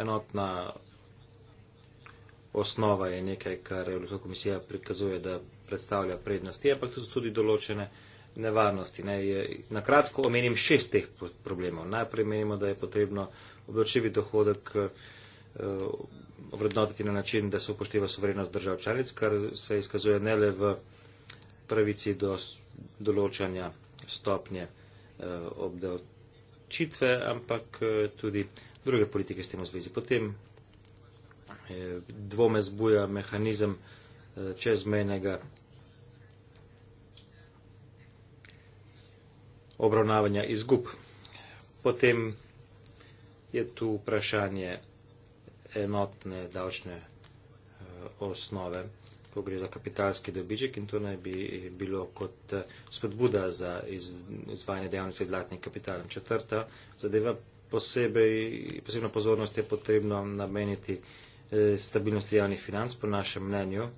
Enotna osnova je nekaj, kar Evropska komisija prikazuje, da predstavlja prednosti, ampak so tudi določene nevarnosti. Ne. Na kratko omenim šest teh problemov. Najprej menimo, da je potrebno obdočljivi dohodek eh, obrednotiti na način, da se upošteva soverenost držav članic, kar se izkazuje ne le v pravici do določanja stopnje eh, obdavčitve, ampak eh, tudi druge politike s tem v zvezi. Potem dvome zbuja mehanizem eh, čezmejnega obravnavanja izgub. Potem je tu vprašanje enotne davčne eh, osnove, ko gre za kapitalski dobiček in to naj bi eh, bilo kot spodbuda za izvajanje dejavnosti z zlatnim kapitalom. Četrta zadeva posebej, posebno pozornost je potrebno nameniti eh, E, stabilnosti javnih financ, po našem mnenju,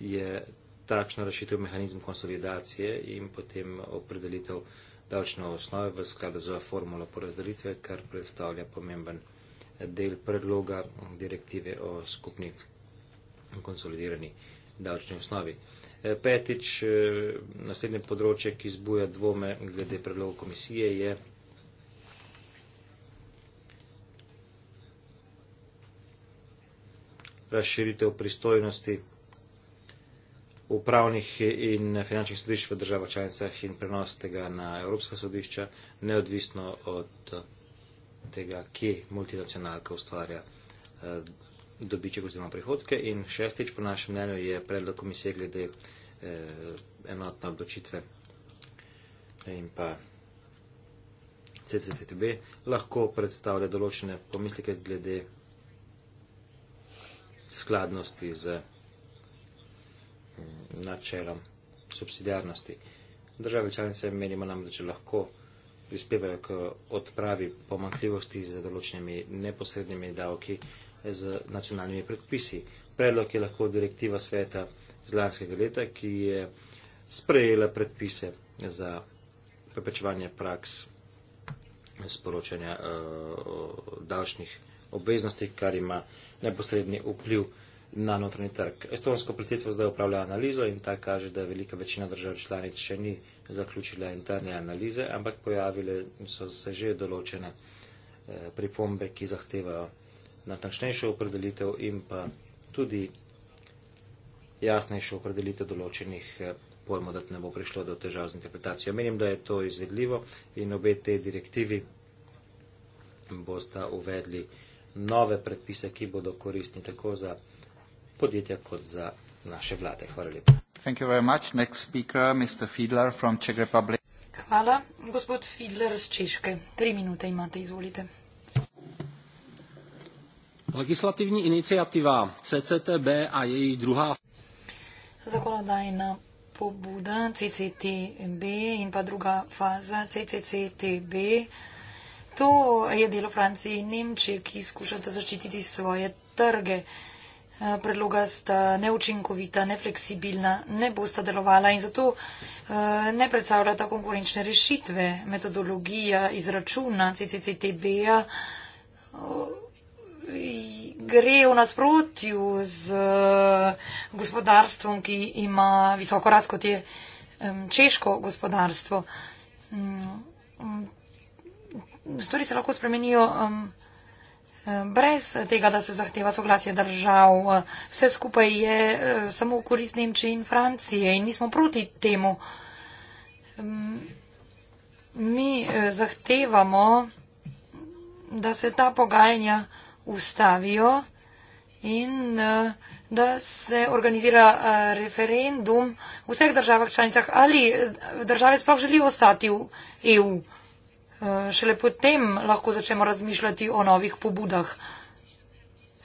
je takšna rešitev mehanizm konsolidacije in potem opredelitev davčne osnove v skladu z formulo porazdelitve, kar predstavlja pomemben del predloga direktive o skupni konsolidirani davčni osnovi. E, petič, e, naslednje področje, ki zbuja dvome glede predloga komisije, je razširitev pristojnosti upravnih in finančnih sodišč v državah članicah in prenos tega na Evropska sodišča, neodvisno od tega, kje multinacionalka ustvarja eh, dobiček oziroma prihodke. In šestič, po našem mnenju, je predlog komisije glede eh, enotne obdočitve in pa CCTB lahko predstavlja določene pomislike glede skladnosti z mm, načelom subsidijarnosti. Države članice menimo nam, da če lahko prispevajo k odpravi pomankljivosti z določenimi neposrednimi davki z nacionalnimi predpisi. Predlog je lahko direktiva sveta iz lanskega leta, ki je sprejela predpise za preprečevanje praks sporočanja uh, davčnih predpisov obveznosti, kar ima neposredni vpliv na notranji trg. Estonsko predsedstvo zdaj upravlja analizo in ta kaže, da velika večina držav članic še ni zaključila interne analize, ampak pojavile so se že določene eh, pripombe, ki zahtevajo natančnejšo opredelitev in pa tudi jasnejšo opredelitev določenih eh, pojmov, da ne bo prišlo do težav z interpretacijo. Menim, da je to izvedljivo in obe te direktivi bosta uvedli eh, nove predpise, ki bodo koristni tako za podjetja kot za naše vlade. Hvala lepa. Hvala. Gospod Fidler z Češke. Tri minute imate, izvolite. Legislativní iniciativa CCTB a její druhá... Zakonodajna pobuda CCTB in pa druga faza CCCTB. To je delo Francije in Nemčije, ki skušate zaščititi svoje trge. Eh, predloga sta neučinkovita, nefleksibilna, ne bosta delovala in zato eh, ne predstavljata konkurenčne rešitve. Metodologija izračuna CCCTB-ja eh, gre v nasprotju z gospodarstvom, ki ima visoko rast kot je češko gospodarstvo. Mm, stvari se lahko spremenijo um, um, brez tega, da se zahteva soglasje držav. Vse skupaj je uh, samo v korist Nemčije in Francije in nismo proti temu. Um, mi uh, zahtevamo, da se ta pogajanja ustavijo in uh, da se organizira uh, referendum v vseh državah članicah ali uh, države sploh želijo ostati v EU. Šele potem lahko začnemo razmišljati o novih pobudah.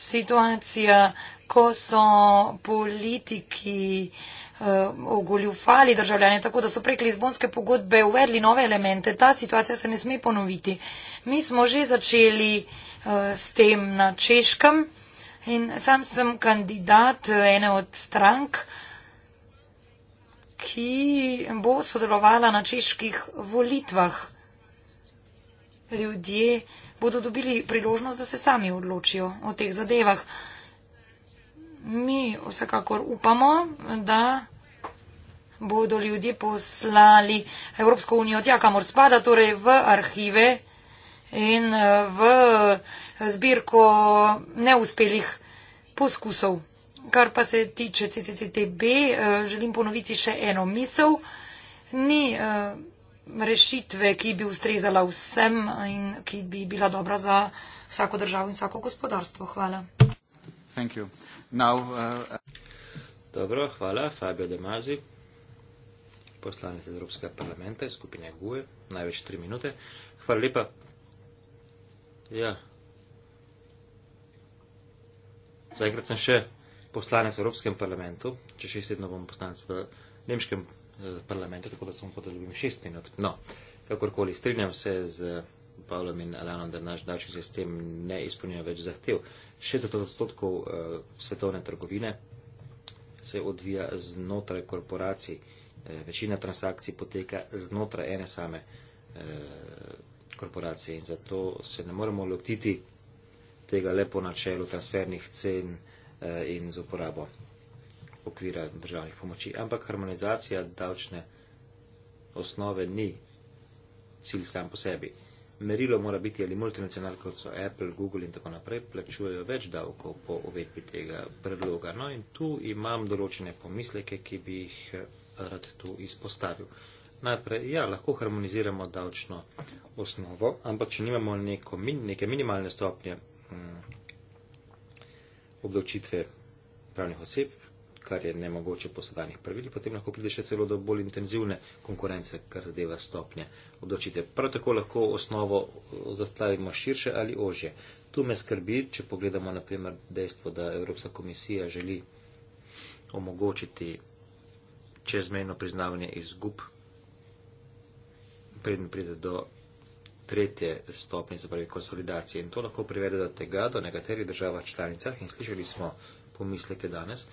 Situacija, ko so politiki eh, ogoljufali državljane tako, da so prek Lizbonske pogodbe uvedli nove elemente, ta situacija se ne sme ponoviti. Mi smo že začeli eh, s tem na Češkem in sam sem kandidat eh, ene od strank, ki bo sodelovala na čeških volitvah ljudje bodo dobili priložnost, da se sami odločijo o teh zadevah. Mi vsekakor upamo, da bodo ljudje poslali Evropsko unijo tja, kamor spada, torej v arhive in eh, v zbirko neuspelih poskusov. Kar pa se tiče CCCTB, eh, želim ponoviti še eno misel. Ni eh, rešitve, ki bi ustrezala vsem in ki bi bila dobra za vsako državo in vsako gospodarstvo. Hvala. Now, uh, Dobro, hvala. Fabio De Mazi, poslanec Evropskega parlamenta iz skupine GUE, največ tri minute. Hvala lepa. Ja. Zaenkrat sem še poslanec v Evropskem parlamentu, če še sedno bom poslanec v Nemškem parlamentu parlamentu, tako da sem podelil šest minut. No, kakorkoli strinjam se z Pavlom in Alanom, da naš davčni sistem ne izpolnjuje več zahtev. 60 odstotkov eh, svetovne trgovine se odvija znotraj korporacij. Eh, večina transakcij poteka znotraj ene same eh, korporacije in zato se ne moremo lotiti tega lepo načelu transfernih cen in z uporabo okvira državnih pomoči. Ampak harmonizacija davčne osnove ni cilj sam po sebi. Merilo mora biti, ali multinacionalke, kot so Apple, Google in tako naprej, plačujejo več davkov po uvedbi tega predloga. No in tu imam določene pomisleke, ki bi jih eh, rad tu izpostavil. Najprej, ja, lahko harmoniziramo davčno osnovo, ampak če nimamo neko, neke minimalne stopnje hm, obdavčitve pravnih oseb, kar je nemogoče po sedanjih pravilih, potem lahko pride še celo do bolj intenzivne konkurence, kar zadeva stopnje obdočitve. Prav tako lahko osnovo eh, zastavimo širše ali ožje. Tu me skrbi, če pogledamo naprimer dejstvo, da Evropska komisija želi omogočiti čezmejno priznavanje izgub, preden pride do tretje stopnje, se pravi konsolidacije. In to lahko privede do tega, da nekaterih državah članicah, in slišali smo pomisleke danes,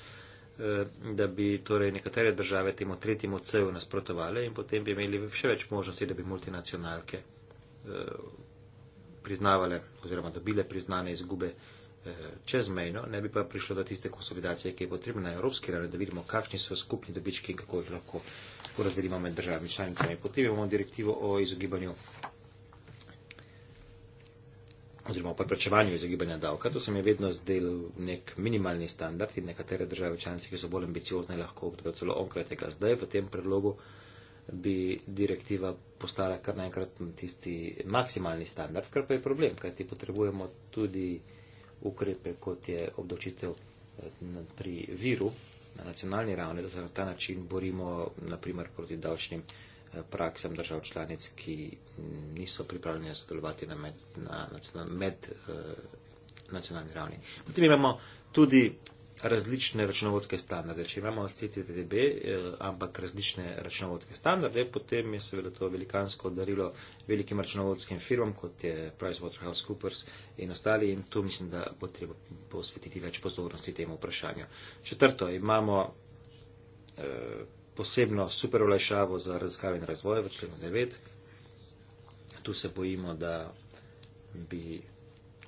Eh, da bi torej nekatere države temu tretjemu C-ju nasprotovali in potem bi imeli še več možnosti, da bi multinacionalke eh, priznavale oziroma dobile priznane izgube eh, čezmejno, ne bi pa prišlo do tiste konsolidacije, ki je potrebna na evropski ravni, da vidimo, kakšni so skupni dobički in kako jih lahko porazdelimo med državami članicami. Potem imamo direktivo o izogibanju oziroma preprečevanju izogibanja davka. To se mi je vedno zdel nek minimalni standard in nekatere države članice, ki so bolj ambiciozne, lahko gredo celo onkraj tega. Zdaj v tem predlogu bi direktiva postala kar naenkrat tisti maksimalni standard, kar pa je problem, kajti potrebujemo tudi ukrepe, kot je obdočitev eh, pri viru na nacionalni ravni, da se na ta način borimo naprimer proti davčnim praksam držav članic, ki niso pripravljene sodelovati na, med, na nacionalni, med, eh, nacionalni ravni. Potem imamo tudi različne računovodske standarde. Če imamo CCTB, eh, ampak različne računovodske standarde, potem je seveda to velikansko darilo velikim računovodskim firmam, kot je PricewaterhouseCoopers in ostali in tu mislim, da bo treba posvetiti več pozornosti temu vprašanju. Četrto, imamo eh, posebno super olajšavo za raziskave in razvoj v členu 9. Tu se bojimo, da bi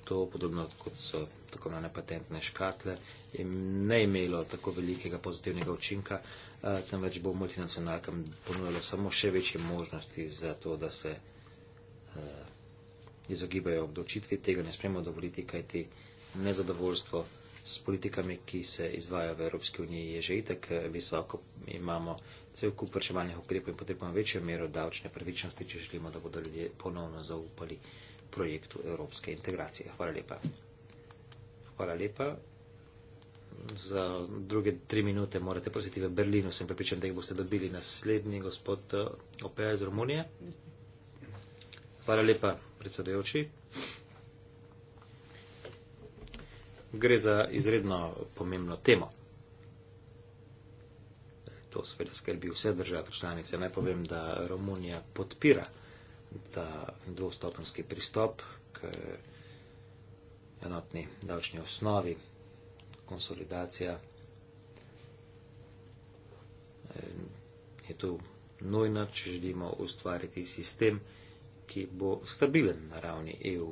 to, podobno kot so tako imenovane patentne škatle, ne imelo tako velikega pozitivnega učinka, eh, temveč bo multinacionalkam ponujalo samo še večje možnosti za to, da se eh, izogibajo obdočitvi. Tega ne smemo dovoliti, kajti nezadovoljstvo s politikami, ki se izvajajo v Evropski uniji, je že itak eh, visoko. Imamo cel kup vrševalnih ukrepov in potrebno večjo mero davčne pravičnosti, če želimo, da bodo ljudje ponovno zaupali projektu evropske integracije. Hvala lepa. Hvala lepa. Za druge tri minute morate prositi v Berlinu, sem pripričan, da jih boste dobili naslednji gospod eh, OPA iz Romunije. Hvala lepa, predsedujoči gre za izredno pomembno temo. To seveda skrbi vse države članice. Naj povem, da Romunija podpira ta dvostopenski pristop k enotni davčni osnovi, konsolidacija. Eh, je tu nujno, če želimo ustvariti sistem, ki bo stabilen na ravni EU.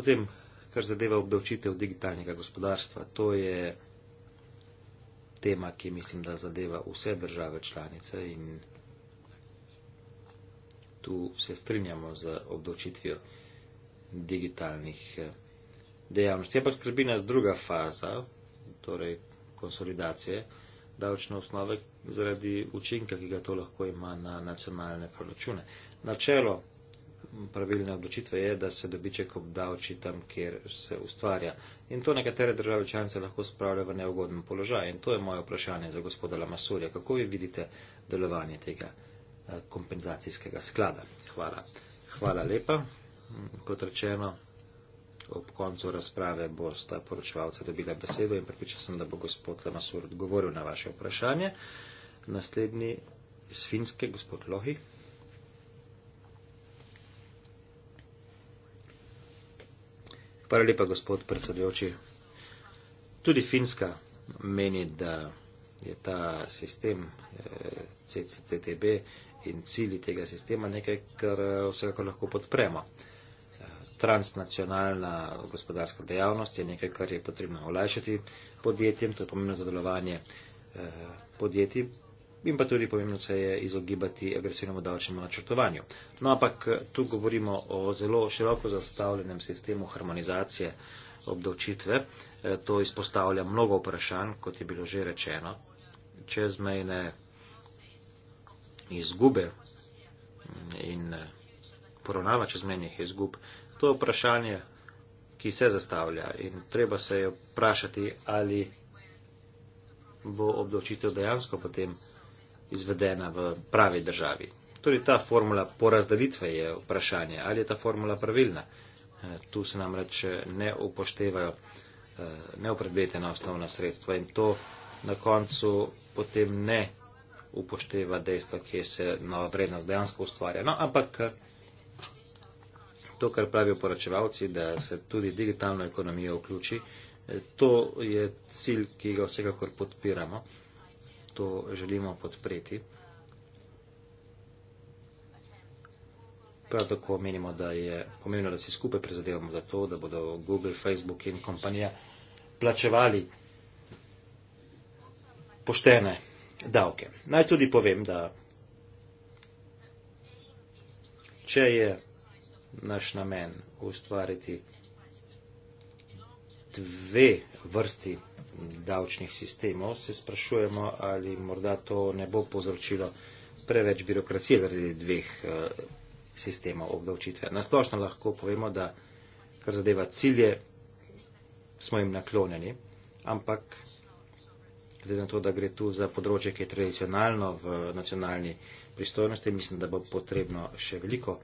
Potem, kar zadeva obdavčitev digitalnega gospodarstva, to je tema, ki mislim, da zadeva vse države članice in tu se strinjamo z obdavčitvijo digitalnih eh, dejavnosti. Ampak skrbi nas druga faza, torej konsolidacije davčne osnove zaradi učinka, ki ga to lahko ima na nacionalne proračune. Načelo pravilne odločitve je, da se dobiček obdavči tam, kjer se ustvarja. In to nekatere države članice lahko spravljajo v neugodnem položaju. In to je moje vprašanje za gospoda Lamasurja. Kako vi vidite delovanje tega eh, kompenzacijskega sklada? Hvala. Hvala lepa. Kot rečeno, ob koncu razprave bosta poročevalca dobila besedo in pripričal sem, da bo gospod Lamasur odgovoril na vaše vprašanje. Naslednji iz Finske, gospod Lohi. Hvala lepa, gospod predsedujoči. Tudi Finska meni, da je ta sistem eh, CCCTB in cilji tega sistema nekaj, kar eh, vsekakor lahko podpremo. Eh, transnacionalna gospodarska dejavnost je nekaj, kar je potrebno olajšati podjetjem, to je pomembno za delovanje podjetij, in pa tudi pomembno se je izogibati agresivnemu davčnemu načrtovanju. No, ampak tu govorimo o zelo široko zastavljenem sistemu harmonizacije obdavčitve. E, to izpostavlja mnogo vprašanj, kot je bilo že rečeno, čezmejne izgube mm, in e, poravnava čezmejnih izgub. To je vprašanje, ki se zastavlja in treba se je vprašati, ali bo obdavčitev dejansko potem izvedena v pravi državi. Tudi torej, ta formula porazdelitve je vprašanje, ali je ta formula pravilna. Eh, tu se namreč eh, ne upoštevajo eh, neopredbetena osnovna sredstva in to na koncu potem ne upošteva dejstva, kje se nova vrednost dejansko ustvarja. No, ampak to, kar pravijo poročevalci, da se tudi digitalno ekonomijo vključi, to je cilj, ki ga vsekakor podpiramo to želimo podpreti. Prav tako menimo, da je pomembno, da si skupaj prizadevamo za to, da bodo Google, Facebook in kompanija plačevali poštene davke. Naj tudi povem, da če je naš namen ustvariti dve vrsti davčnih sistemov, se sprašujemo, ali morda to ne bo povzročilo preveč birokracije zaradi dveh eh, sistemov obdavčitve. Nasplošno lahko povemo, da kar zadeva cilje, smo jim naklonjeni, ampak glede na to, da gre tu za področje, ki je tradicionalno v nacionalni pristojnosti, mislim, da bo potrebno še veliko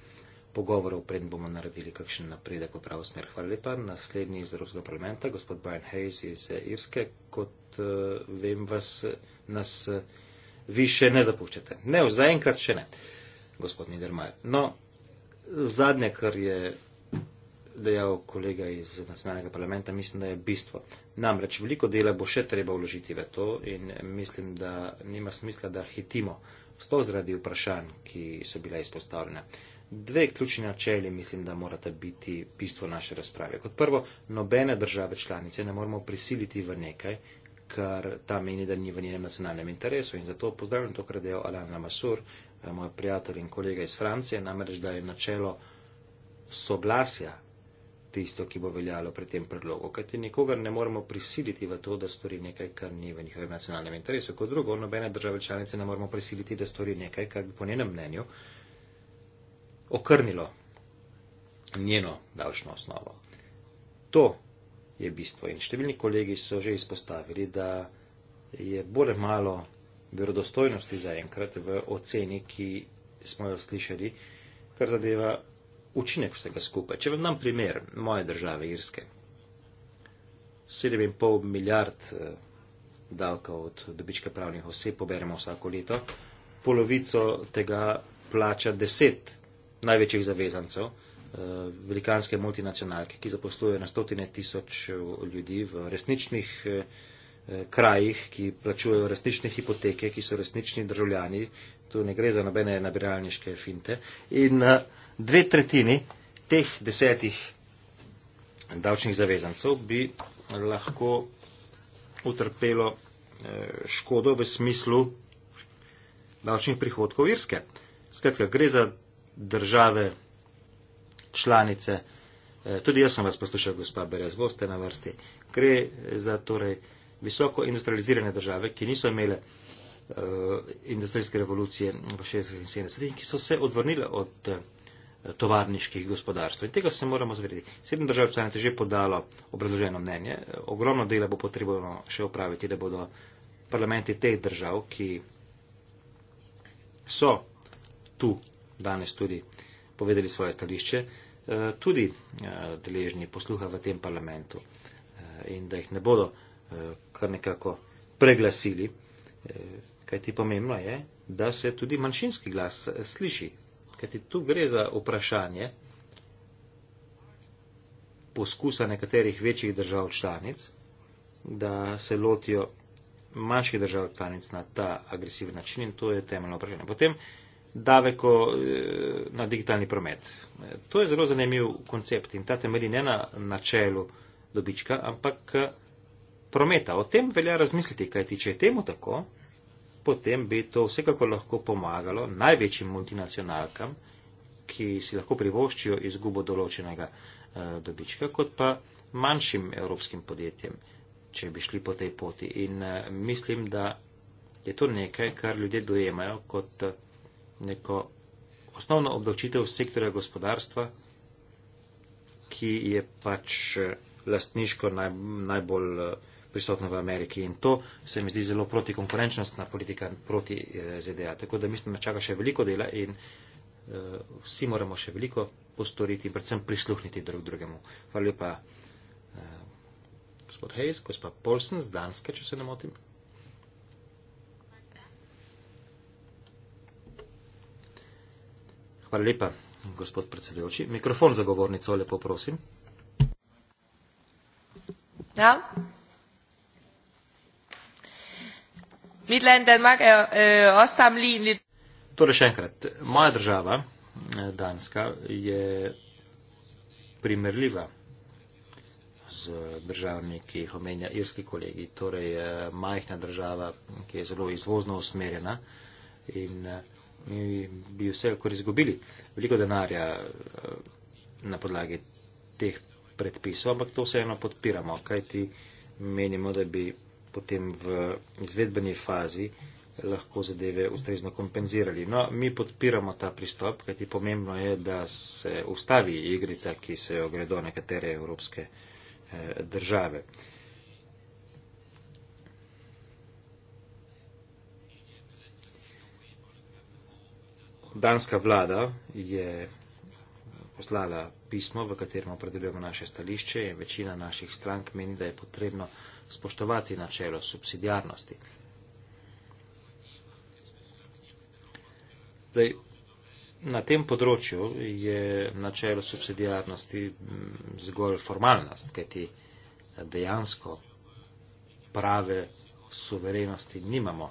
pogovorov, predn bomo naredili kakšen napredek v pravo smer. Hvala lepa. Naslednji iz Evropskega parlamenta, gospod Brian Hayes iz eh, Irske. Kot uh, vem, vas, eh, nas vi še ne zapuščate. Ne, zaenkrat še ne, gospod Niedermayer. No, zadnje, kar je dejal kolega iz nacionalnega parlamenta, mislim, da je bistvo. Namreč veliko dela bo še treba vložiti v to in mislim, da nima smisla, da hitimo. Sto zaradi vprašanj, ki so bila izpostavljena. Uh, dve ključni načeli mislim, da morata biti bistvo naše razprave. Kot prvo, nobene države članice ne moramo prisiliti v nekaj, kar ta meni, da ni v njenem nacionalnem interesu. In zato pozdravljam to, kar je dejal Alain Lamassur, eh, moj prijatelj in kolega iz Francije, namreč, da je načelo soglasja tisto, ki bo veljalo pri tem predlogu. Kaj ti nikogar ne moramo prisiliti v to, da stori nekaj, kar ni v njihovem nacionalnem interesu. Kot drugo, nobene države članice ne moramo prisiliti, da stori nekaj, kar bi po njenem mnenju uh, okrnilo njeno davčno osnovo. To je bistvo in številni kolegi so že izpostavili, da je bolj malo verodostojnosti zaenkrat v oceni, ki smo jo slišali, kar zadeva učinek vsega skupaj. Če vam dam primer moje države Irske, 7,5 milijard eh, davka od dobička pravnih oseb poberemo vsako leto, polovico tega plača 10 največjih zavezancev, eh, velikanske multinacionalke, ki zaposlujejo na stotine tisoč eh, ljudi v resničnih eh, krajih, ki plačujejo resnične hipoteke, ki so resnični državljani, tu ne gre za nobene nabiralniške finte. In dve tretjini teh desetih davčnih zavezancov bi lahko utrpelo škodo v smislu davčnih prihodkov Irske. Skratka, gre za države članice. Eh, tudi jaz sem vas poslušal, gospa Berez, boste na vrsti. Gre za torej visoko industrializirane države, ki niso imele uh, industrijske revolucije v 60-ih in 70-ih, ki so se odvrnile od uh, tovarniških gospodarstv. In tega se moramo zavedati. Sedem držav članic je že podalo obrazloženo mnenje. Ogromno dela bo potrebno še opraviti, da bodo parlamenti teh držav, ki so tu danes tudi povedali svoje stališče, eh, tudi eh, deležni posluha v tem parlamentu eh, in da jih ne bodo kar nekako preglasili, kajti pomembno je, da se tudi manjšinski glas sliši, kajti tu gre za vprašanje poskusa nekaterih večjih držav članic, da se lotijo manjših držav članic na ta agresiven način in to je temeljno vprašanje. Potem daveko eh, na digitalni promet. To je zelo zanimiv koncept in ta temelji ne na načelu dobička, ampak eh, prometa. O tem velja razmisliti, kajti če je temu tako, potem bi to vsekako lahko pomagalo največjim multinacionalkam, ki si lahko privoščijo izgubo določenega eh, dobička, kot pa manjšim evropskim podjetjem, če bi šli po tej poti. In mislim, da je to nekaj, kar ljudje dojemajo kot neko osnovno obdavčitev sektorja gospodarstva, ki je pač eh, lastniško naj, najbolj eh, prisotno v Ameriki. In to se mi zdi zelo protikonkurenčnostna politika proti eh, ZDA. Tako da mislim, da čaka še veliko dela in uh, vsi moramo še veliko postoriti in predvsem prisluhniti drug drugemu. Hvala lepa, uh, gospod Hayes, gospod Polsen z Danske, če se ne motim. Hvala lepa, gospod predsedujoči. Mikrofon za govornico, lepo prosim. Ja. Midland, Danmark je eh, osamljeni. Torej še enkrat, moja država, eh, Danska, je primerljiva z državami, ki jih omenja irski kolegi. Torej eh, majhna država, ki je zelo izvozno usmerjena in eh, in bi vse kar izgubili veliko denarja eh, na podlagi teh predpisov, ampak to vseeno podpiramo, kajti menimo, da bi potem v izvedbeni fazi lahko zadeve ustrezno kompenzirali. No, mi podpiramo ta pristop, kajti pomembno je, da se ustavi igrica, ki se jo gredo nekatere evropske eh, države. Danska vlada je poslala pismo, v katerem opredeljujemo naše stališče in večina naših strank meni, da je potrebno spoštovati načelo subsidiarnosti. Zdaj, na tem področju je načelo subsidiarnosti mm, zgolj formalnost, kajti dejansko prave suverenosti nimamo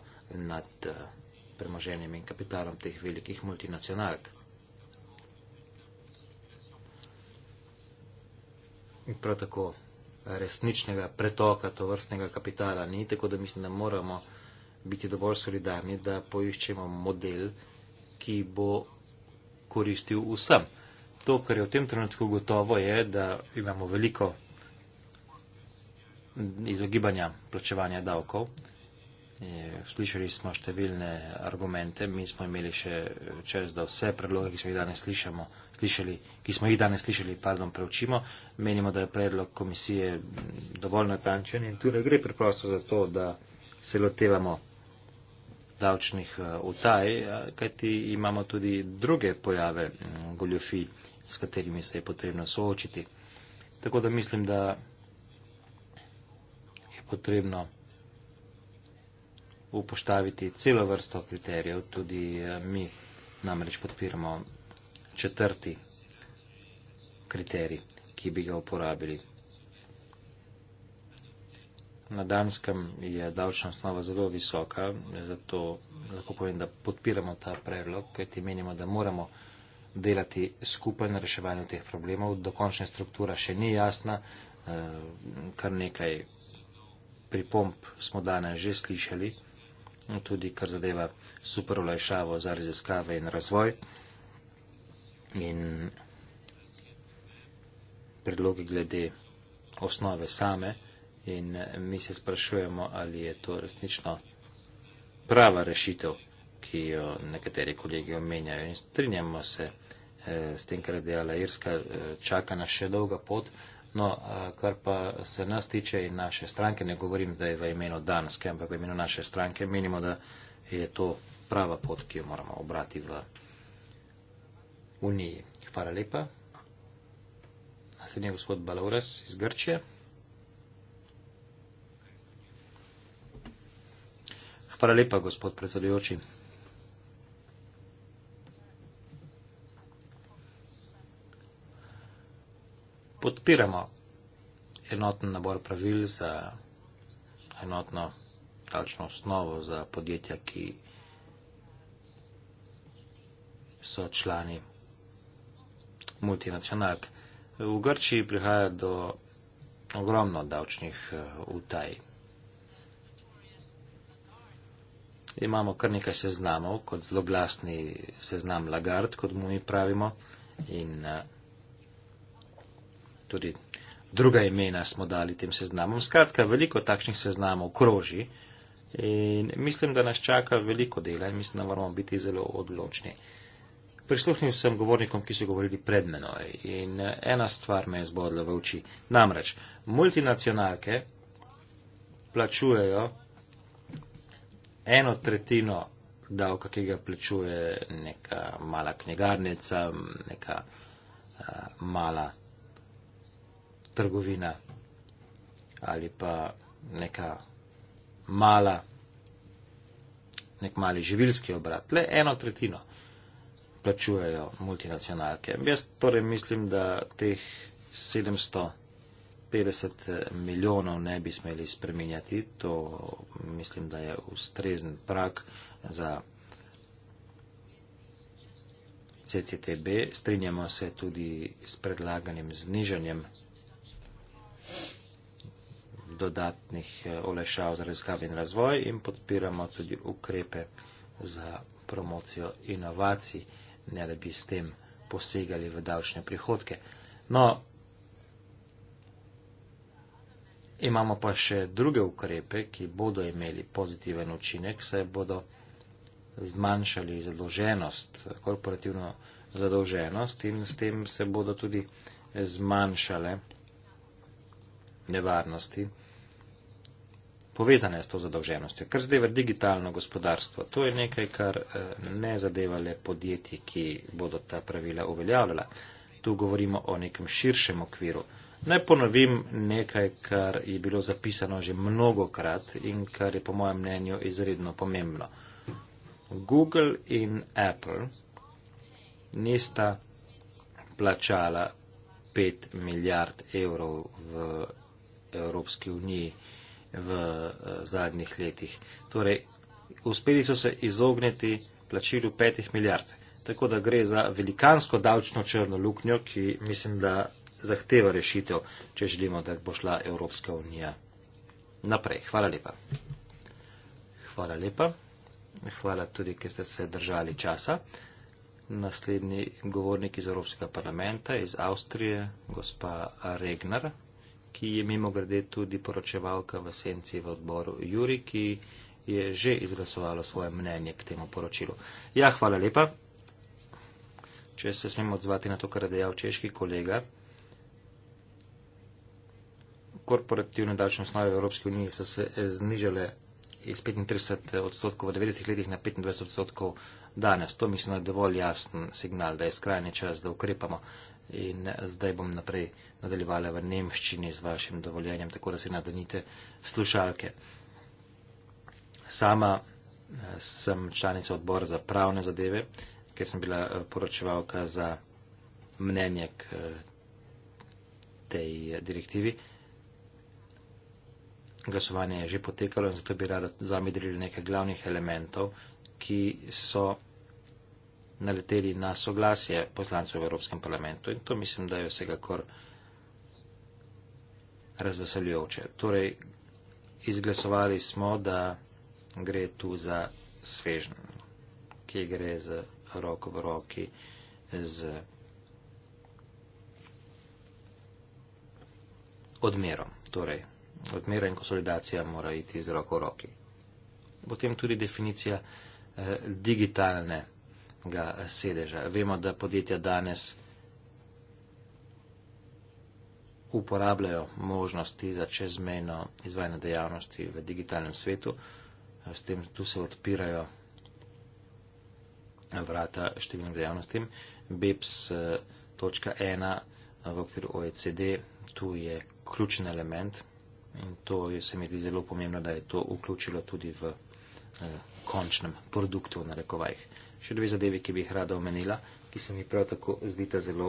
nad eh, premoženjem in kapitalom teh velikih multinacionalk. In prav tako resničnega pretoka tovrstnega kapitala ni, tako da mislim, da moramo biti dovolj solidarni, da poiščemo model, ki bo koristil vsem. To, kar je v tem trenutku gotovo, je, da imamo veliko izogibanja plačevanja davkov. Eh, slišali smo številne argumente, mi smo imeli še čas, da vse predloge, ki smo jih danes slišamo, slišali, ki smo jih danes slišali, pardon, preučimo. Menimo, da je predlog komisije dovolj natančen in tudi gre preprosto za to, da se lotevamo davčnih eh, utaj, kajti imamo tudi druge pojave mm, goljofi, s katerimi se je potrebno soočiti. Tako da mislim, da je potrebno upoštaviti celo vrsto kriterijev, tudi eh, mi namreč podpiramo četrti kriterij, ki bi ga uporabili. Na Danskem je davčna osnova zelo visoka, zato lahko povem, da podpiramo ta predlog, kajti menimo, da moramo delati skupaj na reševanju teh problemov. Dokončna struktura še ni jasna, eh, kar nekaj pripomp smo danes že slišali tudi kar zadeva super olajšavo za raziskave in razvoj in predlogi glede osnove same in mi se sprašujemo, ali je to resnično prava rešitev, ki jo nekateri kolegi omenjajo in strinjamo se eh, s tem, kar je dejala Irska, eh, čaka nas še dolga pot. No, kar pa se nas tiče in naše stranke, ne govorim, da je v imenu Danske, ampak v imenu naše stranke, menimo, da je to prava pot, ki jo moramo obrati v Uniji. Hvala lepa. Naslednji je gospod Balaures iz Grčije. Hvala lepa, gospod predsedujoči. podpiramo enoten nabor pravil za enotno davčno osnovo za podjetja, ki so člani multinacionalk. V Grčiji prihaja do ogromno davčnih eh, utaj. Imamo kar nekaj seznamov, kot zloglasni seznam Lagard, kot mu mi pravimo, in eh, tudi druga imena smo dali tem seznamom. Skratka, veliko takšnih seznamov kroži in mislim, da nas čaka veliko dela in mislim, da moramo biti zelo odločni. Prisluhnil sem govornikom, ki so govorili pred menoj in ena stvar me je zbodla v oči. Namreč, multinacionalke plačujejo eno tretjino davka, ki ga plačuje neka mala knjigarnica, neka a, eh, mala trgovina ali pa neka mala, nek mali živilski obrat. Le eno tretjino plačujejo multinacionalke. Jaz torej mislim, da teh 750 eh, milijonov ne bi smeli spremenjati. To mislim, da je ustrezen prak za. CCTB strinjamo se tudi s predlaganim znižanjem dodatnih eh, olešav za raziskave in razvoj in podpiramo tudi ukrepe za promocijo inovacij, ne da bi s tem posegali v davčne prihodke. No, imamo pa še druge ukrepe, ki bodo imeli pozitiven učinek, saj bodo zmanjšali zadolženost, korporativno zadolženost in s tem se bodo tudi zmanjšale nevarnosti, povezane s to zadolženostjo. Kar zdaj v digitalno gospodarstvo, to je nekaj, kar eh, ne zadeva le podjetji, ki bodo ta pravila uveljavljala. Tu govorimo o nekem širšem okviru. Naj ponovim nekaj, kar je bilo zapisano že mnogokrat in kar je po mojem mnenju izredno pomembno. Google in Apple nista plačala 5 milijard evrov v Evropski uniji v eh, zadnjih letih. Torej, uspeli so se izogniti plačilu petih milijard. Tako da gre za velikansko davčno črno luknjo, ki mislim, da zahteva rešitev, če želimo, da bo šla Evropska unija naprej. Hvala lepa. Hvala lepa. Hvala tudi, ker ste se držali časa. Naslednji govornik iz Evropskega parlamenta, iz Avstrije, gospa Regnar ki je mimo grede tudi poročevalka v senci v odboru Juri, ki je že izglasovalo svoje mnenje k temu poročilu. Ja, hvala lepa. Če se smemo odzvati na to, kar je dejal češki kolega, korporativne davčne osnove v Evropski uniji so se eh, znižale iz 35 eh, odstotkov v 90 letih na 25 odstotkov danes. To mislim, da je dovolj jasen signal, da je skrajni čas, da ukrepamo in zdaj bom naprej nadaljevala v nemščini z vašim dovoljenjem, tako da se nadanite v slušalke. Sama eh, sem članica odbora za pravne zadeve, ker sem bila eh, poročevalka za mnenje k eh, tej direktivi. Glasovanje je že potekalo in zato bi rada z vami delila nekaj glavnih elementov, ki so naleteli na soglasje poslancev v Evropskem parlamentu in to mislim, da je vsekakor razveseljujoče. Torej, izglasovali smo, da gre tu za svežen, ki gre z roko v roki z odmerom. Torej, odmera in konsolidacija mora iti z roko v roki. Potem tudi definicija eh, digitalne ga sedeža. Vemo, da podjetja danes uporabljajo možnosti za čezmejno izvajanje dejavnosti v digitalnem svetu. S tem tu se odpirajo vrata številnim dejavnostim. BEPS.1 eh, eh, v okviru OECD, tu je ključen element in to se mi zdi zelo pomembno, da je to vključilo tudi v eh, končnem produktu na rekovajih še dve zadeve, ki bi jih rada omenila, ki se mi prav tako zdita zelo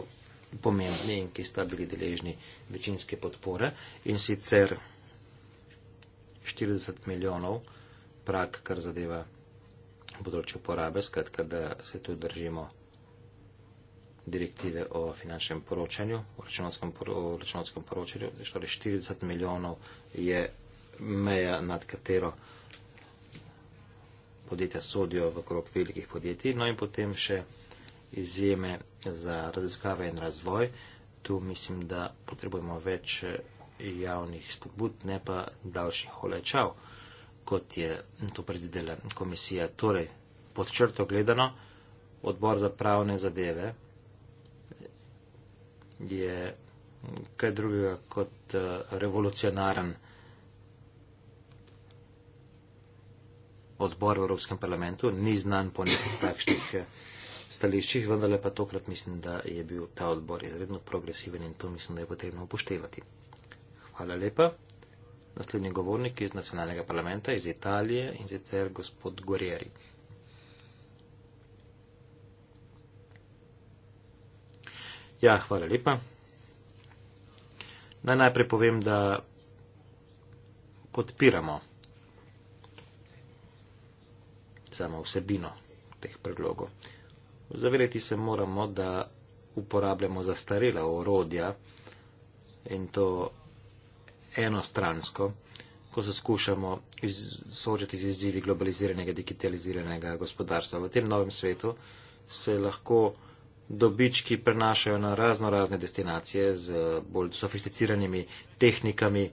pomembni in ki sta bili deležni večinske podpore. In sicer 40 milijonov prak, kar zadeva področje uporabe, skratka, da se tu držimo direktive o finančnem poročanju, o računovskem, poro, o računovskem poročanju. Zdaj, torej, 40 milijonov je meja, nad katero podjetja sodijo v krog velikih podjetij, no in potem še izjeme za raziskave in razvoj. Tu mislim, da potrebujemo več eh, javnih spodbud, ne pa davčnih olečav, kot je to predvidela komisija. Torej, pod črto gledano, odbor za pravne zadeve je kaj drugega kot eh, revolucionaren. odbor v Evropskem parlamentu, ni znan po nekih takšnih eh, stališčih, vendar pa tokrat mislim, da je bil ta odbor izredno progresiven in to mislim, da je potrebno upoštevati. Hvala lepa. Naslednji govornik iz nacionalnega parlamenta iz Italije in sicer gospod Gorieri. Ja, hvala lepa. Naj najprej povem, da podpiramo samo vsebino teh predlogov. Zavedati se moramo, da uporabljamo zastarela orodja in to enostransko, ko se skušamo soočati z izzivi globaliziranega, digitaliziranega gospodarstva. V tem novem svetu se lahko dobički prenašajo na razno razne destinacije z bolj sofisticiranimi tehnikami eh,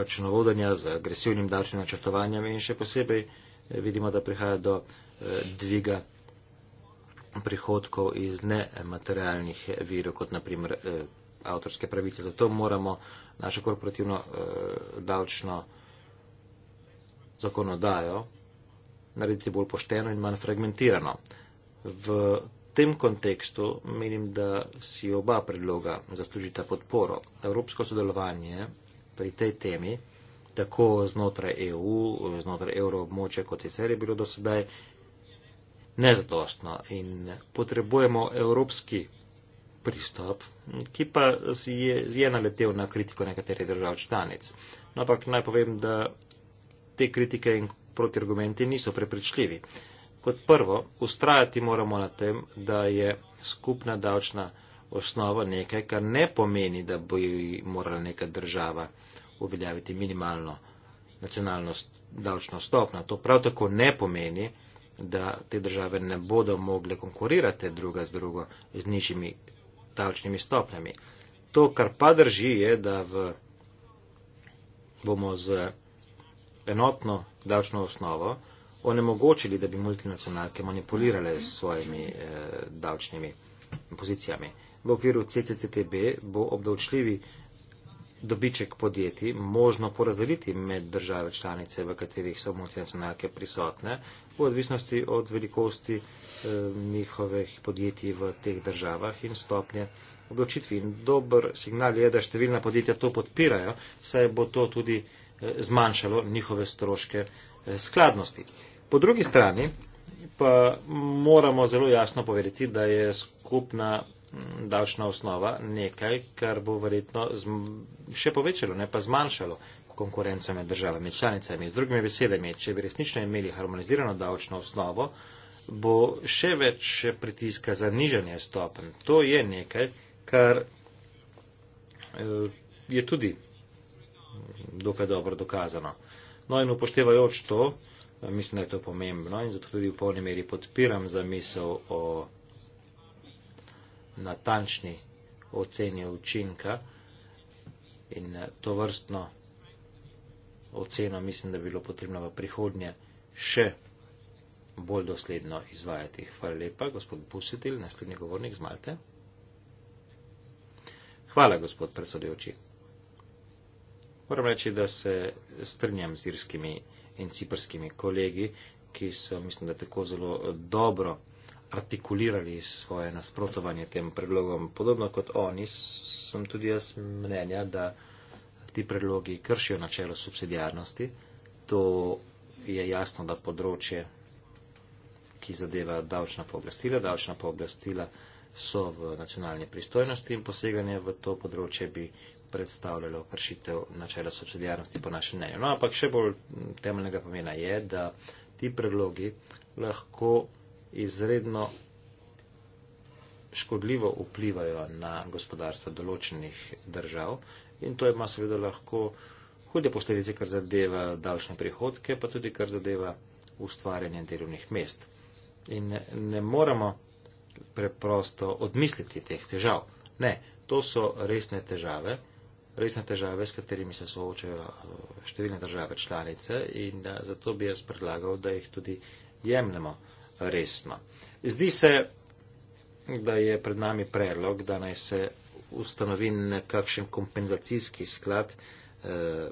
računovodanja, z agresivnim davčnim načrtovanjem in še posebej Eh, vidimo, da prihaja do eh, dviga prihodkov iz nematerialnih eh, virov, kot naprimer avtorske pravice. Zato moramo našo korporativno davčno zakonodajo narediti bolj pošteno in manj fragmentirano. V tem kontekstu menim, da si oba predloga zaslužita podporo. Evropsko sodelovanje pri tej temi tako znotraj EU, znotraj evroobmoče, kot je sedaj bilo do sedaj, nezadostno. In potrebujemo evropski pristop, ki pa je, je naletel na kritiko nekaterih držav članic. No, ampak naj povem, da te kritike in protiargumenti niso prepričljivi. Kot prvo, ustrajati moramo na tem, da je skupna davčna osnova nekaj, kar ne pomeni, da bi morala neka država uveljaviti minimalno nacionalno davčno stopno. To prav tako ne pomeni, da te države ne bodo mogle konkurirati druga z drugo z nižjimi davčnimi stopnjami. To, kar pa drži, je, da v, bomo z enotno davčno osnovo onemogočili, da bi multinacionalke manipulirale s svojimi eh, davčnimi pozicijami. V okviru CCCTB bo obdavčljivi dobiček podjetij možno porazdeliti med države članice, v katerih so multinacionalke prisotne, v odvisnosti od velikosti eh, njihovih podjetij v teh državah in stopnje odločitvi. In dober signal je, da številna podjetja to podpirajo, saj bo to tudi eh, zmanjšalo njihove stroške eh, skladnosti. Po drugi strani pa moramo zelo jasno povedati, da je skupna davčna osnova nekaj, kar bo verjetno še povečalo, ne pa zmanjšalo konkurenco med državami članicami. Z drugimi besedami, če bi resnično imeli harmonizirano davčno osnovo, bo še več pritiska za nižanje stopen. To je nekaj, kar eh, je tudi dokaj dobro dokazano. No in upoštevajoč to, mislim, da je to pomembno in zato tudi v polni meri podpiram zamisel o natančni oceni učinka in eh, to vrstno oceno mislim, da bi bilo potrebno v prihodnje še bolj dosledno izvajati. Hvala lepa, gospod Pusitil, naslednji govornik z Malte. Hvala, gospod predsedujoči. Moram reči, da se strinjam z irskimi in ciprskimi kolegi, ki so, mislim, da tako zelo dobro artikulirali svoje nasprotovanje tem predlogom. Podobno kot oni, sem tudi jaz mnenja, da ti predlogi kršijo načelo subsidijarnosti. To je jasno, da področje, ki zadeva davčna pooblastila, davčna pooblastila so v nacionalni pristojnosti in poseganje v to področje bi predstavljalo kršitev načela subsidijarnosti po našem mnenju. No, ampak še bolj temeljnega pomena je, da ti predlogi lahko izredno škodljivo vplivajo na gospodarstvo določenih držav in to ima seveda lahko hude posledice, kar zadeva davčne prihodke, pa tudi kar zadeva ustvarjanje delovnih mest. In ne moramo preprosto odmisliti teh težav. Ne, to so resne težave, resne težave, s katerimi se soočajo eh, številne države članice in eh, zato bi jaz predlagal, da jih tudi jemljemo resno. Zdi se, da je pred nami predlog, da naj se ustanovi nekakšen kompenzacijski sklad, eh,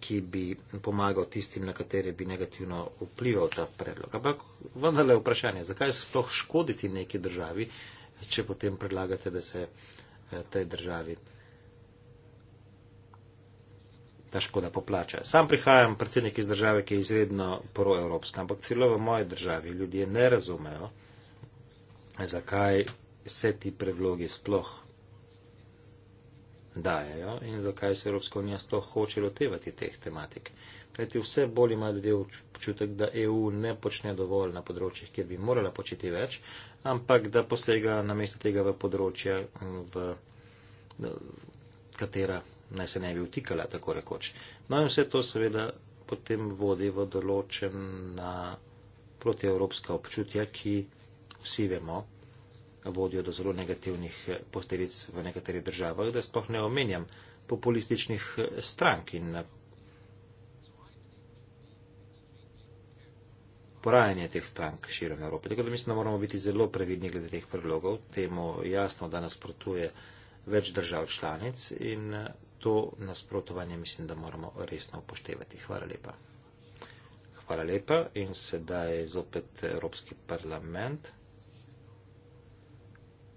ki bi pomagal tistim, na katere bi negativno vplival ta predlog. Ampak vendarle je vprašanje, zakaj sploh škoditi neki državi, če potem predlagate, da se eh, tej državi ta škoda poplača. Sam prihajam predsednik iz države, ki je izredno proevropska, ampak celo v moji državi ljudje ne razumejo, zakaj se ti predlogi sploh dajajo in zakaj se Evropska unija sploh hoče lotevati teh tematik. Kajti vse bolj ima ljudje občutek, da EU ne počne dovolj na področjih, kjer bi morala početi več, ampak da posega namesto tega v področja, v, v katera naj se ne bi vtikala tako rekoč. No in vse to seveda potem vodi v določena protievropska občutja, ki vsi vemo, vodijo do zelo negativnih eh, posledic v nekaterih državah, da sploh ne omenjam populističnih eh, strank in eh, porajanje teh strank širom Evrope. Tako da mislim, da moramo biti zelo previdni glede teh predlogov. Temu jasno, da nasprotuje več držav članic in to nasprotovanje mislim, da moramo resno upoštevati. Hvala lepa. Hvala lepa in sedaj je zopet Evropski parlament.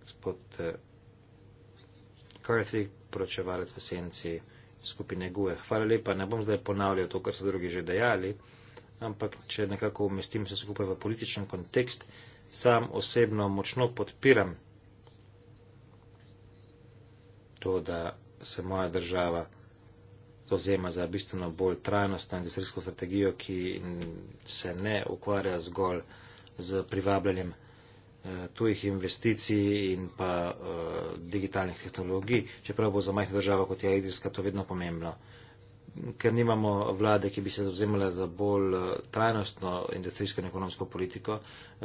Gospod eh, Carthy, poročevalec v senci skupine GUE. Hvala lepa, ne bom zdaj ponavljal to, kar so drugi že dejali, ampak če nekako umestim se skupaj v političen kontekst, sam osebno močno podpiram to, da se moja država zauzema za bistveno bolj trajnostno industrijsko strategijo, ki se ne ukvarja zgolj z privabljanjem eh, tujih investicij in pa eh, digitalnih tehnologij, čeprav bo za majhno državo kot je Idrska to vedno pomembno. Ker nimamo vlade, ki bi se zauzemala za bolj eh, trajnostno industrijsko in ekonomsko politiko,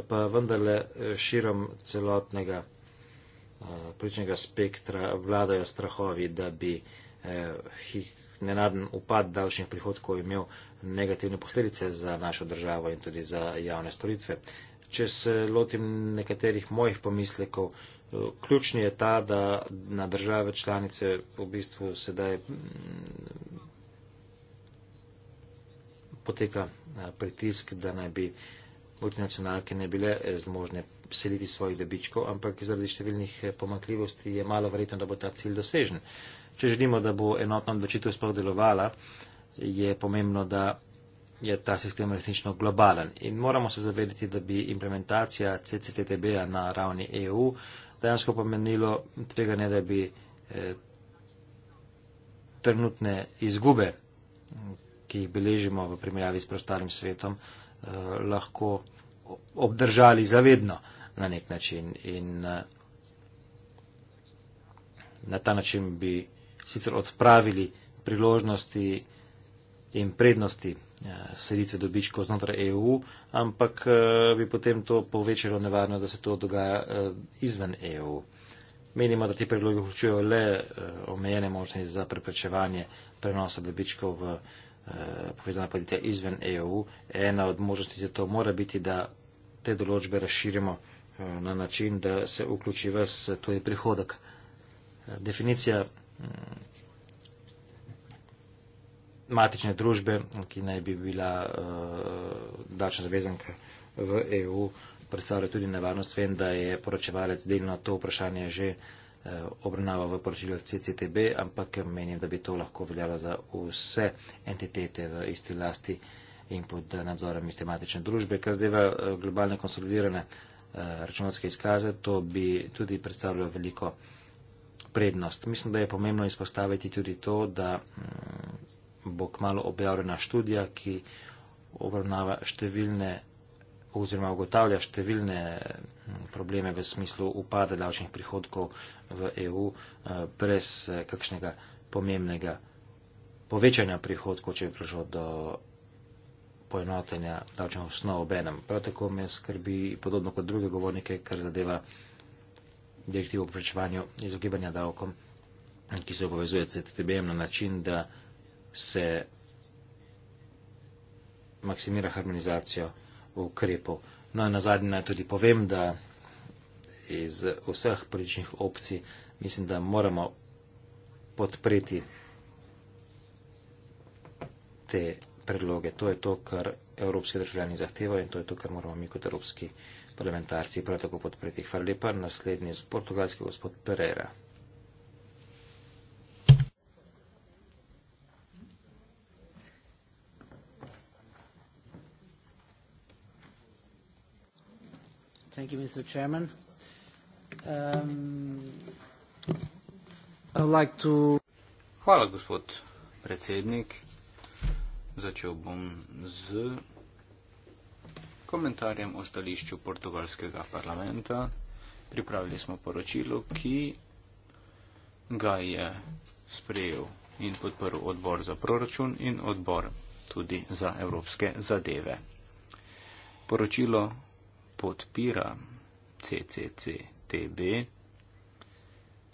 pa vendarle širom celotnega Eh, političnega spektra vladajo strahovi, da bi eh, nenaden upad davčnih prihodkov imel negativne posledice za našo državo in tudi za javne storitve. Če se lotim nekaterih mojih pomislekov, eh, ključni je ta, da na države članice v bistvu sedaj mm, poteka eh, pritisk, da naj bi multinacionalke ne bile zmožne seliti svojih dobičkov, ampak zaradi številnih eh, pomakljivosti je malo verjetno, da bo ta cilj dosežen. Če želimo, da bo enotna odločitev sploh delovala, je pomembno, da je ta sistem resnično globalen. In moramo se zavedati, da bi implementacija CCTB-a na ravni EU dejansko pomenilo tveganje, da bi eh, trenutne izgube, ki jih beležimo v primerjavi s prostarim svetom, eh, lahko obdržali zavedno. Eh, na nek način. In eh, na ta način bi sicer odpravili priložnosti in prednosti eh, selitve dobičkov znotraj EU, ampak eh, bi potem to povečalo nevarnost, da se to dogaja izven EU. Menimo, da ti predlogi vključujejo le omejene možnosti za preprečevanje prenosa dobičkov v povezana podjetja izven EU. Ena od možnosti za to mora biti, da te določbe razširimo na način, da se vključi ves tuji prihodek. Definicija mm, matične družbe, ki naj bi bila uh, eh, dačna zavezanka v EU, predstavlja tudi nevarnost, vem, da je poročevalec delno to vprašanje že uh, obravnaval v poročilju CCTB, ampak menim, da bi to lahko veljalo za vse entitete v isti lasti in pod nadzorom iste matične družbe, kar zdaj v eh, globalne konsolidirane uh, Eh, računske izkaze, to bi tudi predstavljalo veliko prednost. Mislim, da je pomembno izpostaviti tudi to, da mm, bo kmalo objavljena študija, ki obravnava številne oziroma ugotavlja številne mm, probleme v smislu upada davčnih prihodkov v EU eh, brez eh, kakšnega pomembnega povečanja prihodkov, če bi prišlo do poenotenja davčnih osnov ob enem. Prav tako me skrbi, podobno kot druge govornike, kar zadeva direktivo o prečevanju izogibanja davkom, ki se obavezuje CTTB-em na način, da se maksimira harmonizacijo ukrepov. No in na zadnje naj tudi povem, da iz vseh političnih opcij mislim, da moramo podpreti te predloge. To je to, kar evropski državljani zahtevajo in to je to, kar moramo mi kot evropski parlamentarci prav tako podpreti. Hvala lepa. Naslednji je z portugalski gospod Pereira. Thank you, Mr. Chairman. Um, like to... Hvala, gospod predsednik. Začel bom z komentarjem o stališču portugalskega parlamenta. Pripravili smo poročilo, ki ga je sprejel in podprl odbor za proračun in odbor tudi za evropske zadeve. Poročilo podpira CCCTB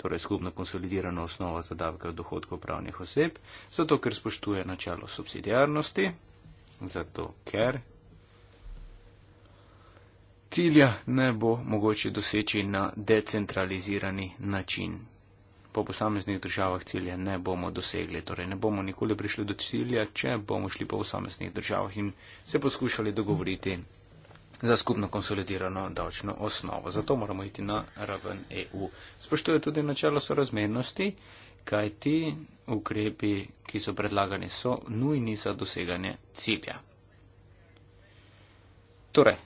torej skupna konsolidirana osnova za davke od dohodkov pravnih oseb, zato ker spoštuje načelo subsidijarnosti, zato ker cilja ne bo mogoče doseči na decentralizirani način. Po posameznih državah cilja ne bomo dosegli, torej ne bomo nikoli prišli do cilja, če bomo šli po posameznih državah in se poskušali dogovoriti za skupno konsolidirano davčno osnovo. Zato moramo iti na raven EU. Spoštuje tudi načelo sorazmernosti, kaj ti ukrepi, ki so predlagani, so nujni za doseganje cilja. Torej,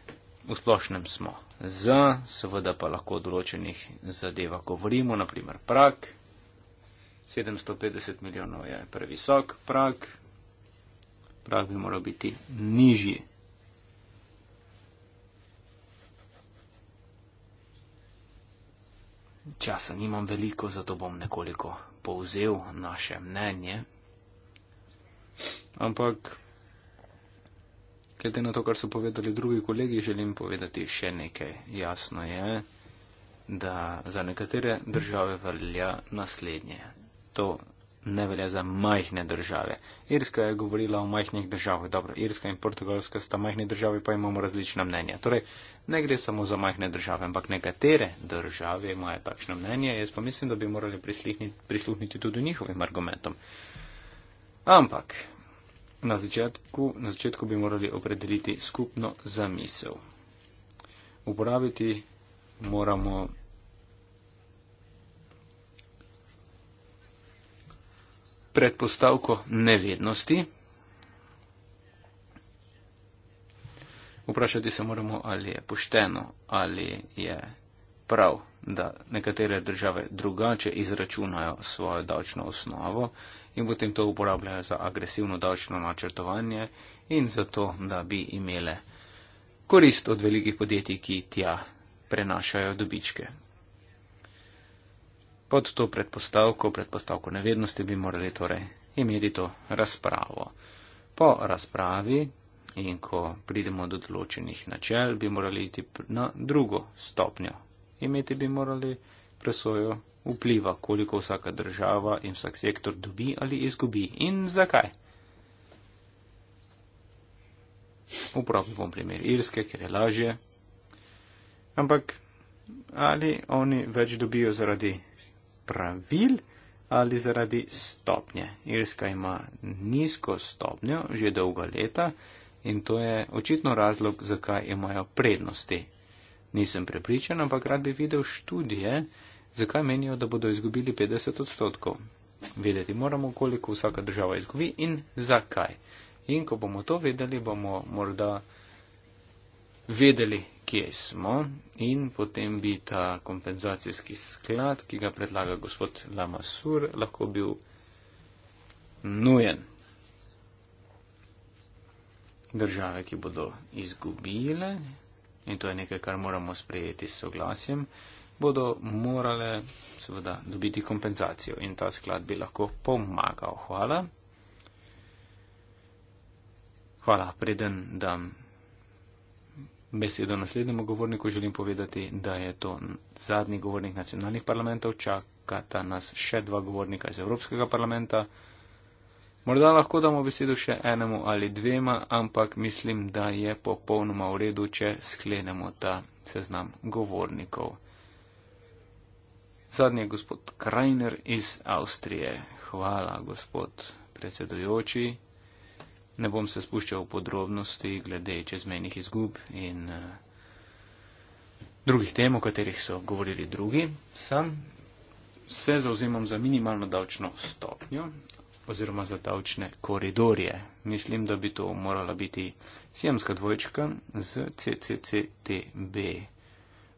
v splošnem smo za, seveda pa lahko o določenih zadevah govorimo, naprimer prak. 750 milijonov je previsok prak, prak bi moral biti nižji. Časa nimam veliko, zato bom nekoliko povzel naše mnenje. Ampak, glede na to, kar so povedali drugi kolegi, želim povedati še nekaj. Jasno je, da za nekatere države velja naslednje. To ne velja za majhne države. Irska je govorila o majhnih državah. Dobro, Irska in Portugalska sta majhni državi, pa imamo različna mnenja. Torej, ne gre samo za majhne države, ampak nekatere države imajo takšno mnenje. Jaz pa mislim, da bi morali prisluhniti tudi njihovim argumentom. Ampak, na začetku, na začetku bi morali opredeliti skupno zamisel. Uporabiti moramo predpostavko nevednosti. Vprašati se moramo, ali je pošteno, ali je prav, da nekatere države drugače izračunajo svojo davčno osnovo in potem to uporabljajo za agresivno davčno načrtovanje in za to, da bi imele korist od velikih podjetij, ki tja prenašajo dobičke pod to predpostavko, predpostavko nevednosti bi morali torej imeti to razpravo. Po razpravi in ko pridemo do določenih načel, bi morali iti na drugo stopnjo. Imeti bi morali presojo vpliva, koliko vsaka država in vsak sektor dobi ali izgubi in zakaj. Upravljam bom primer Irske, ker je lažje. Ampak ali oni več dobijo zaradi pravil ali zaradi stopnje. Irska ima nizko stopnjo že dolga leta in to je očitno razlog, zakaj imajo prednosti. Nisem prepričan, ampak rad bi videl študije, zakaj menijo, da bodo izgubili 50 odstotkov. Vedeti moramo, koliko vsaka država izgubi in zakaj. In ko bomo to vedeli, bomo morda vedeli, kje smo in potem bi ta kompenzacijski sklad, ki ga predlaga gospod Lamasur, lahko bil nujen. Države, ki bodo izgubile, in to je nekaj, kar moramo sprejeti s soglasjem, bodo morale seveda dobiti kompenzacijo in ta sklad bi lahko pomagal. Hvala. Hvala, preden dam besedo naslednjemu govorniku želim povedati, da je to zadnji govornik nacionalnih parlamentov. Čakata nas še dva govornika iz Evropskega parlamenta. Morda lahko damo besedo še enemu ali dvema, ampak mislim, da je popolnoma v redu, če sklenemo ta seznam govornikov. Zadnji je gospod Krajner iz Avstrije. Hvala, gospod predsedujoči. Ne bom se spuščal v podrobnosti glede čezmenih izgub in uh, drugih tem, o katerih so govorili drugi. Sam se zauzemam za minimalno davčno stopnjo oziroma za davčne koridorje. Mislim, da bi to morala biti sijamska dvojčka z CCCTB.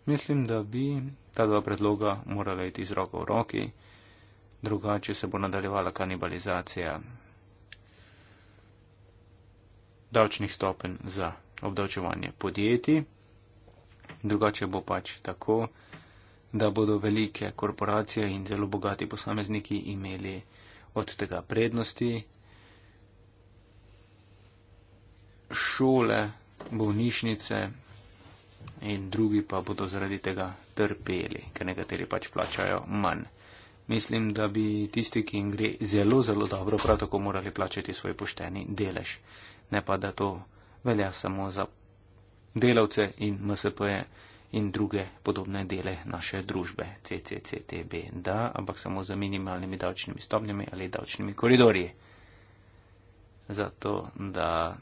Mislim, da bi ta dva predloga morala iti z roko v roki, drugače se bo nadaljevala kanibalizacija davčnih stopen za obdavčevanje podjetij. Drugače bo pač tako, da bodo velike korporacije in zelo bogati posamezniki imeli od tega prednosti. Šole, bolnišnice in drugi pa bodo zaradi tega trpeli, ker nekateri pač plačajo manj. Mislim, da bi tisti, ki jim gre zelo, zelo dobro, prav tako morali plačati svoj pošteni delež ne pa da to velja samo za delavce in MSP-je in druge podobne dele naše družbe CCCTB, da, ampak samo za minimalnimi davčnimi stopnjami ali davčnimi koridorji. Zato, da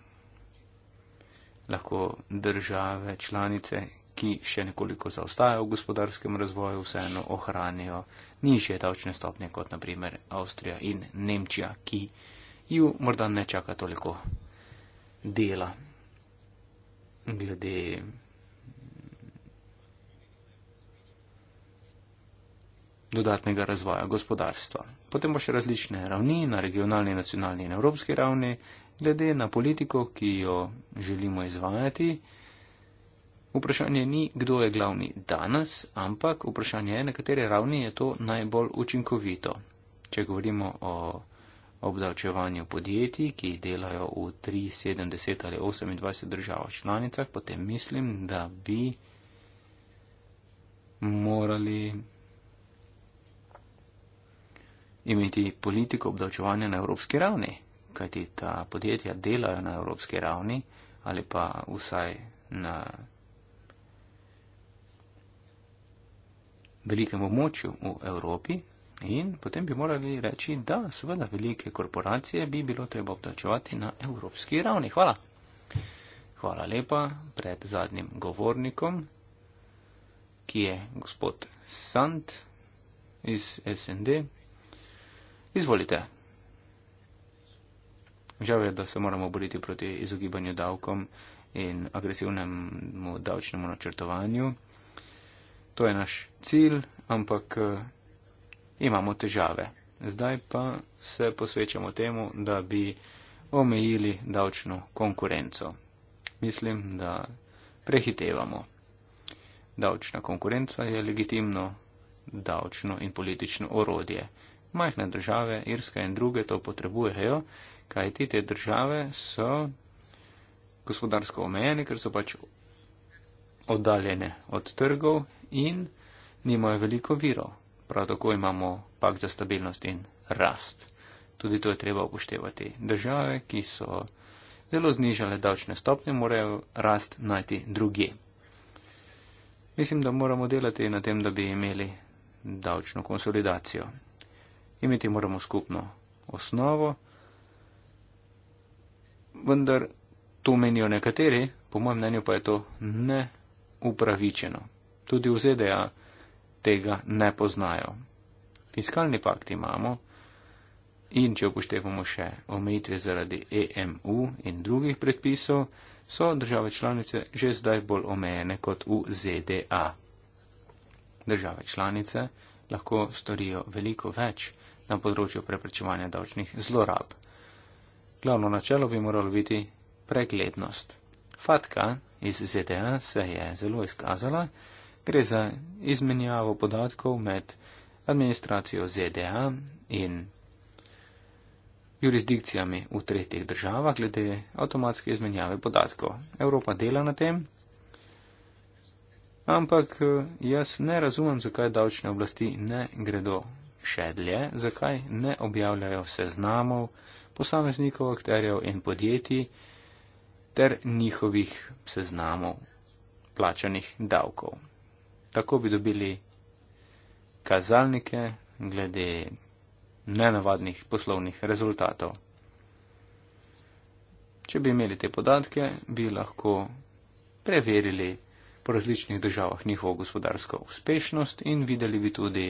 lahko države članice, ki še nekoliko zaostajajo v gospodarskem razvoju, vseeno ohranijo nižje davčne stopnje kot naprimer Avstrija in Nemčija, ki ju morda ne čaka toliko dela, glede dodatnega razvoja gospodarstva. Potem bo še različne ravni na regionalni, nacionalni in evropski ravni, glede na politiko, ki jo želimo izvajati. Vprašanje ni, kdo je glavni danes, ampak vprašanje je, na kateri ravni je to najbolj učinkovito. Če govorimo o obdavčevanju podjetij, ki delajo v 3, 70 ali 28 državah članicah, potem mislim, da bi morali imeti politiko obdavčevanja na evropski ravni, kajti ta podjetja delajo na evropski ravni ali pa vsaj na velikem območju v Evropi, In potem bi morali reči, da seveda velike korporacije bi bilo treba obdačevati na evropski ravni. Hvala. Hvala lepa pred zadnjim govornikom, ki je gospod Sant iz SND. Izvolite. Žal je, da se moramo boriti proti izogibanju davkom in agresivnemu davčnemu načrtovanju. To je naš cilj, ampak eh, imamo težave. Zdaj pa se posvečamo temu, da bi omejili davčno konkurenco. Mislim, da prehitevamo. Davčna konkurenca je legitimno davčno in politično orodje. Majhne države, Irska in druge, to potrebujejo, kajti te države so gospodarsko omejene, ker so pač oddaljene od trgov in nimajo veliko virov. Prav tako imamo pakt za stabilnost in rast. Tudi to je treba upoštevati. Države, ki so zelo znižale davčne stopnje, morajo rast najti druge. Mislim, da moramo delati na tem, da bi imeli davčno konsolidacijo. Imeti moramo skupno osnovo, vendar to menijo nekateri, po mojem mnenju pa je to neupravičeno. Tudi v ZDA tega ne poznajo. Fiskalni pakt imamo in če upoštevamo še omejitve zaradi EMU in drugih predpisov, so države članice že zdaj bolj omejene kot v ZDA. Države članice lahko storijo veliko več na področju preprečevanja davčnih zlorab. Glavno načelo bi moralo biti preglednost. Fatka iz ZDA se je zelo izkazala, gre za izmenjavo podatkov med administracijo ZDA in jurisdikcijami v tretjih državah glede avtomatske izmenjave podatkov. Evropa dela na tem, ampak eh, jaz ne razumem, zakaj davčne oblasti ne gredo še dlje, zakaj ne objavljajo seznamov posameznikov, akterjev in podjetij ter njihovih seznamov plačanih davkov. Tako bi dobili kazalnike glede nenavadnih poslovnih rezultatov. Če bi imeli te podatke, bi lahko preverili po različnih državah njihovo gospodarsko uspešnost in videli bi tudi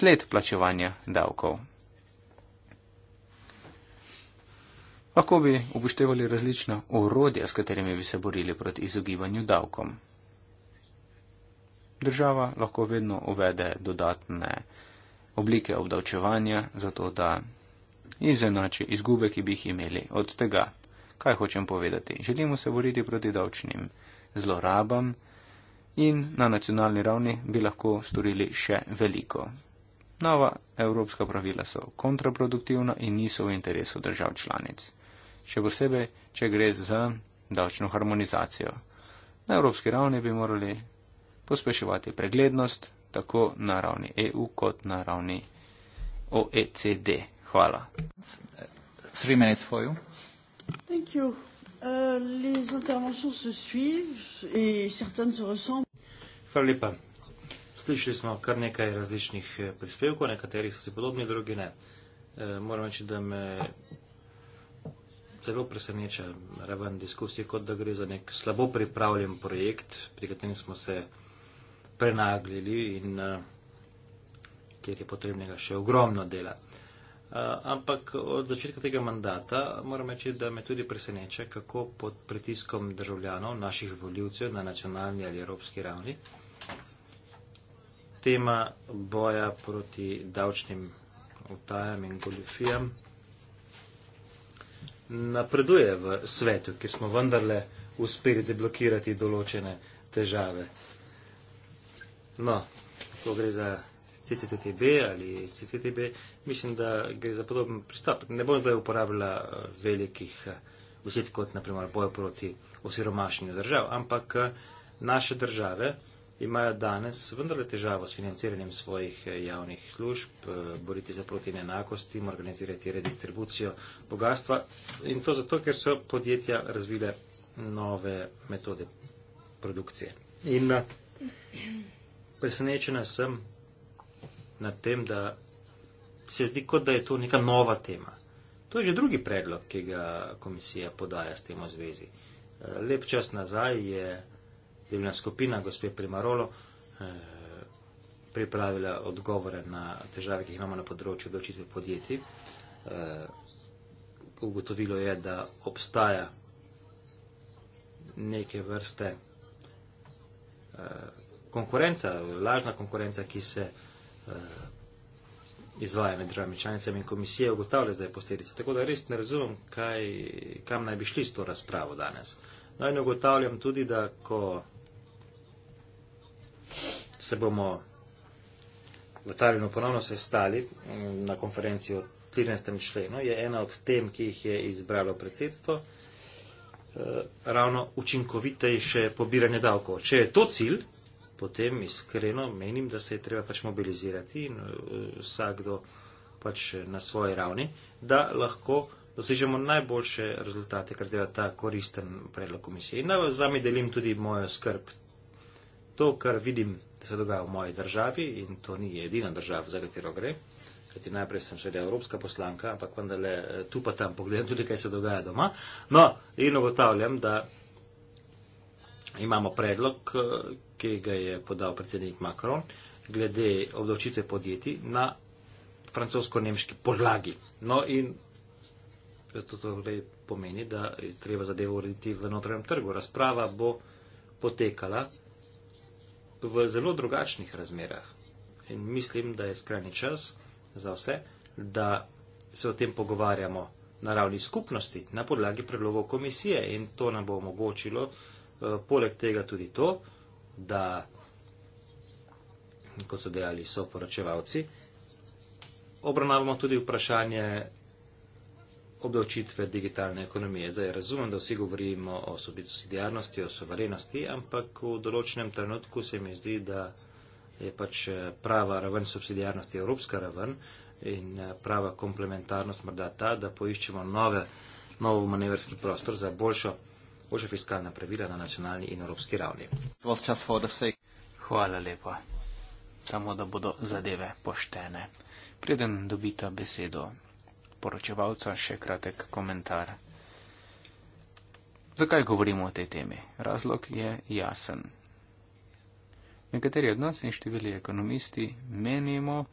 sled plačevanja davkov. Lahko bi upoštevali različna orodja, s katerimi bi se borili proti izogivanju davkom. Država lahko vedno uvede dodatne oblike obdavčevanja, zato da izenači izgube, ki bi jih imeli od tega. Kaj hočem povedati? Želimo se boriti proti davčnim zlorabam in na nacionalni ravni bi lahko storili še veliko. Nova evropska pravila so kontraproduktivna in niso v interesu držav članic. Še posebej, če gre za davčno harmonizacijo. Na evropski ravni bi morali pospeševati preglednost tako na ravni EU kot na ravni OECD. Hvala. Three minutes for you. Thank you. Uh, les interventions se suivent et certaines se ressemblent. Hvala lepa. Slišali smo kar nekaj različnih eh, prispevkov, nekateri so si podobni, drugi ne. E, moram reči, da me zelo preseneča raven diskusije, kot da gre za nek slabo pripravljen projekt, pri katerem smo se prenagljili in uh, kjer je potrebnega še ogromno dela. Uh, ampak od začetka tega mandata moram reči, da me tudi preseneča, kako pod pritiskom državljanov, naših voljivcev na nacionalni ali evropski ravni, tema boja proti davčnim utajam in goljufijam napreduje v svetu, kjer smo vendarle uspeli deblokirati določene težave. No, ko gre za CCTB ali CCTB, mislim, da gre za podoben pristop. Ne bom zdaj uporabljala eh, velikih vsed eh, kot naprimer boj proti osiromašnju držav, ampak eh, naše države imajo danes vendarle težavo s financiranjem svojih javnih služb, boriti se proti neenakosti, organizirati redistribucijo bogatstva in to zato, ker so podjetja razvile nove metode produkcije. In presenečena sem nad tem, da se zdi, kot da je to neka nova tema. To je že drugi predlog, ki ga komisija podaja s tem v zvezi. Eh, lep čas nazaj je delna skupina gospe Primarolo eh, pripravila odgovore na težave, ki jih imamo na področju odločitve podjetij. Eh, ugotovilo je, da obstaja neke vrste konkurenca, lažna konkurenca, ki se uh, izvaja med državami članicami in komisije, ugotavlja zdaj posledice. Tako da res ne razumem, kaj, kam naj bi šli s to razpravo danes. No in ugotavljam tudi, da ko se bomo v Tarinu ponovno sestali mm, na konferenci o 13. členu, je ena od tem, ki jih je izbralo predsedstvo, eh, ravno učinkovitejše pobiranje davkov. Če je to cilj, potem iskreno menim, da se je treba pač mobilizirati in eh, vsakdo pač na svoji ravni, da lahko dosežemo najboljše rezultate, ker dela ta koristen predlog komisije. In da z vami delim tudi mojo skrb. To, kar vidim, da se dogaja v moji državi in to ni edina država, za katero gre, kajti najprej sem seveda evropska poslanka, ampak vendarle eh, tu pa tam pogledam tudi, kaj se dogaja doma. No, in ugotavljam, da imamo predlog, eh, ki ga je podal predsednik Macron glede obdavčitve podjetij na francosko-nemški podlagi. No in to torej pomeni, da je treba zadevo urediti v notranjem trgu. Razprava bo potekala v zelo drugačnih razmerah. In mislim, da je skrajni čas za vse, da se o tem pogovarjamo na ravni skupnosti, na podlagi predlogov komisije. In to nam bo omogočilo, eh, poleg tega tudi to, da, kot so dejali, so poročevalci. Obravnavamo tudi vprašanje obdavčitve digitalne ekonomije. Zdaj razumem, da vsi govorimo o subsidijarnosti, o soverenosti, ampak v določenem trenutku se mi zdi, da je pač eh, prava raven subsidijarnosti evropska raven in eh, prava komplementarnost morda ta, da poiščemo nove, novo manevrski prostor za boljšo ožja fiskalna pravila na nacionalni in evropski ravni. Hvala lepa. Samo da bodo zadeve poštene. Preden dobita besedo poročevalca, še kratek komentar. Zakaj govorimo o tej temi? Razlog je jasen. Nekateri od nas in številni ekonomisti menimo,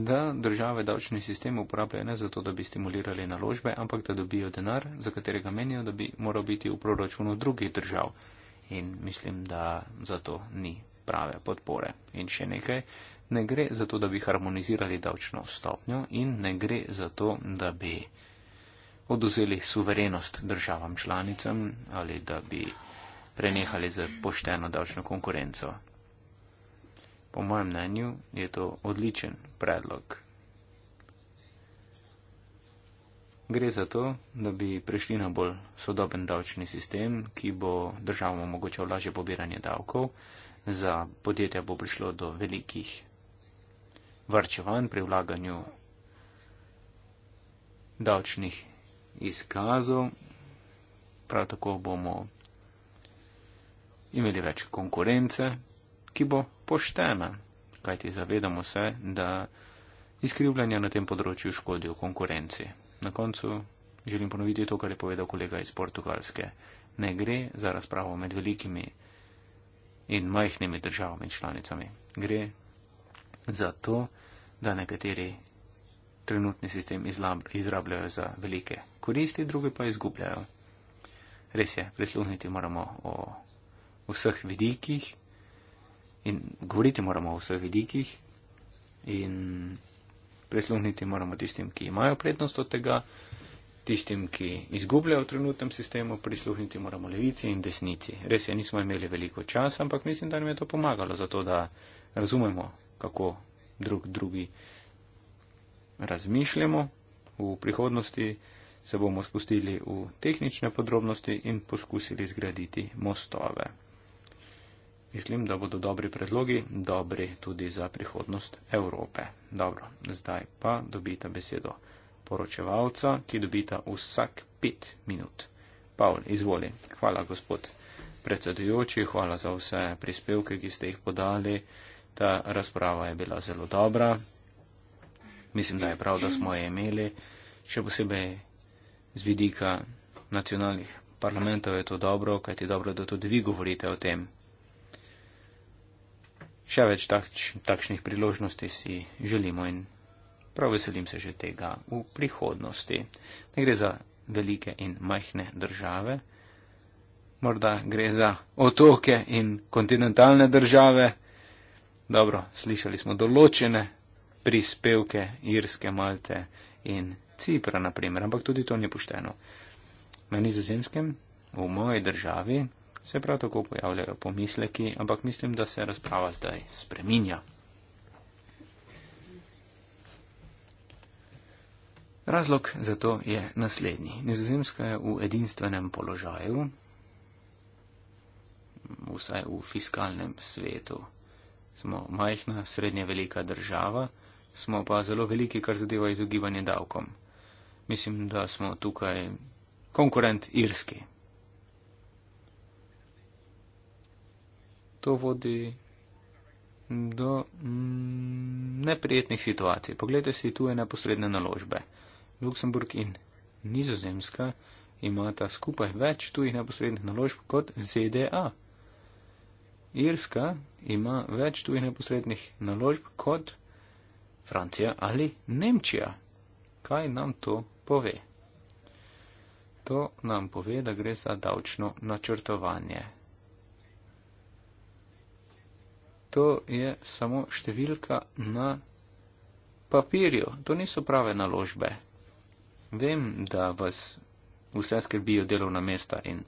da države davčni sistem uporabljajo ne zato, da bi stimulirali naložbe, ampak da dobijo denar, za katerega menijo, da bi moral biti v proračunu drugih držav. In mislim, da za to ni prave podpore. In še nekaj, ne gre za to, da bi harmonizirali davčno stopnjo in ne gre za to, da bi oduzeli suverenost državam članicam ali da bi prenehali za pošteno davčno konkurenco. Po mojem mnenju je to odličen predlog. Gre za to, da bi prišli na bolj sodoben davčni sistem, ki bo državam omogočal lažje pobiranje davkov, za podjetja bo prišlo do velikih varčevanj pri vlaganju davčnih izkazov, prav tako bomo imeli več konkurence, ki bo poštena, kajti zavedamo se, da izkrivljanja na tem področju škodijo konkurenci. Na koncu želim ponoviti to, kar je povedal kolega iz Portugalske. Ne gre za razpravo med velikimi in majhnimi državami članicami. Gre za to, da nekateri trenutni sistem izrabljajo za velike koristi, drugi pa izgubljajo. Res je, prisluhniti moramo o vseh vidikih in govoriti moramo o vseh vidikih in prisluhniti moramo tistim, ki imajo prednost od tega, tistim, ki izgubljajo v trenutnem sistemu, prisluhniti moramo levici in desnici. Res je, nismo imeli veliko časa, ampak mislim, da nam je to pomagalo, zato da razumemo, kako drug drugi razmišljamo. V prihodnosti se bomo spustili v tehnične podrobnosti in poskusili zgraditi mostove. Mislim, da bodo dobri predlogi dobri tudi za prihodnost Evrope. Dobro, zdaj pa dobita besedo poročevalca, ki dobita vsak pet minut. Pavel, izvoli. Hvala, gospod predsedujoči, hvala za vse prispevke, ki ste jih podali. Ta razprava je bila zelo dobra. Mislim, da je prav, da smo jo imeli. Še posebej z vidika nacionalnih parlamentov je to dobro, kajti dobro, da tudi vi govorite o tem še več takč, takšnih priložnosti si želimo in prav veselim se že tega v prihodnosti. Ne gre za velike in majhne države, morda gre za otoke in kontinentalne države. Dobro, slišali smo določene prispevke Irske, Malte in Cipra, naprimer, ampak tudi to ni pošteno. Na nizozemskem, v moji državi, se prav tako pojavljajo pomisleki, ampak mislim, da se razprava zdaj spreminja. Razlog za to je naslednji. Nizozemska je v edinstvenem položaju, vsaj v fiskalnem svetu. Smo majhna, srednje velika država, smo pa zelo veliki, kar zadeva izogibanje davkom. Mislim, da smo tukaj konkurent Irski, to vodi do mm, neprijetnih situacij. Poglejte si tu neposredne naložbe. Luksemburg in Nizozemska imata skupaj več tujih neposrednih naložb kot ZDA. Irska ima več tujih neposrednih naložb kot Francija ali Nemčija. Kaj nam to pove? To nam pove, da gre za davčno načrtovanje. to je samo številka na papirju, to niso prave naložbe. Vem, da vas vse skrbijo delovna mesta in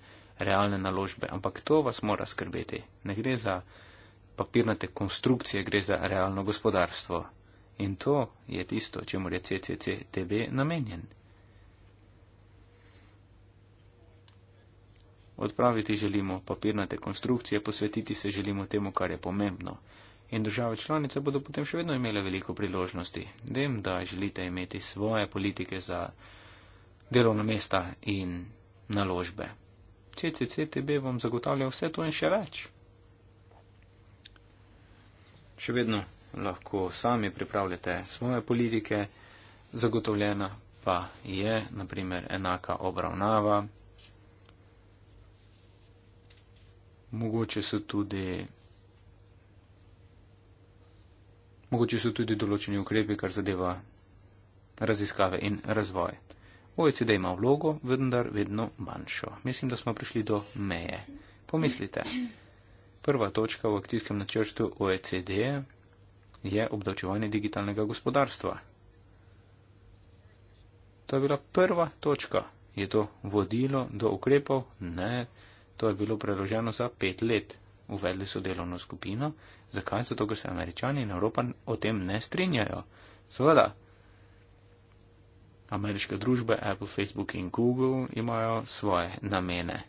realne naložbe, ampak to vas mora skrbeti. Ne gre za papirnate konstrukcije, gre za realno gospodarstvo. In to je tisto, čemu je CCCTV namenjen. Odpraviti želimo papirnate konstrukcije, posvetiti se želimo temu, kar je pomembno. In države članice bodo potem še vedno imele veliko priložnosti. Vem, da želite imeti svoje politike za delovna mesta in naložbe. CCCTB vam zagotavlja vse to in še več. Še vedno lahko sami pripravljate svoje politike, zagotovljena pa je naprimer enaka obravnava mogoče so tudi. Mogoče so tudi določeni ukrepi, kar zadeva raziskave in razvoj. OECD ima vlogo, vendar vedno manjšo. Mislim, da smo prišli do meje. Pomislite. Prva točka v akcijskem načrtu OECD je obdavčevanje digitalnega gospodarstva. To je bila prva točka. Je to vodilo do ukrepov? Ne. To je bilo preloženo za pet let. Uvedli so delovno skupino. Zakaj? Zato, ker se američani in Evropa o tem ne strinjajo. Seveda. Ameriške družbe Apple, Facebook in Google imajo svoje namene.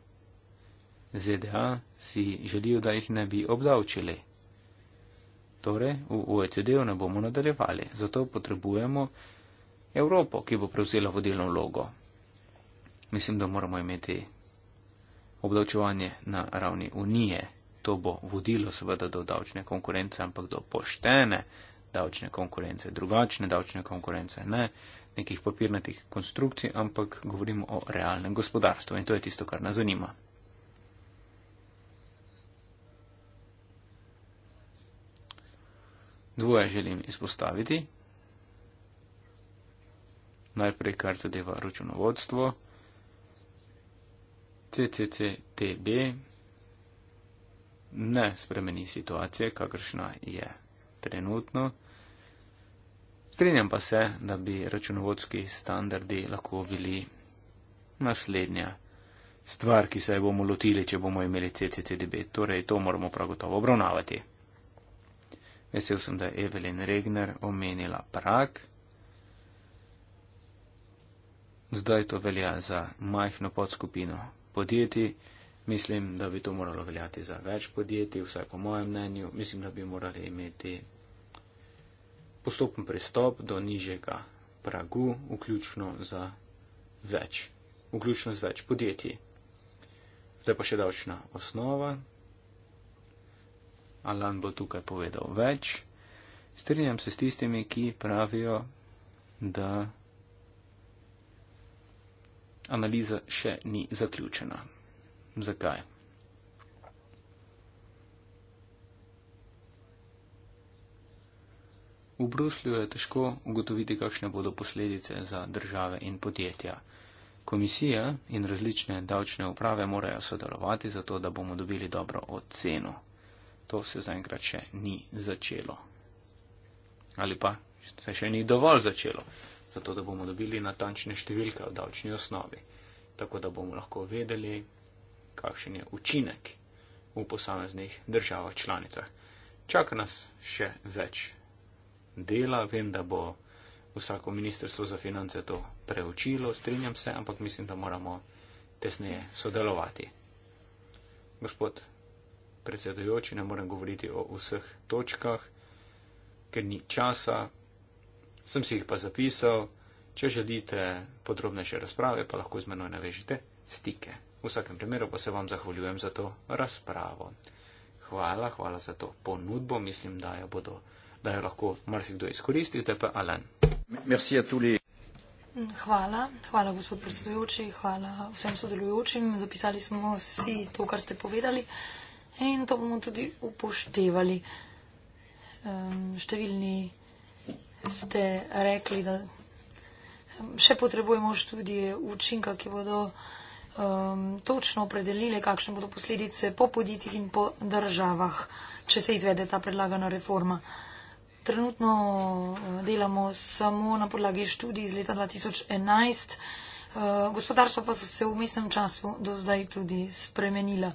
ZDA si želijo, da jih ne bi obdavčili. Torej, v OECD-u ne bomo nadaljevali. Zato potrebujemo Evropo, ki bo prevzela vodilno vlogo. Mislim, da moramo imeti obdavčevanje na ravni unije. To bo vodilo seveda do davčne konkurence, ampak do poštene davčne konkurence, drugačne davčne konkurence, ne nekih papirnatih konstrukcij, ampak govorimo o realnem gospodarstvu in to je tisto, kar nas zanima. Dvoje želim izpostaviti. Najprej, kar zadeva računovodstvo. CCCTB ne spremeni situacije, kakršna je trenutno. Strenjam pa se, da bi računovodski standardi lahko bili naslednja stvar, ki se jo bomo lotili, če bomo imeli CCCDB. Torej, to moramo prav gotovo obravnavati. Vesel sem, da je Evelyn Regner omenila prak. Zdaj to velja za majhno podskupino podjetij. Mislim, da bi to moralo veljati za več podjetij, vsaj po mojem mnenju. Mislim, da bi morali imeti postopen pristop do nižjega pragu, vključno, za več, vključno z več podjetij. Zdaj pa še davčna osnova. Alan bo tukaj povedal več. Strinjam se s tistimi, ki pravijo, da analiza še ni zaključena. Zakaj? V Bruslju je težko ugotoviti, kakšne bodo posledice za države in podjetja. Komisija in različne davčne uprave morajo sodelovati, zato da bomo dobili dobro oceno. To se zaenkrat še ni začelo. Ali pa se še ni dovolj začelo zato da bomo dobili natančne številke v davčni osnovi, tako da bomo lahko vedeli, kakšen je učinek v posameznih državah članicah. Čaka nas še več dela, vem, da bo vsako ministrstvo za finance to preučilo, strinjam se, ampak mislim, da moramo tesneje sodelovati. Gospod predsedujoči, ne morem govoriti o vseh točkah, ker ni časa, sem si jih pa zapisal. Če želite podrobnejše razprave, pa lahko z menoj navežite stike. V vsakem primeru pa se vam zahvaljujem za to razpravo. Hvala, hvala za to ponudbo, mislim, da jo, bodo, da jo lahko marsikdo izkoristi. Zdaj pa Alen. Hvala, hvala gospod predsedujoči, hvala vsem sodelujočim. Zapisali smo vsi to, kar ste povedali in to bomo tudi upoštevali. Um, številni ste rekli, da še potrebujemo študije učinka, ki bodo um, točno opredelile, kakšne bodo posledice po podjetjih in po državah, če se izvede ta predlagana reforma. Trenutno uh, delamo samo na podlagi študij iz leta 2011, uh, gospodarstva pa so se v mestnem času do zdaj tudi spremenila.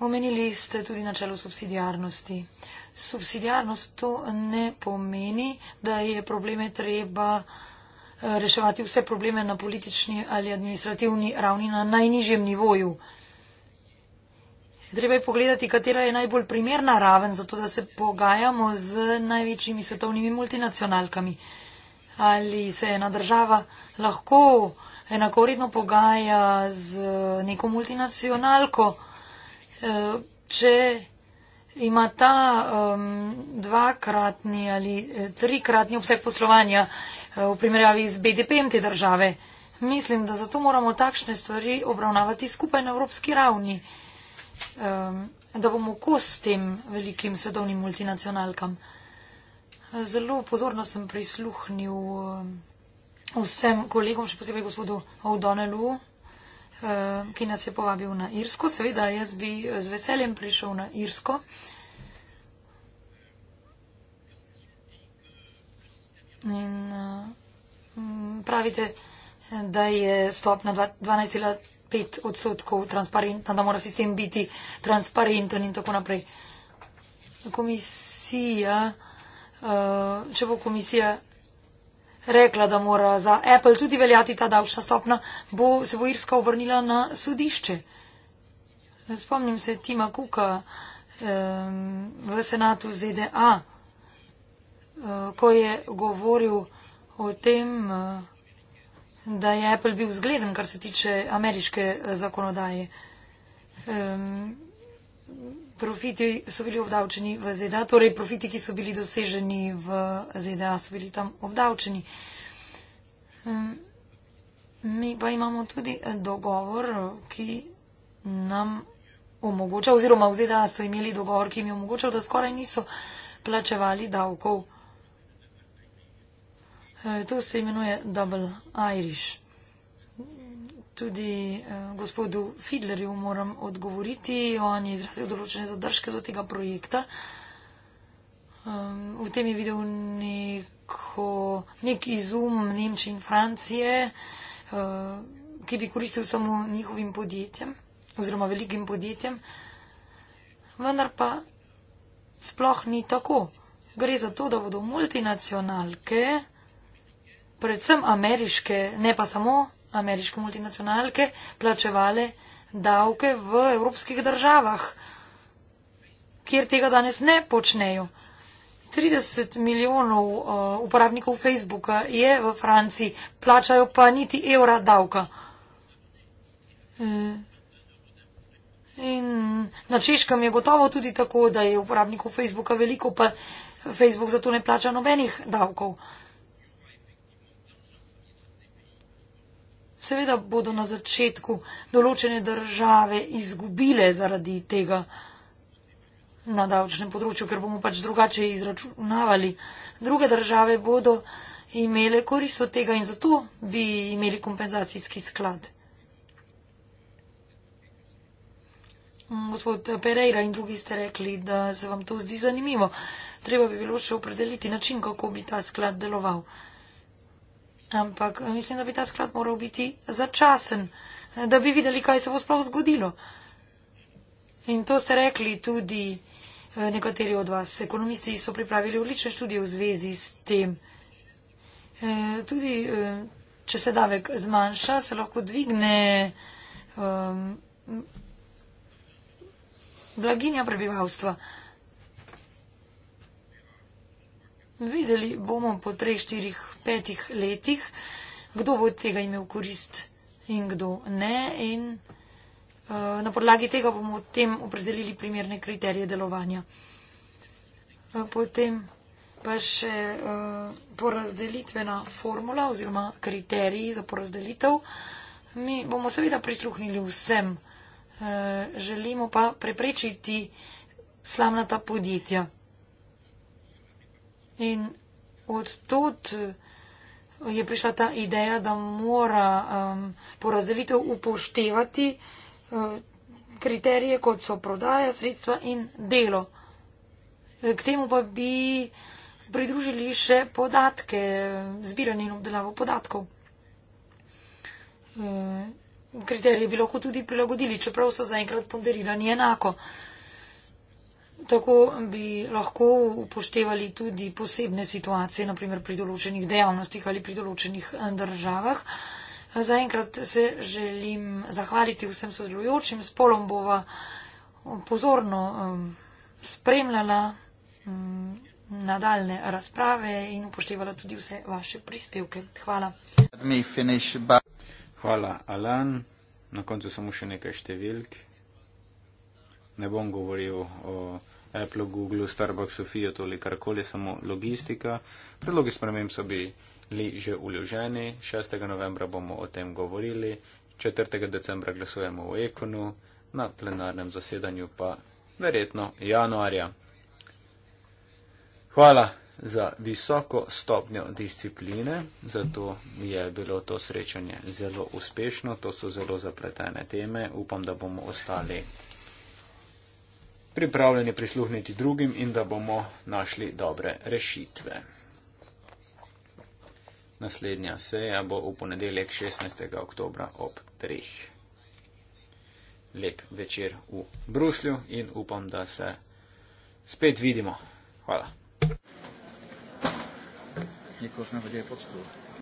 Omenili ste tudi načelo subsidijarnosti subsidijarnost to ne pomeni, da je probleme treba eh, reševati vse probleme na politični ali administrativni ravni na najnižjem nivoju. Treba je pogledati, katera je najbolj primerna raven za to, da se pogajamo z največjimi svetovnimi multinacionalkami. Ali se ena država lahko enakoredno pogaja z neko multinacionalko, eh, če ima ta um, dvakratni ali eh, trikratni obseg poslovanja eh, v primerjavi z BDP-em te države. Mislim, da zato moramo takšne stvari obravnavati skupaj na evropski ravni, um, da bomo kos tem velikim svetovnim multinacionalkam. Zelo pozorno sem prisluhnil um, vsem kolegom, še posebej gospodu O'Donnellu, Eh, ki nas je povabil na Irsko. Seveda, jaz bi eh, z veseljem prišel na Irsko. In eh, pravite, da je stopna 12,5 odstotkov transparentna, da mora sistem biti transparenten in tako naprej. Komisija, če bo komisija rekla, da mora za Apple tudi veljati ta davčna stopna, bo se bo Irska obrnila na sodišče. Spomnim se Tima Kuka um, v senatu ZDA, uh, eh, ko je govoril o tem, uh, da je Apple bil zgleden, kar se tiče ameriške uh, zakonodaje. Um, profiti so bili obdavčeni v ZDA, torej profiti, ki so bili doseženi v ZDA, so bili tam obdavčeni. Hm, mi pa imamo tudi eh, dogovor, ki nam omogoča, oziroma v ZDA so imeli dogovor, ki jim je omogočal, da skoraj niso plačevali davkov. Eh, to se imenuje Double Irish tudi eh, gospodu Fidlerju moram odgovoriti. On je izrazil določene zadržke do tega projekta. Um, v tem je videl neko, nek izum Nemčije in Francije, uh, ki bi koristil samo njihovim podjetjem oziroma velikim podjetjem. Vendar pa sploh ni tako. Gre za to, da bodo multinacionalke, predvsem ameriške, ne pa samo ameriške multinacionalke plačevale davke v evropskih državah, kjer tega danes ne počnejo. 30 milijonov uh, uporabnikov Facebooka je v Franciji, plačajo pa niti evra davka. Eh, in na češkem je gotovo tudi tako, da je uporabnikov Facebooka veliko, pa Facebook zato ne plača nobenih davkov. Uh, seveda bodo na začetku določene države izgubile zaradi tega na davčnem področju, ker bomo pač drugače izračunavali. Druge države bodo imele korist od tega in zato bi imeli kompenzacijski sklad. Gospod Pereira in drugi ste rekli, da se vam to zdi zanimivo. Treba bi bilo še opredeliti način, kako bi ta sklad deloval ampak eh, mislim, da bi ta sklad moral biti začasen, eh, da bi videli, kaj se bo sploh zgodilo. In to ste rekli tudi eh, nekateri od vas. Ekonomisti so pripravili odlične študije v zvezi s tem. Tudi, če se davek zmanjša, se lahko dvigne ehm, blaginja prebivalstva. Videli bomo po 3, 4, 5 letih, kdo bo od tega imel korist in kdo ne. In uh, na podlagi tega bomo v tem opredelili primerne kriterije delovanja. Uh, potem pa še uh, porazdelitvena formula oziroma kriteriji za porazdelitev. Mi bomo seveda prisluhnili vsem, uh, želimo pa preprečiti slamnata podjetja. In od tod eh, je prišla ta ideja, da mora um, porazdelitev upoštevati um, kriterije, kot so prodaja, sredstva in delo. Eh, k temu pa bi pridružili še podatke, zbiranje in obdelavo podatkov. Um, kriterije bi lahko tudi prilagodili, čeprav so zaenkrat ponderirani enako. Um, Tako bi lahko upoštevali tudi posebne situacije, naprimer pri določenih dejavnostih ali pri določenih eh, državah. Zaenkrat se želim zahvaliti vsem sodelujočim, spolom bova eh, pozorno eh, spremljala mm, nadaljne razprave in upoštevala tudi vse vaše prispevke. Hvala. Hvala, Alan. Na koncu samo še nekaj številk ne bom govoril o Apple, Google, Starbucksu, Fiatu ali karkoli, samo logistika. Predlogi sprememb so bili že uloženi, 6. novembra bomo o tem govorili, 4. decembra glasujemo v Ekonu, na plenarnem zasedanju pa verjetno januarja. Hvala za visoko stopnjo discipline, zato je bilo to srečanje zelo uspešno, to so zelo zapletene teme, upam, da bomo ostali pripravljeni prisluhniti drugim in da bomo našli dobre rešitve. Naslednja seja bo v ponedeljek 16. oktobra ob 3. Lep večer v Bruslju in upam, da se spet vidimo. Hvala. Nikos ne vodi pod stol.